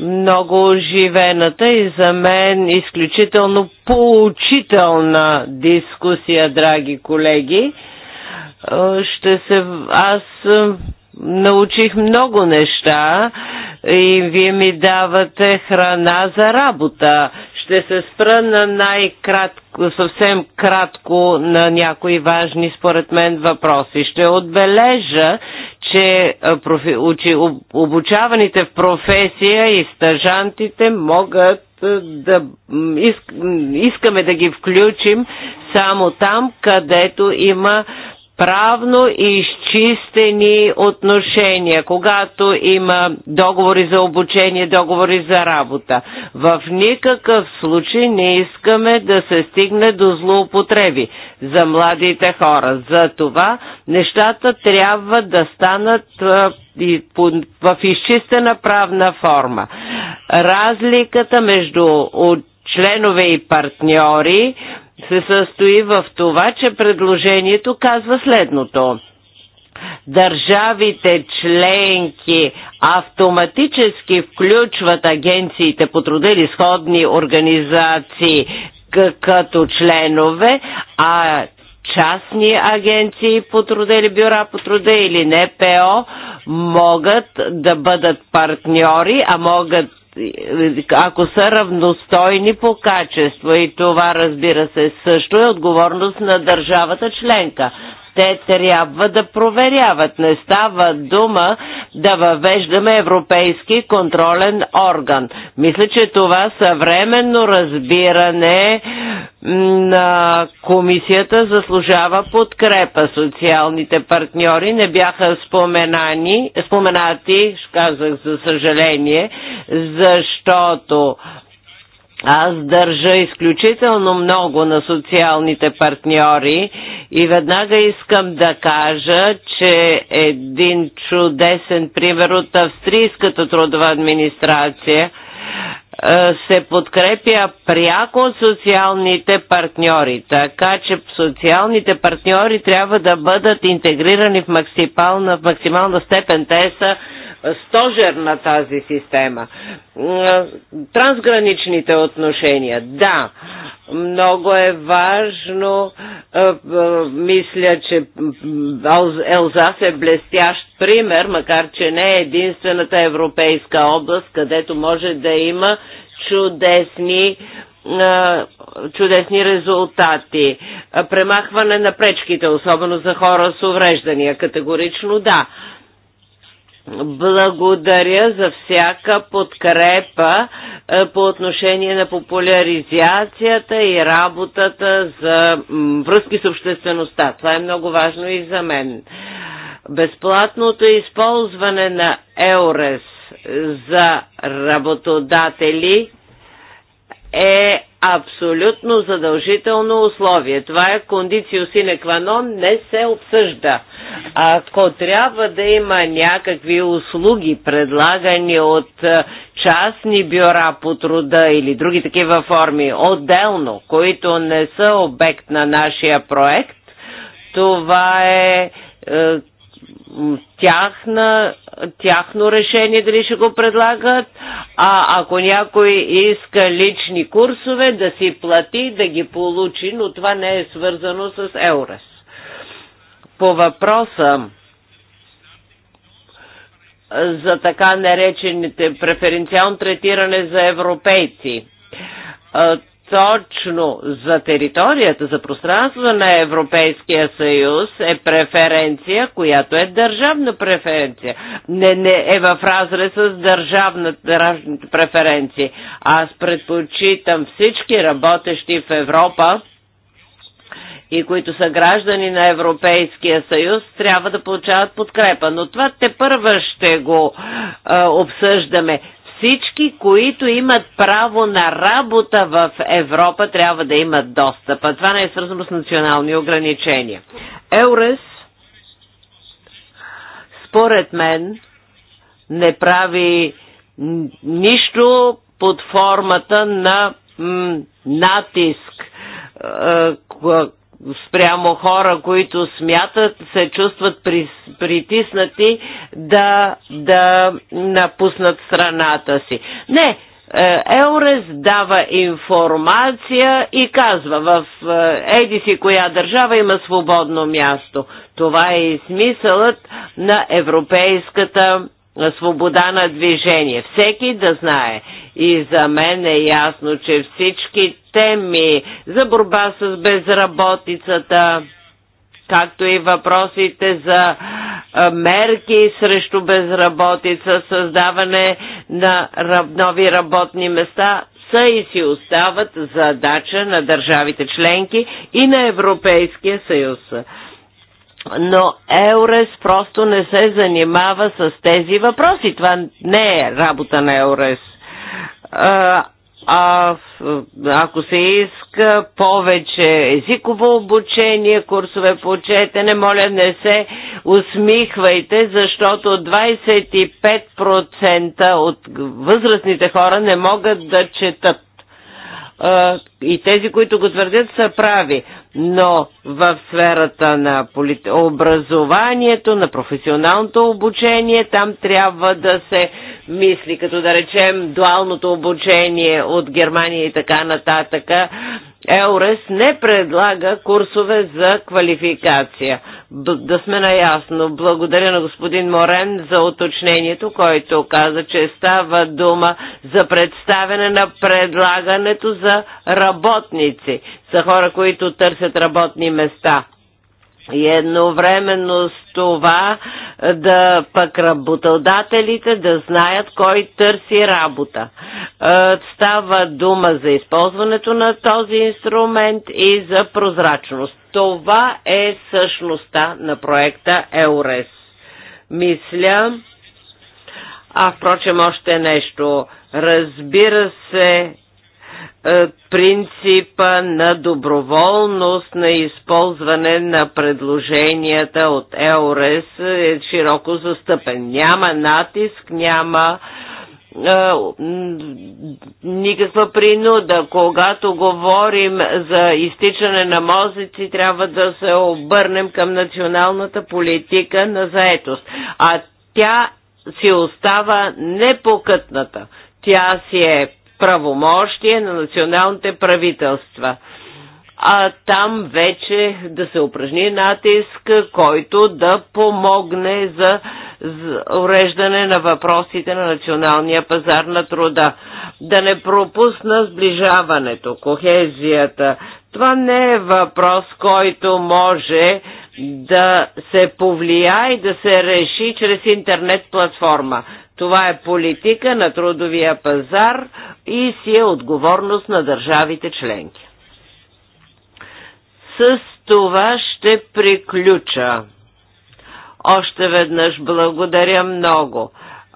Speaker 5: много оживената и за мен изключително поучителна дискусия, драги колеги. Е, ще се... Аз е, научих много неща и вие ми давате храна за работа. Ще се спра на най-кратко, съвсем кратко на някои важни според мен въпроси. Ще отбележа, че е, профи, учи, обучаваните в професия и стажантите могат да искаме да ги включим само там, където има правно изчистени отношения, когато има договори за обучение, договори за работа. В никакъв случай не искаме да се стигне до злоупотреби за младите хора. За това нещата трябва да станат в изчистена правна форма. Разликата между членове и партньори се състои в това, че предложението казва следното държавите членки автоматически включват агенциите по труда или сходни организации като членове, а частни агенции по труда или бюра по труда или НПО могат да бъдат партньори, а могат ако са равностойни по качество и това разбира се също е отговорност на държавата членка те трябва да проверяват. Не става дума да въвеждаме европейски контролен орган. Мисля, че това съвременно разбиране на комисията заслужава подкрепа. Социалните партньори не бяха споменани, споменати, казах за съжаление, защото аз държа изключително много на социалните партньори и веднага искам да кажа, че един чудесен пример от австрийската трудова администрация се подкрепя пряко от социалните партньори, така че социалните партньори трябва да бъдат интегрирани в максимална, в максимална степен. Те са стожер на тази система. Трансграничните отношения, да, много е важно. Мисля, че Елзас е блестящ пример, макар че не е единствената европейска област, където може да има чудесни чудесни резултати. Премахване на пречките, особено за хора с увреждания, категорично да. Благодаря за всяка подкрепа е, по отношение на популяризацията и работата за връзки с обществеността. Това е много важно и за мен. Безплатното използване на ЕОРЕС за работодатели е абсолютно задължително условие. Това е кондицио sine не се обсъжда. Ако трябва да има някакви услуги, предлагани от частни бюра по труда или други такива форми, отделно, които не са обект на нашия проект, това е, е тяхна, тяхно решение дали ще го предлагат, а ако някой иска лични курсове, да си плати, да ги получи, но това не е свързано с Еурес. По въпроса за така наречените преференциално третиране за европейци точно за територията, за пространството на Европейския съюз е преференция, която е държавна преференция. Не, не е в разрез с държавната преференция. Аз предпочитам всички работещи в Европа и които са граждани на Европейския съюз, трябва да получават подкрепа. Но това те първа ще го а, обсъждаме всички, които имат право на работа в Европа, трябва да имат достъп. А това не е свързано с национални ограничения. Еурес, според мен, не прави нищо под формата на натиск, спрямо хора, които смятат, се чувстват притиснати да, да напуснат страната си. Не, е, Еурес дава информация и казва в е, еди си коя държава има свободно място. Това е и смисълът на европейската свобода на движение. Всеки да знае. И за мен е ясно, че всички теми за борба с безработицата, както и въпросите за мерки срещу безработица, създаване на нови работни места, са и си остават задача на държавите членки и на Европейския съюз но Еурес просто не се занимава с тези въпроси. Това не е работа на Еурес. А, ако се иска повече езиково обучение, курсове по четене, моля не се усмихвайте, защото 25% от възрастните хора не могат да четат и тези, които го твърдят, са прави. Но в сферата на образованието, на професионалното обучение, там трябва да се мисли, като да речем дуалното обучение от Германия и така нататък, Еурес не предлага курсове за квалификация. Б да сме наясно. Благодаря на господин Морен за уточнението, който каза, че става дума за представяне на предлагането за работници, за хора, които търсят работни места и едновременно с това е, да пък работодателите да знаят кой търси работа.
Speaker 6: Е,
Speaker 5: става дума за използването на този инструмент и за прозрачност. Това е същността на проекта ЕОРЕС. Мисля, а впрочем още нещо. Разбира се, е, принципа на доброволност на използване на предложенията от ЕОРЕС е широко застъпен. Няма натиск, няма е, никаква принуда. Когато говорим за изтичане на мозъци, трябва да се обърнем към националната политика на заетост. А тя си остава непокътната. Тя си е правомощие на националните правителства. А там вече да се упражни натиск, който да помогне за, за уреждане на въпросите на националния пазар на труда. Да не пропусна сближаването, кохезията. Това не е въпрос, който може да се повлия и да се реши чрез интернет платформа. Това е политика на трудовия пазар и си е отговорност на държавите членки. С това ще приключа. Още веднъж благодаря много.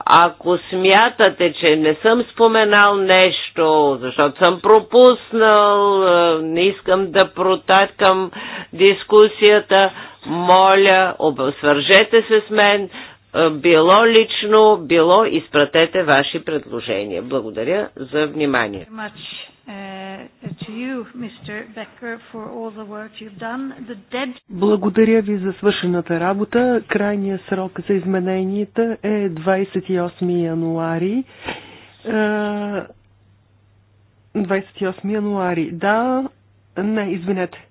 Speaker 5: Ако смятате, че не съм споменал нещо, защото съм пропуснал, е, не искам да протаткам дискусията, моля, свържете се с мен, е, било лично, било изпратете ваши предложения. Благодаря за внимание.
Speaker 1: Uh, you, Becker, The dead... Благодаря
Speaker 4: ви за свършената работа. Крайният срок за измененията е 28 януари. 28 е, януари. Да, не, извинете.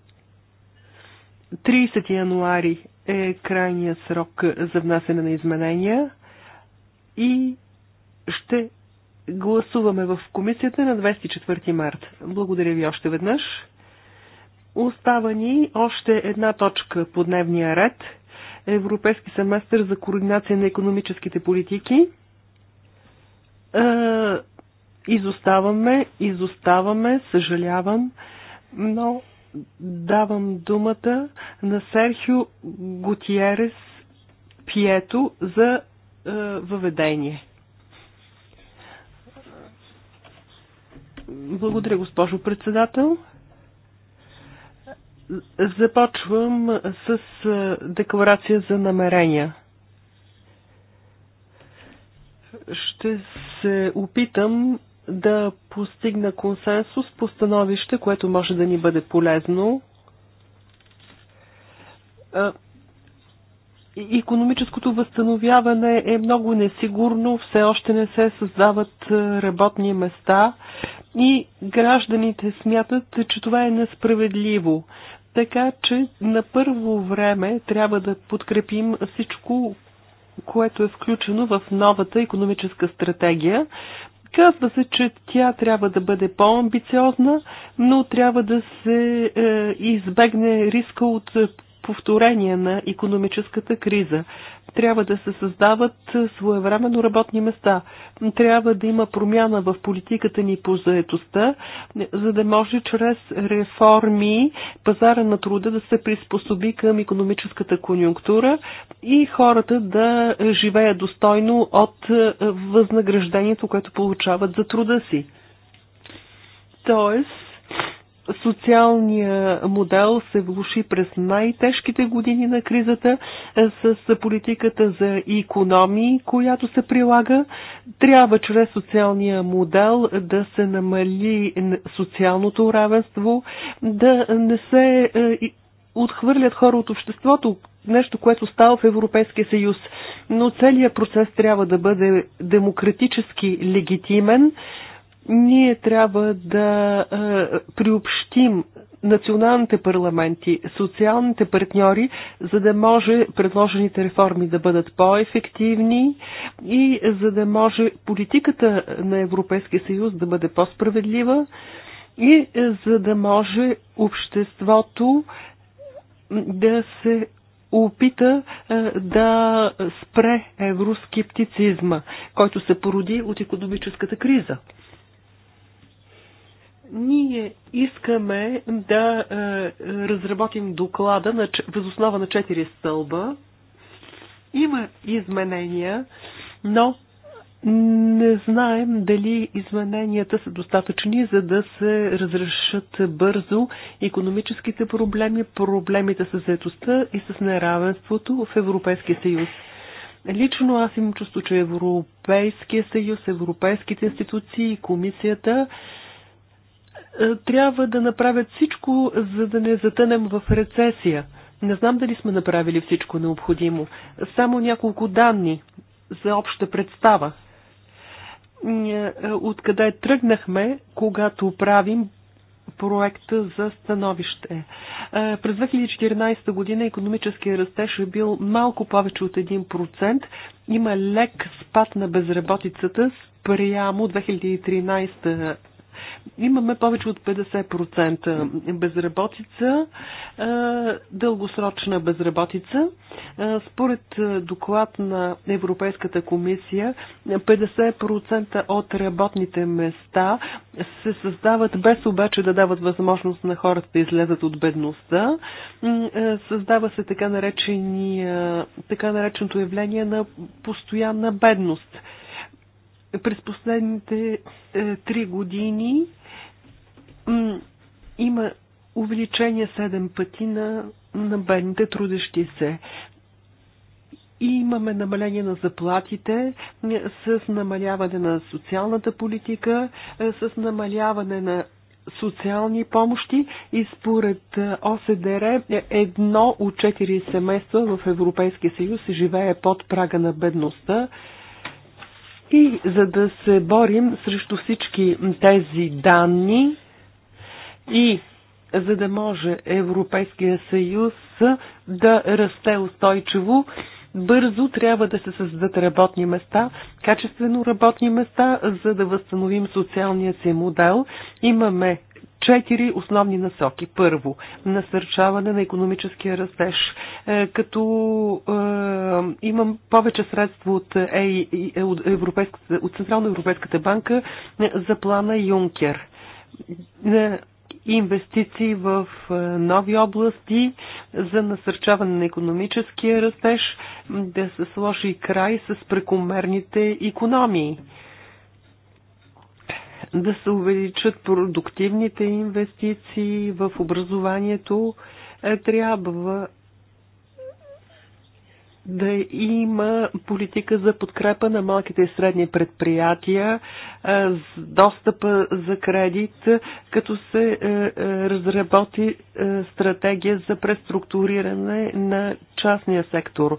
Speaker 4: 30 януари е крайният срок за внасене на изменения и ще Гласуваме в комисията на 24 март. Благодаря ви още веднъж. Остава ни още една точка по дневния ред. Европейски семестър за координация на економическите политики. изоставаме, изоставаме, съжалявам, но давам думата на Серхио Гутиерес Пието за въведение. Благодаря, госпожо председател. Започвам с декларация за намерения. Ще се опитам да постигна консенсус по становище, което може да ни бъде полезно. Економическото възстановяване е много несигурно, все още не се създават работни места, и гражданите смятат, че това е несправедливо. Така че на първо време трябва да подкрепим всичко, което е включено в новата економическа стратегия. Казва се, че тя трябва да бъде по-амбициозна, но трябва да се е, избегне риска от повторение на економическата криза. Трябва да се създават своевременно работни места. Трябва да има промяна в политиката ни по заетостта, за да може чрез реформи пазара на труда да се приспособи към економическата конюнктура и хората да живеят достойно от възнаграждението, което получават за труда си. Тоест, социалният модел се влуши през най-тежките години на кризата е, с политиката за економии, която се прилага. Трябва чрез социалния модел да се намали социалното равенство, да не се е, отхвърлят хора от обществото, нещо, което става в Европейския съюз. Но целият процес трябва да бъде демократически легитимен, ние трябва да е, приобщим националните парламенти, социалните партньори, за да може предложените реформи да бъдат по-ефективни и за да може политиката на Европейския съюз да бъде по-справедлива и за да може обществото да се опита е, да спре евроскептицизма, който се породи от економическата криза. Ние искаме да е, разработим доклада на, основа на четири стълба. Има изменения, но не знаем дали измененията са достатъчни, за да се разрешат бързо економическите проблеми, проблемите с заедостта и с неравенството в Европейския съюз. Лично аз имам чувство, че Европейския съюз, европейските институции и комисията е, трябва да направят всичко, за да не затънем в рецесия. Не знам дали сме направили всичко необходимо. Само няколко данни за обща представа. Е, откъде тръгнахме, когато правим проекта за становище. Е, през 2014 година економическия растеж е бил малко повече от 1%. Има лек спад на безработицата спрямо 2013 Имаме повече от 50% безработица, дългосрочна безработица. Според доклад на Европейската комисия, 50% от работните места се създават без обаче да дават възможност на хората да излезат от бедността. Създава се така, така нареченото явление на постоянна бедност – през последните е, три години има увеличение седем пъти на, на бедните трудещи се. И имаме намаление на заплатите е, с намаляване на социалната политика, е, с намаляване на социални помощи и според ОСДР едно от четири семейства в Европейския съюз живее под прага на бедността мерки, за да се борим срещу всички тези данни и за да може Европейския съюз да расте устойчиво. Бързо трябва да се създадат работни места, качествено работни места, за да възстановим социалния си модел. Имаме четири основни насоки. Първо, насърчаване на економическия растеж, е, като е, имам повече средства от, е, е от, от Централно-Европейската банка е, за плана Юнкер инвестиции в нови области за насърчаване на економическия растеж, да се сложи край с прекомерните економии да се увеличат продуктивните инвестиции в образованието, е, трябва да има политика за подкрепа на малките и средни предприятия, с достъпа за кредит, като се е, е, разработи е, стратегия за преструктуриране на частния сектор.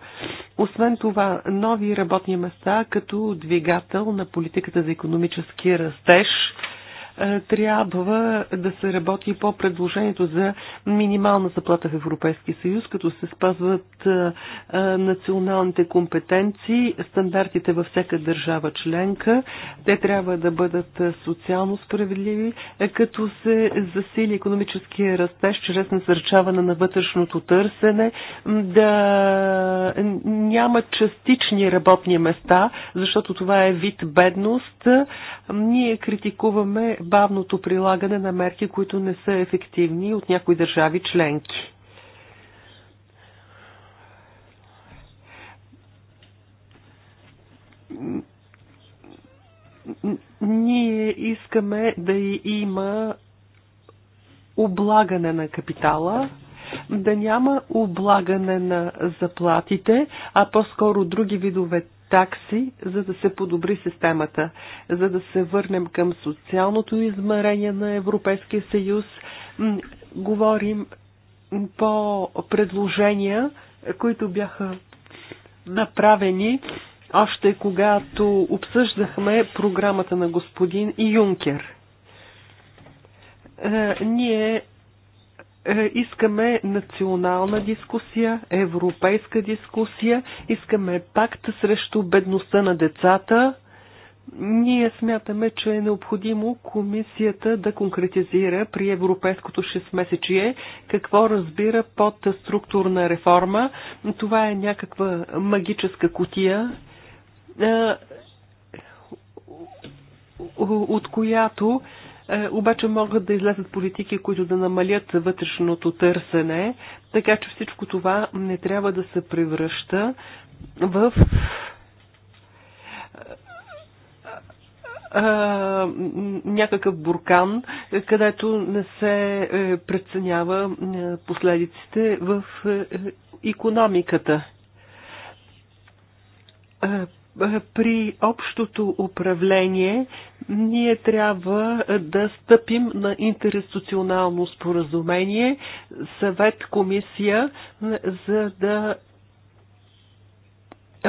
Speaker 4: Освен това, нови работни места като двигател на политиката за економически растеж – е, трябва да се работи по предложението за минимална заплата в Европейския съюз, като се спазват е, е, националните компетенции, стандартите във всяка държава членка. Те трябва да бъдат социално справедливи, като се засили економическия растеж чрез насърчаване на вътрешното търсене, да няма частични работни места, защото това е вид бедност. Ние критикуваме бавното прилагане на мерки, които не са ефективни от някои държави членки. Ние искаме да има облагане на капитала, да няма облагане на заплатите, а по-скоро други видове такси, за да се подобри системата, за да се върнем към социалното измерение на Европейския съюз. Говорим по предложения, които бяха направени още когато обсъждахме програмата на господин Юнкер. Е, ние е, искаме национална дискусия, европейска дискусия, искаме пакт срещу бедността на децата. Ние смятаме, че е необходимо комисията да конкретизира при европейското 6-месечие какво разбира под структурна реформа. Това е някаква магическа котия, е, от която е, обаче могат да излязат политики, които да намалят вътрешното търсене, така че всичко това не трябва да се превръща в е, е, някакъв буркан, където не се преценява последиците в економиката при общото управление ние трябва да стъпим на интерституционално споразумение, съвет, комисия, за да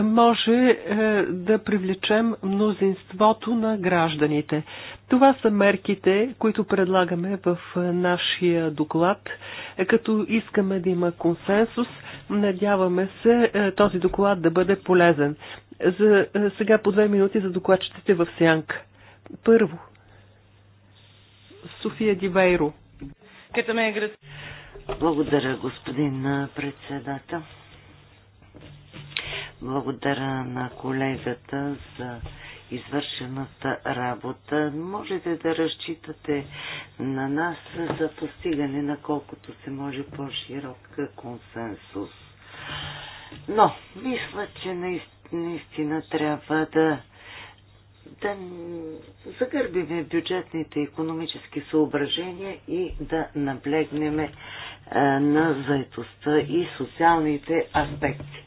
Speaker 4: може е, да привлечем мнозинството на гражданите. Това са мерките, които предлагаме в е, нашия доклад, е, като искаме да има консенсус. Надяваме се този доклад да бъде полезен. За сега по две минути за докладчетите в сянка. Първо, София Дивейро.
Speaker 2: Благодаря, господин председател. Благодаря на колегата за извършената работа. Можете да разчитате на нас за постигане на колкото се може по-широк консенсус. Но, мисля, че наистина трябва да да загърбиме бюджетните економически съображения и да наблегнеме на заетостта и социалните аспекти.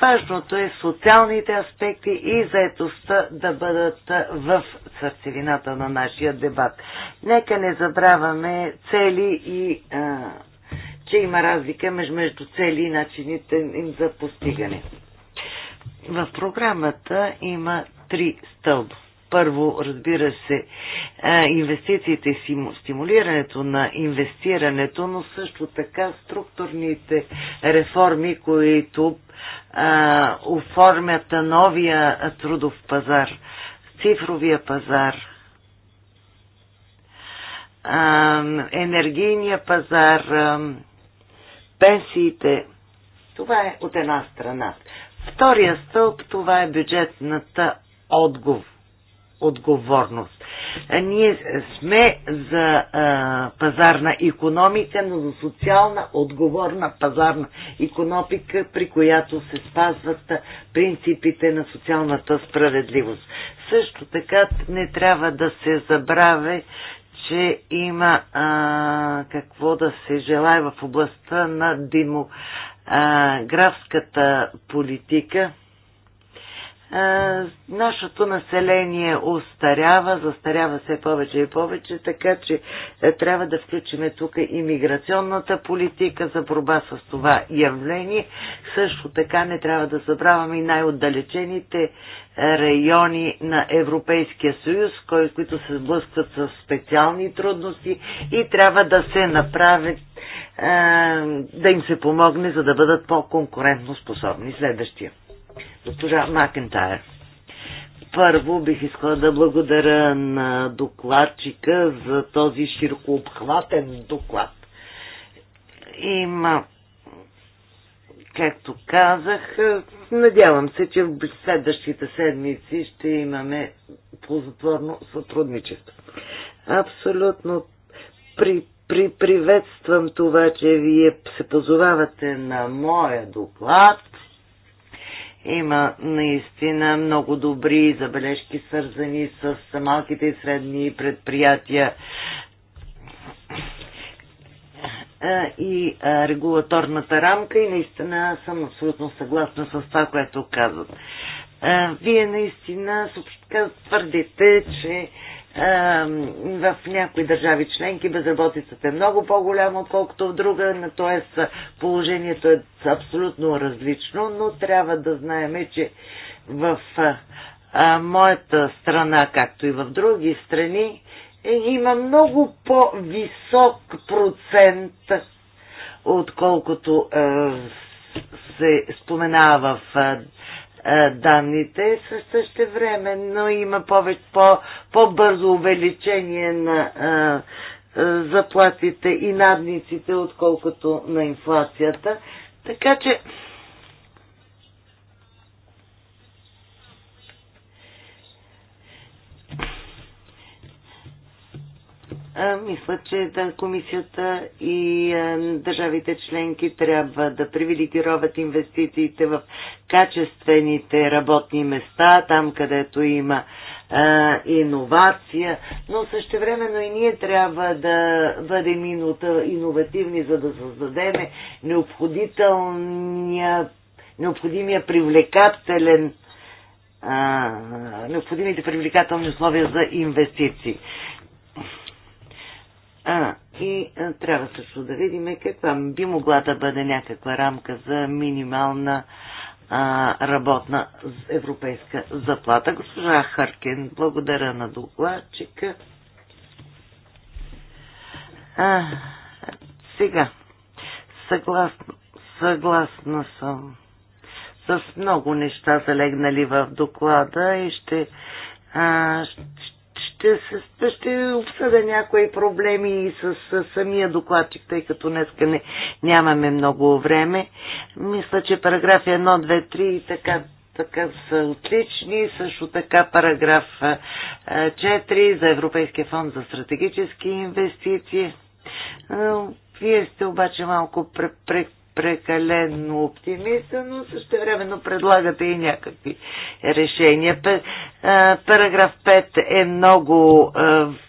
Speaker 2: Важното е социалните аспекти и заетостта да бъдат в сърцевината на нашия дебат. Нека не забравяме цели и а, че има разлика между цели и начините им за постигане. В програмата има три стълба. Първо, разбира се, инвестициите и стимулирането на инвестирането, но също така структурните реформи, които а, оформят новия трудов пазар, цифровия пазар, а, енергийния пазар, а, пенсиите. Това е от една страна. Втория стълб, това е бюджетната отговор отговорност. Ние сме за а, пазарна економика, но за социална отговорна пазарна економика, при която се спазват принципите на социалната справедливост. Също така не трябва да се забравя, че има а, какво да се желая в областта на демографската политика е, нашето население устарява, застарява все повече и повече, така че е, трябва да включиме тук и миграционната политика за борба с това явление. Също така не трябва да забравяме и най-отдалечените е, райони на Европейския съюз, които се сблъскват с специални трудности и трябва да се направят да им се помогне, за да бъдат по-конкурентно способни. Следващия госпожа Макентайр. Първо бих искала да благодаря на докладчика за този широко обхватен доклад. Има, както казах, надявам се, че в следващите седмици ще имаме ползотворно сътрудничество. Абсолютно при при приветствам това, че вие се позовавате на моя доклад има наистина много добри забележки, свързани с малките и средни предприятия и регулаторната рамка и наистина съм абсолютно съгласна с това, което казват. Вие наистина твърдите, че в някои държави членки безработицата е много по-голяма, отколкото в друга, т.е. положението е абсолютно различно, но трябва да знаем, че в моята страна, както и в други страни, е, има много по-висок процент, отколкото се споменава в е, данните, но има повече, по, по-бързо увеличение на а, е, е, заплатите и надниците, отколкото на инфлацията. Така че мисля, че да, комисията и държавите членки трябва да привилегироват инвестициите в качествените работни места, там където има а, иновация, но същевременно и ние трябва да бъдем иновативни, за да създадем необходителния, необходимия привлекателен а, необходимите привлекателни условия за инвестиции. А, и а, трябва също да видим каква би могла да бъде някаква рамка за минимална а, работна европейска заплата. Госпожа Харкен, благодаря на докладчика. А, сега, съгласна, съгласна съм с много неща залегнали в доклада и ще, а, ще, ще, ще обсъда някои проблеми и с, с самия докладчик, тъй като днеска не, нямаме много време. Мисля, че параграфи 1, 2, 3 и така така са отлични. Също така параграф 4 за Европейския фонд за стратегически инвестиции. Вие сте обаче малко пре, пре, прекалено оптимиста, но също времено предлагате и някакви решения. Параграф 5 е много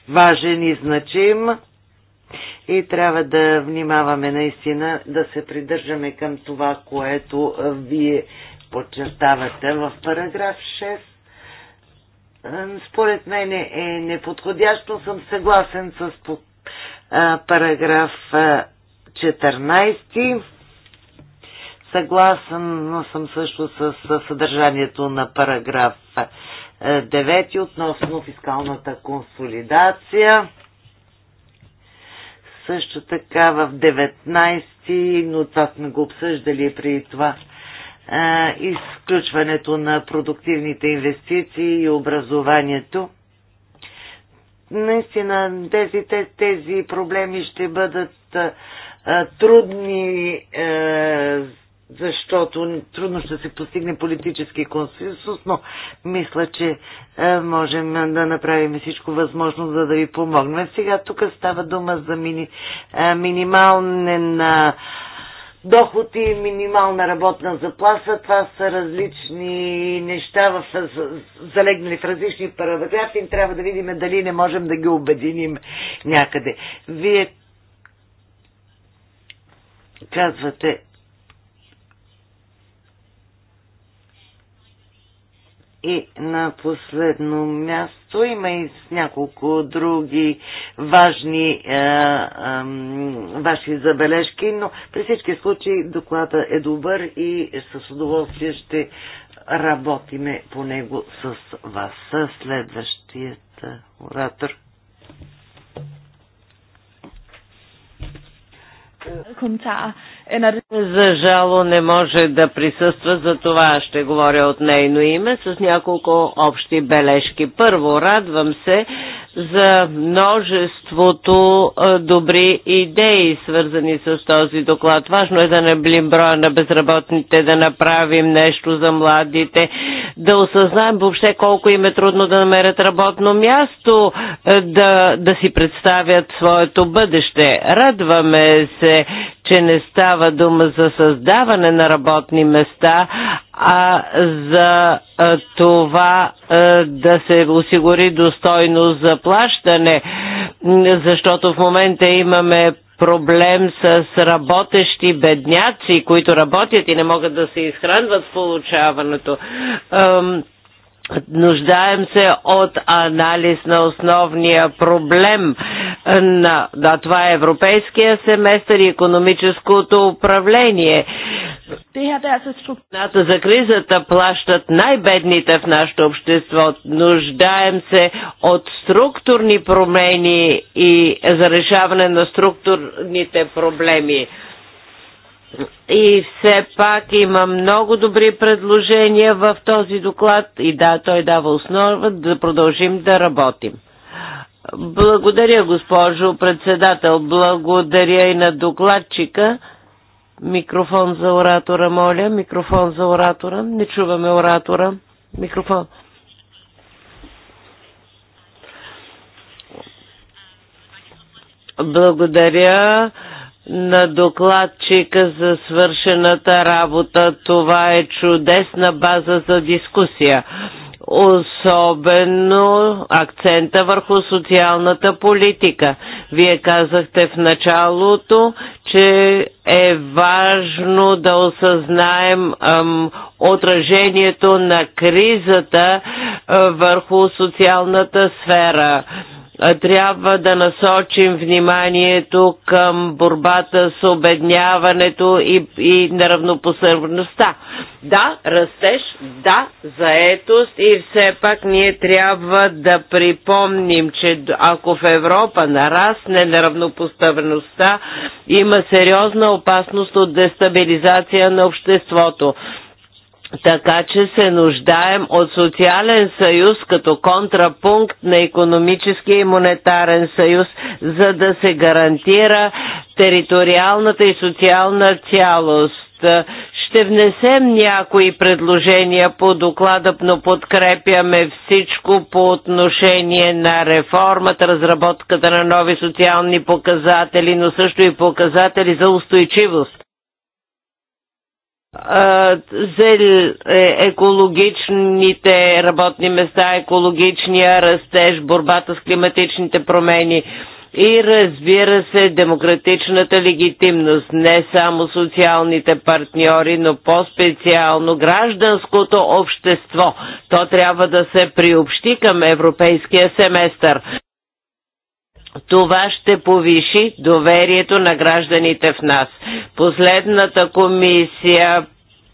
Speaker 2: важен и значим и трябва да внимаваме наистина да се придържаме към това, което вие подчертавате в параграф 6 според мен е неподходящо. Съм съгласен с параграф 14. Съгласен но съм също с, с съдържанието на параграф 9 е, относно фискалната консолидация. Също така в 19, но това сме го обсъждали при това, е, изключването на продуктивните инвестиции и образованието. Наистина тези, тези, тези проблеми ще бъдат е, трудни защото трудно ще се постигне политически консенсус, но мисля, че е, можем да направим всичко възможно, за да ви помогнем. Сега тук става дума за мини, е, минимален е, доход и минимална работна заплата. Това са различни неща, в, е, залегнали в различни параграфи. Трябва да видим дали не можем да ги обединим някъде. Вие казвате, И на последно място има и няколко други важни а, е, а, ваши забележки, но при всички случаи доклада е добър и с удоволствие ще работиме по него с вас. Следващият оратор.
Speaker 7: Kommentar.
Speaker 5: За жало не може да присъства, за това ще говоря от нейно име с няколко общи бележки. Първо, радвам се за множеството добри идеи, свързани с този доклад. Важно е да наблим броя на безработните, да направим нещо за младите, да осъзнаем въобще колко им е трудно да намерят работно място, да, да си представят своето бъдеще. Радваме се, че не става дума за създаване на работни места, а за това да се осигури достойно заплащане, защото в момента имаме проблем с работещи бедняци, които работят и не могат да се изхранват в получаването. Нуждаем се от анализ на основния проблем е, на, да, това е европейския семестър и економическото управление.
Speaker 6: Er Ната
Speaker 5: за кризата плащат най-бедните в нашето общество. Нуждаем се от структурни промени и за решаване на структурните проблеми и все пак има много добри предложения в този доклад и да, той дава основа да продължим да работим. Благодаря, госпожо председател. Благодаря и на докладчика. Микрофон за оратора, моля. Микрофон за оратора. Не чуваме оратора. Микрофон. Благодаря на докладчика за свършената работа. Това е чудесна база за дискусия. Особено акцента върху социалната политика. Вие казахте в началото, че е важно да осъзнаем ам, отражението на кризата а, върху социалната сфера трябва да насочим вниманието към борбата с обедняването и, и неравнопосърбността. Да, растеж, да, заетост и все пак ние трябва да припомним, че ако в Европа нарасне неравнопоставеността, има сериозна опасност от дестабилизация на обществото. Така че се нуждаем от социален съюз като контрапункт на економическия и монетарен съюз, за да се гарантира териториалната и социална цялост. Ще внесем някои предложения по доклада, но подкрепяме всичко по отношение на реформата, разработката на нови социални показатели, но също и показатели за устойчивост за е екологичните работни места, екологичния растеж, борбата с климатичните промени и разбира се демократичната легитимност, не само социалните партньори, но по-специално гражданското общество. То трябва да се приобщи към европейския семестър. Това ще повиши доверието на гражданите в нас. Последната комисия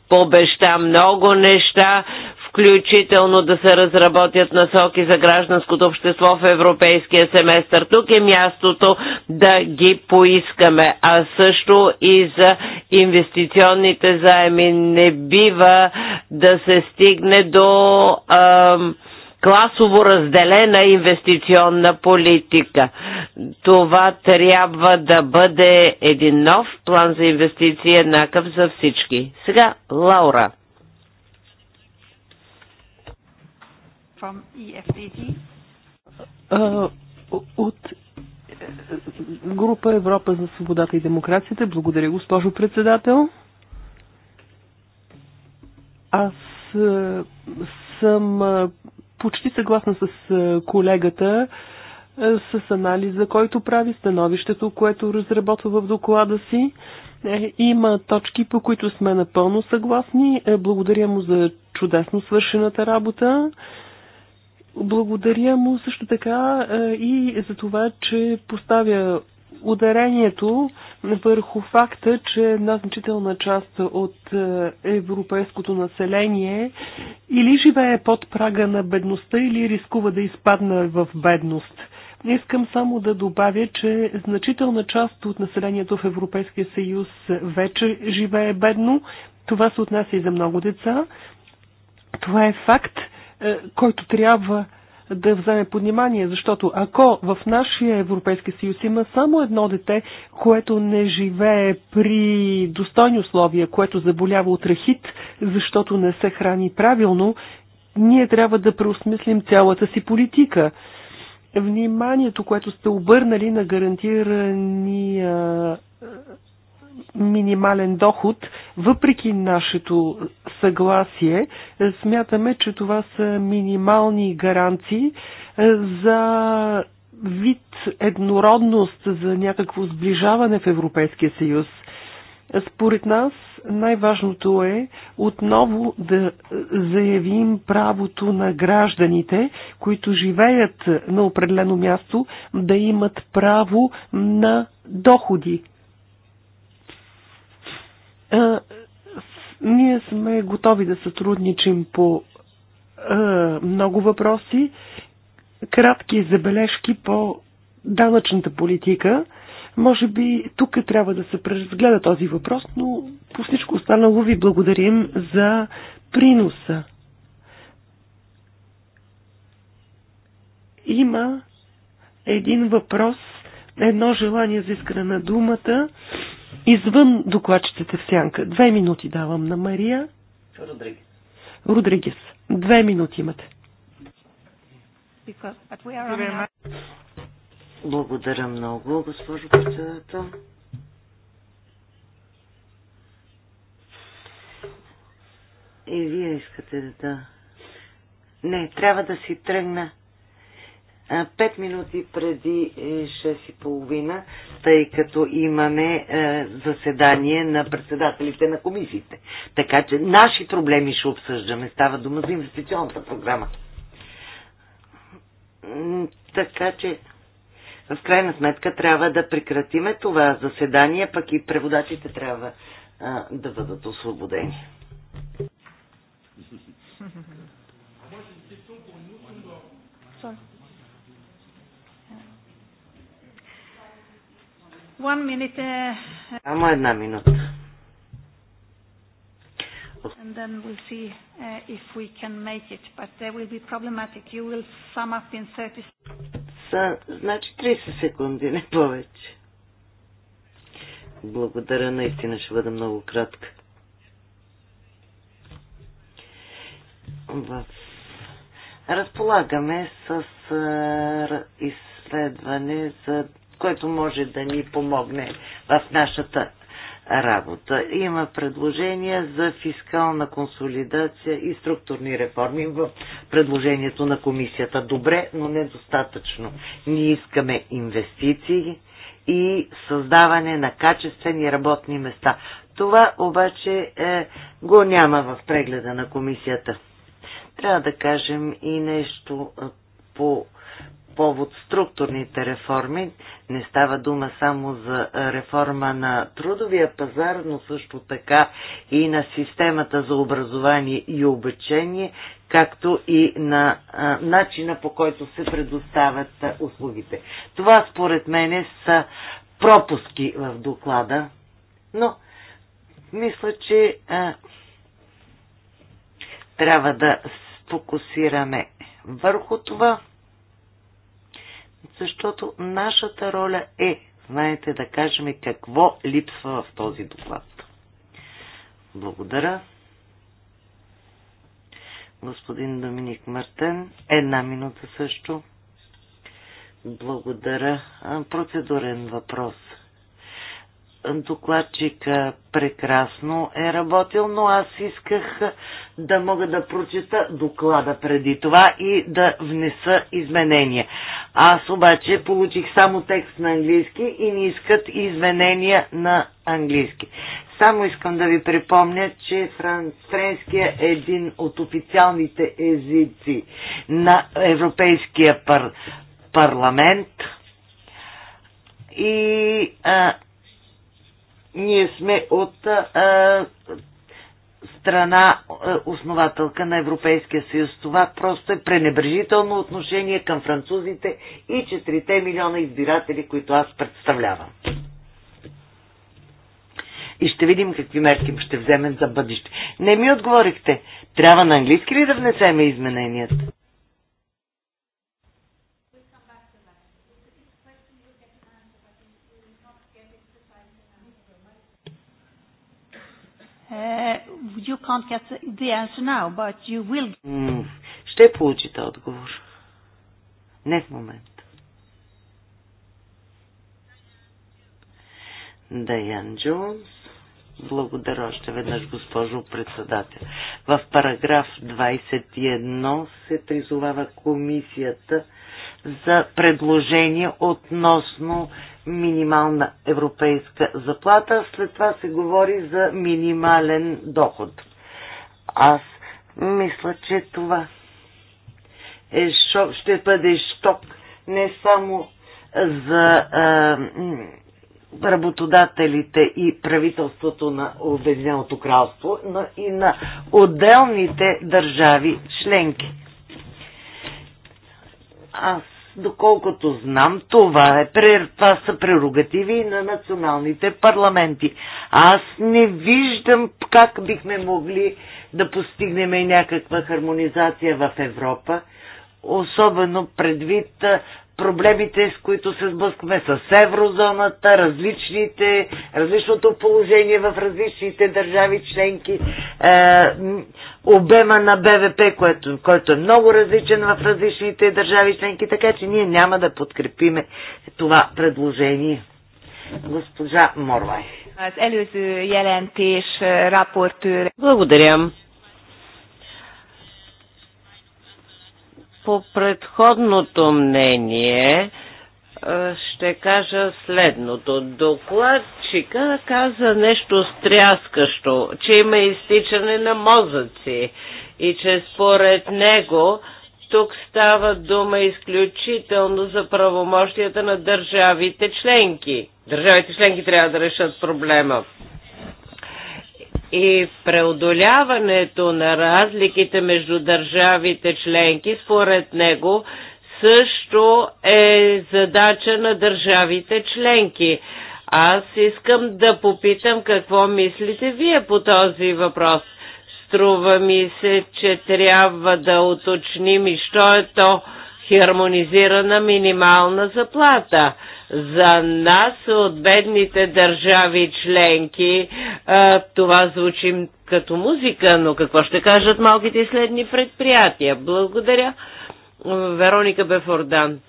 Speaker 5: побеща много неща, включително да се разработят насоки за гражданското общество в европейския семестър. Тук е мястото да ги поискаме, а също и за инвестиционните заеми. Не бива да се стигне до ам, класово разделена инвестиционна политика. Това трябва да бъде един нов план за инвестиции, еднакъв за всички. Сега Лаура.
Speaker 1: From
Speaker 4: Uh, от е, група Европа за свободата и демокрацията. Благодаря, госпожо председател. Аз е, съм е, почти съгласна с е, колегата е, с анализа, който прави, становището, което разработва в доклада си. Е, има точки, по които сме напълно съгласни. Благодаря му за чудесно свършената работа. Благодаря му също така и за това, че поставя ударението върху факта, че една значителна част от е, европейското население или живее под прага на бедността, или рискува да изпадне в бедност. Искам само да добавя, че значителна част от населението в Европейския съюз вече живее бедно. Това се отнася и за много деца. Това е факт, е, който трябва да вземе под внимание, защото ако в нашия Европейски съюз има само едно дете, което не живее при достойни условия, което заболява от рахит, защото не се храни правилно, ние трябва да преосмислим цялата си политика. Вниманието, което сте обърнали на гарантирания минимален доход, въпреки нашето съгласие, смятаме, че това са минимални гаранции е, за вид еднородност, за някакво сближаване в Европейския съюз. Според нас най-важното е отново да заявим правото на гражданите, които живеят на определено място, да имат право на доходи, ние сме готови да сътрудничим по много въпроси. Кратки забележки по данъчната политика. Може би тук трябва да се преразгледа този въпрос, но по всичко останало ви благодарим за приноса. Има един въпрос, едно желание за искане на думата извън докладчиците в сянка. Две минути давам на Мария. Родригес. Родригес. Две минути имате.
Speaker 2: Благодаря много, госпожо председател. И вие искате да... Не, трябва да си тръгна. Пет минути преди е, половина, тъй като имаме е, заседание на председателите на комисиите. Така че наши проблеми ще обсъждаме. Става дума за инвестиционната програма. Така че в крайна сметка трябва да прекратиме това заседание, пък и преводачите трябва да бъдат освободени.
Speaker 1: One minute. Uh, Само
Speaker 5: една минута.
Speaker 1: And then we'll see uh, if we can make it, but there will be problematic. You will sum up in 30
Speaker 2: Са, значи 30 секунди, не повече. Благодаря, наистина ще бъда много кратка. Разполагаме с изследване за което може да ни помогне в нашата работа. Има предложения за фискална консолидация и структурни реформи в предложението на комисията. Добре, но недостатъчно. Ние искаме инвестиции и създаване на качествени работни места. Това обаче е, го няма в прегледа на комисията. Трябва да кажем и нещо по повод структурните реформи. Не става дума само за реформа на трудовия пазар, но също така и на системата за образование и обучение, както и на а, начина по който се предоставят а, услугите. Това според мене са пропуски в доклада, но мисля, че а, трябва да фокусираме върху това защото нашата роля е, знаете, да кажем какво липсва в този доклад. Благодаря. Господин Доминик Мартен, една минута също. Благодаря. Процедурен въпрос докладчика прекрасно е работил, но аз исках да мога да прочета доклада преди това и да внеса изменения. Аз обаче получих само текст на английски и не искат изменения на английски. Само искам да ви припомня, че френския е един от официалните езици на Европейския пар- парламент и а, ние сме от а, страна основателка на Европейския съюз. Това просто е пренебрежително отношение към французите и 4 милиона избиратели, които аз представлявам. И ще видим какви мерки ще вземем за бъдеще. Не ми отговорихте. Трябва на английски ли да внесеме измененията?
Speaker 1: Uh, you can't get the answer now, but you will. Ще
Speaker 2: получите отговор. Не в момент. Даян Джонс. Благодаря още веднъж, госпожо председател. В параграф 21 се призовава комисията за предложение относно минимална европейска заплата, след това се говори за минимален доход. Аз мисля, че това е шок, ще бъде шок не само за а, работодателите и правителството на Обединеното кралство, но и на отделните държави членки. Аз доколкото знам, това, е, това са прерогативи на националните парламенти. Аз не виждам как бихме могли да постигнем някаква хармонизация в Европа, особено предвид проблемите, с които се сблъскваме с еврозоната, различните, различното положение в различните държави членки, е, обема на БВП, което, който е много различен в различните държави членки, така че ние няма да подкрепиме това предложение. Госпожа Морвай.
Speaker 1: Az előző jelentés
Speaker 5: е, raportőr. Благодаря. По предходното мнение е, ще кажа следното. Докладчика каза нещо стряскащо, че има изтичане на мозъци и че според него тук става дума изключително за правомощията на държавите членки. Държавите членки трябва да решат проблема и преодоляването на разликите между държавите членки, според него, също е задача на държавите членки. Аз искам да попитам какво мислите вие по този въпрос. Струва ми се, че трябва да уточним и що е то хармонизирана минимална заплата. За нас от бедните държави членки това звучи като музика, но какво ще кажат малките и следни предприятия? Благодаря. Вероника Бефордан.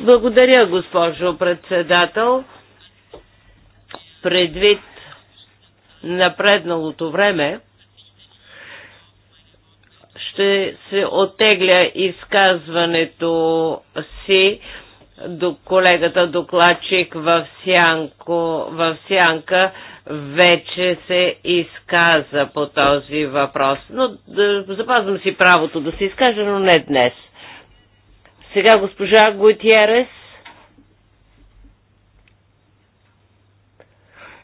Speaker 5: Благодаря, госпожо председател. Предвид напредналото време, ще се отегля изказването си до колегата докладчик в, сянко, в сянка вече се изказа по този въпрос. Но да, запазвам си правото да се изкажа, но не днес. Сега госпожа Гутиерес.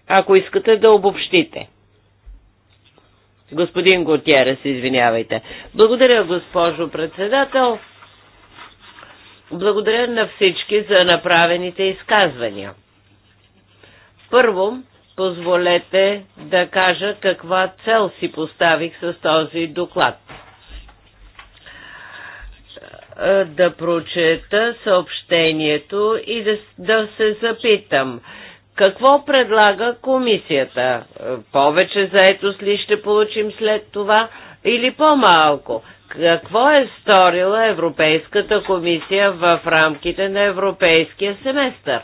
Speaker 5: Ако искате да обобщите. Господин Гутиерес, извинявайте. Благодаря, госпожо председател. Благодаря на всички за направените изказвания. Първо, позволете да кажа каква цел си поставих с този доклад. Е, да прочета съобщението и да, да се запитам какво предлага комисията. Е, повече заетост ли ще получим след това или по-малко? какво е сторила Европейската комисия в рамките на Европейския семестър?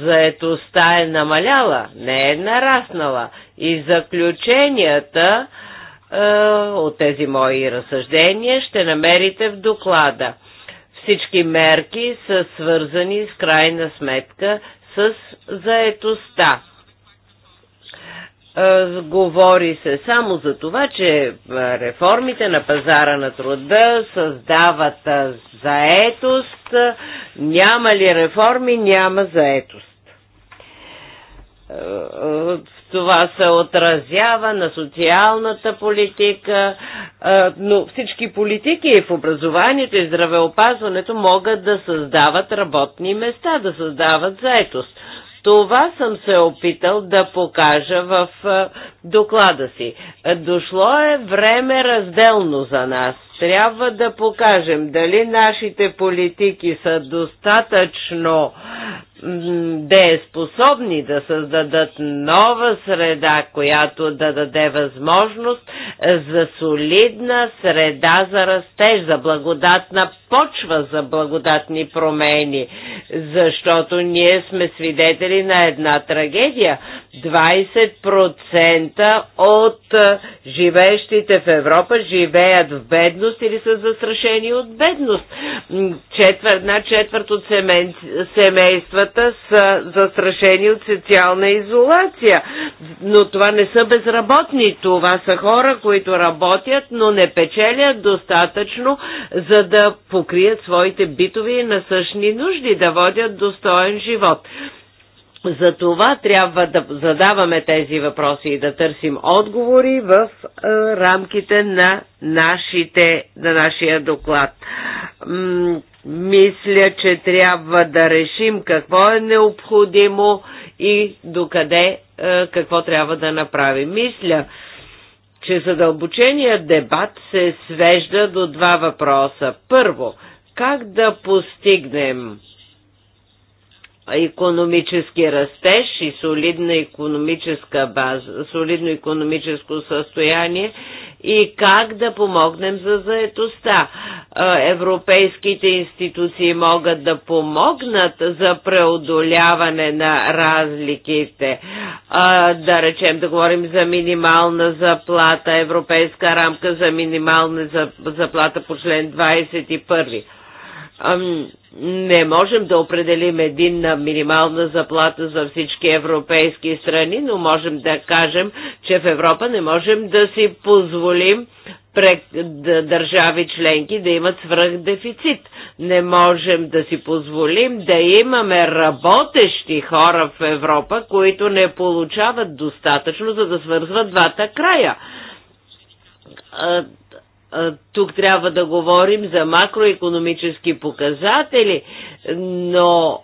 Speaker 5: Заетостта е намаляла, не е нараснала и заключенията е, от тези мои разсъждения ще намерите в доклада. Всички мерки са свързани с крайна сметка с заетостта. Е, говори се само за това, че е, реформите на пазара на труда създават е, заетост. Няма ли реформи, няма заетост. Това се отразява на социалната политика, но всички политики в образованието и здравеопазването могат да създават работни места, да създават заетост. Това съм се опитал да покажа в доклада си. Дошло е време разделно за нас. Трябва да покажем дали нашите политики са достатъчно дееспособни да създадат нова среда, която да даде възможност за солидна среда за растеж, за благодатна почва за благодатни промени, защото ние сме свидетели на една трагедия. 20% от живеещите в Европа живеят в бедност или са застрашени от бедност. Четвър, на четвърт от семейства хората са застрашени от социална изолация. Но това не са безработни, това са хора, които работят, но не печелят достатъчно, за да покрият своите битови и насъщни нужди, да водят достоен живот. За това трябва да задаваме тези въпроси и да търсим отговори в е, рамките на, нашите, на нашия доклад. М мисля, че трябва да решим какво е необходимо и докъде е, какво трябва да направим. Мисля, че задълбоченият дебат се свежда до два въпроса. Първо, как да постигнем економически растеж и солидна економическа база, солидно економическо състояние и как да помогнем за заетостта. Е, европейските институции могат да помогнат за преодоляване на разликите. Е, да речем, да говорим за минимална заплата, европейска рамка за минимална заплата по член 21 не можем да определим единна минимална заплата за всички европейски страни, но можем да кажем, че в Европа не можем да си позволим държави членки да имат свръхдефицит. Не можем да си позволим да имаме работещи хора в Европа, които не получават достатъчно, за да свързват двата края тук трябва да говорим за макроекономически показатели, но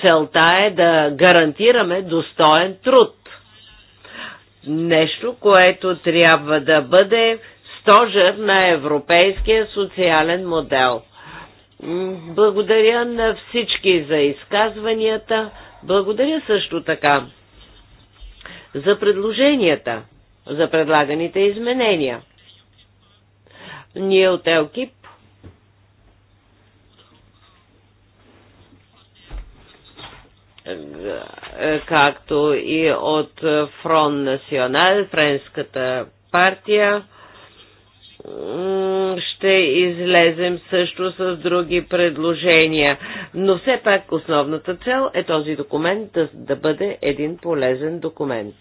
Speaker 5: целта е да гарантираме достоен труд. Нещо, което трябва да бъде стожер на европейския социален модел. Благодаря на всички за изказванията. Благодаря също така за предложенията, за предлаганите изменения. Ние от Елкип както и от Фрон Национал, френската партия, ще излезем също с други предложения. Но все пак основната цел е този документ да, да бъде един полезен документ.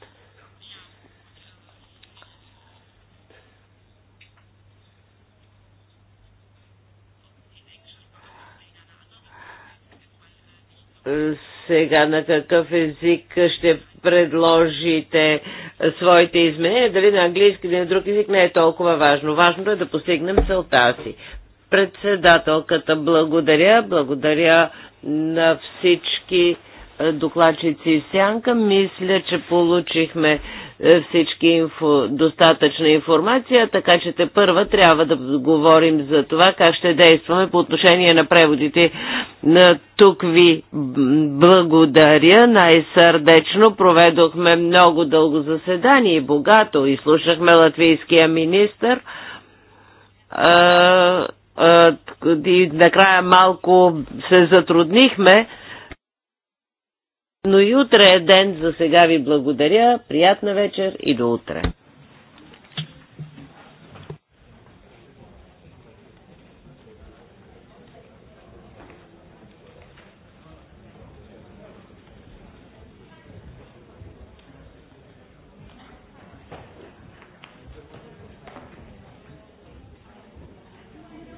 Speaker 5: сега на какъв език ще предложите своите изменения, дали на английски или на друг език, не е толкова важно. Важното е да постигнем целта си. Председателката, благодаря, благодаря на всички е, докладчици и сянка. Мисля, че получихме е, всички инфо, достатъчна информация, така че те първа трябва да говорим за това как ще действаме по отношение на преводите. на Тук ви благодаря най-сърдечно. Проведохме много дълго заседание и богато. И слушахме латвийския министр и накрая малко се затруднихме, но и утре е ден, за сега ви благодаря, приятна вечер и до утре.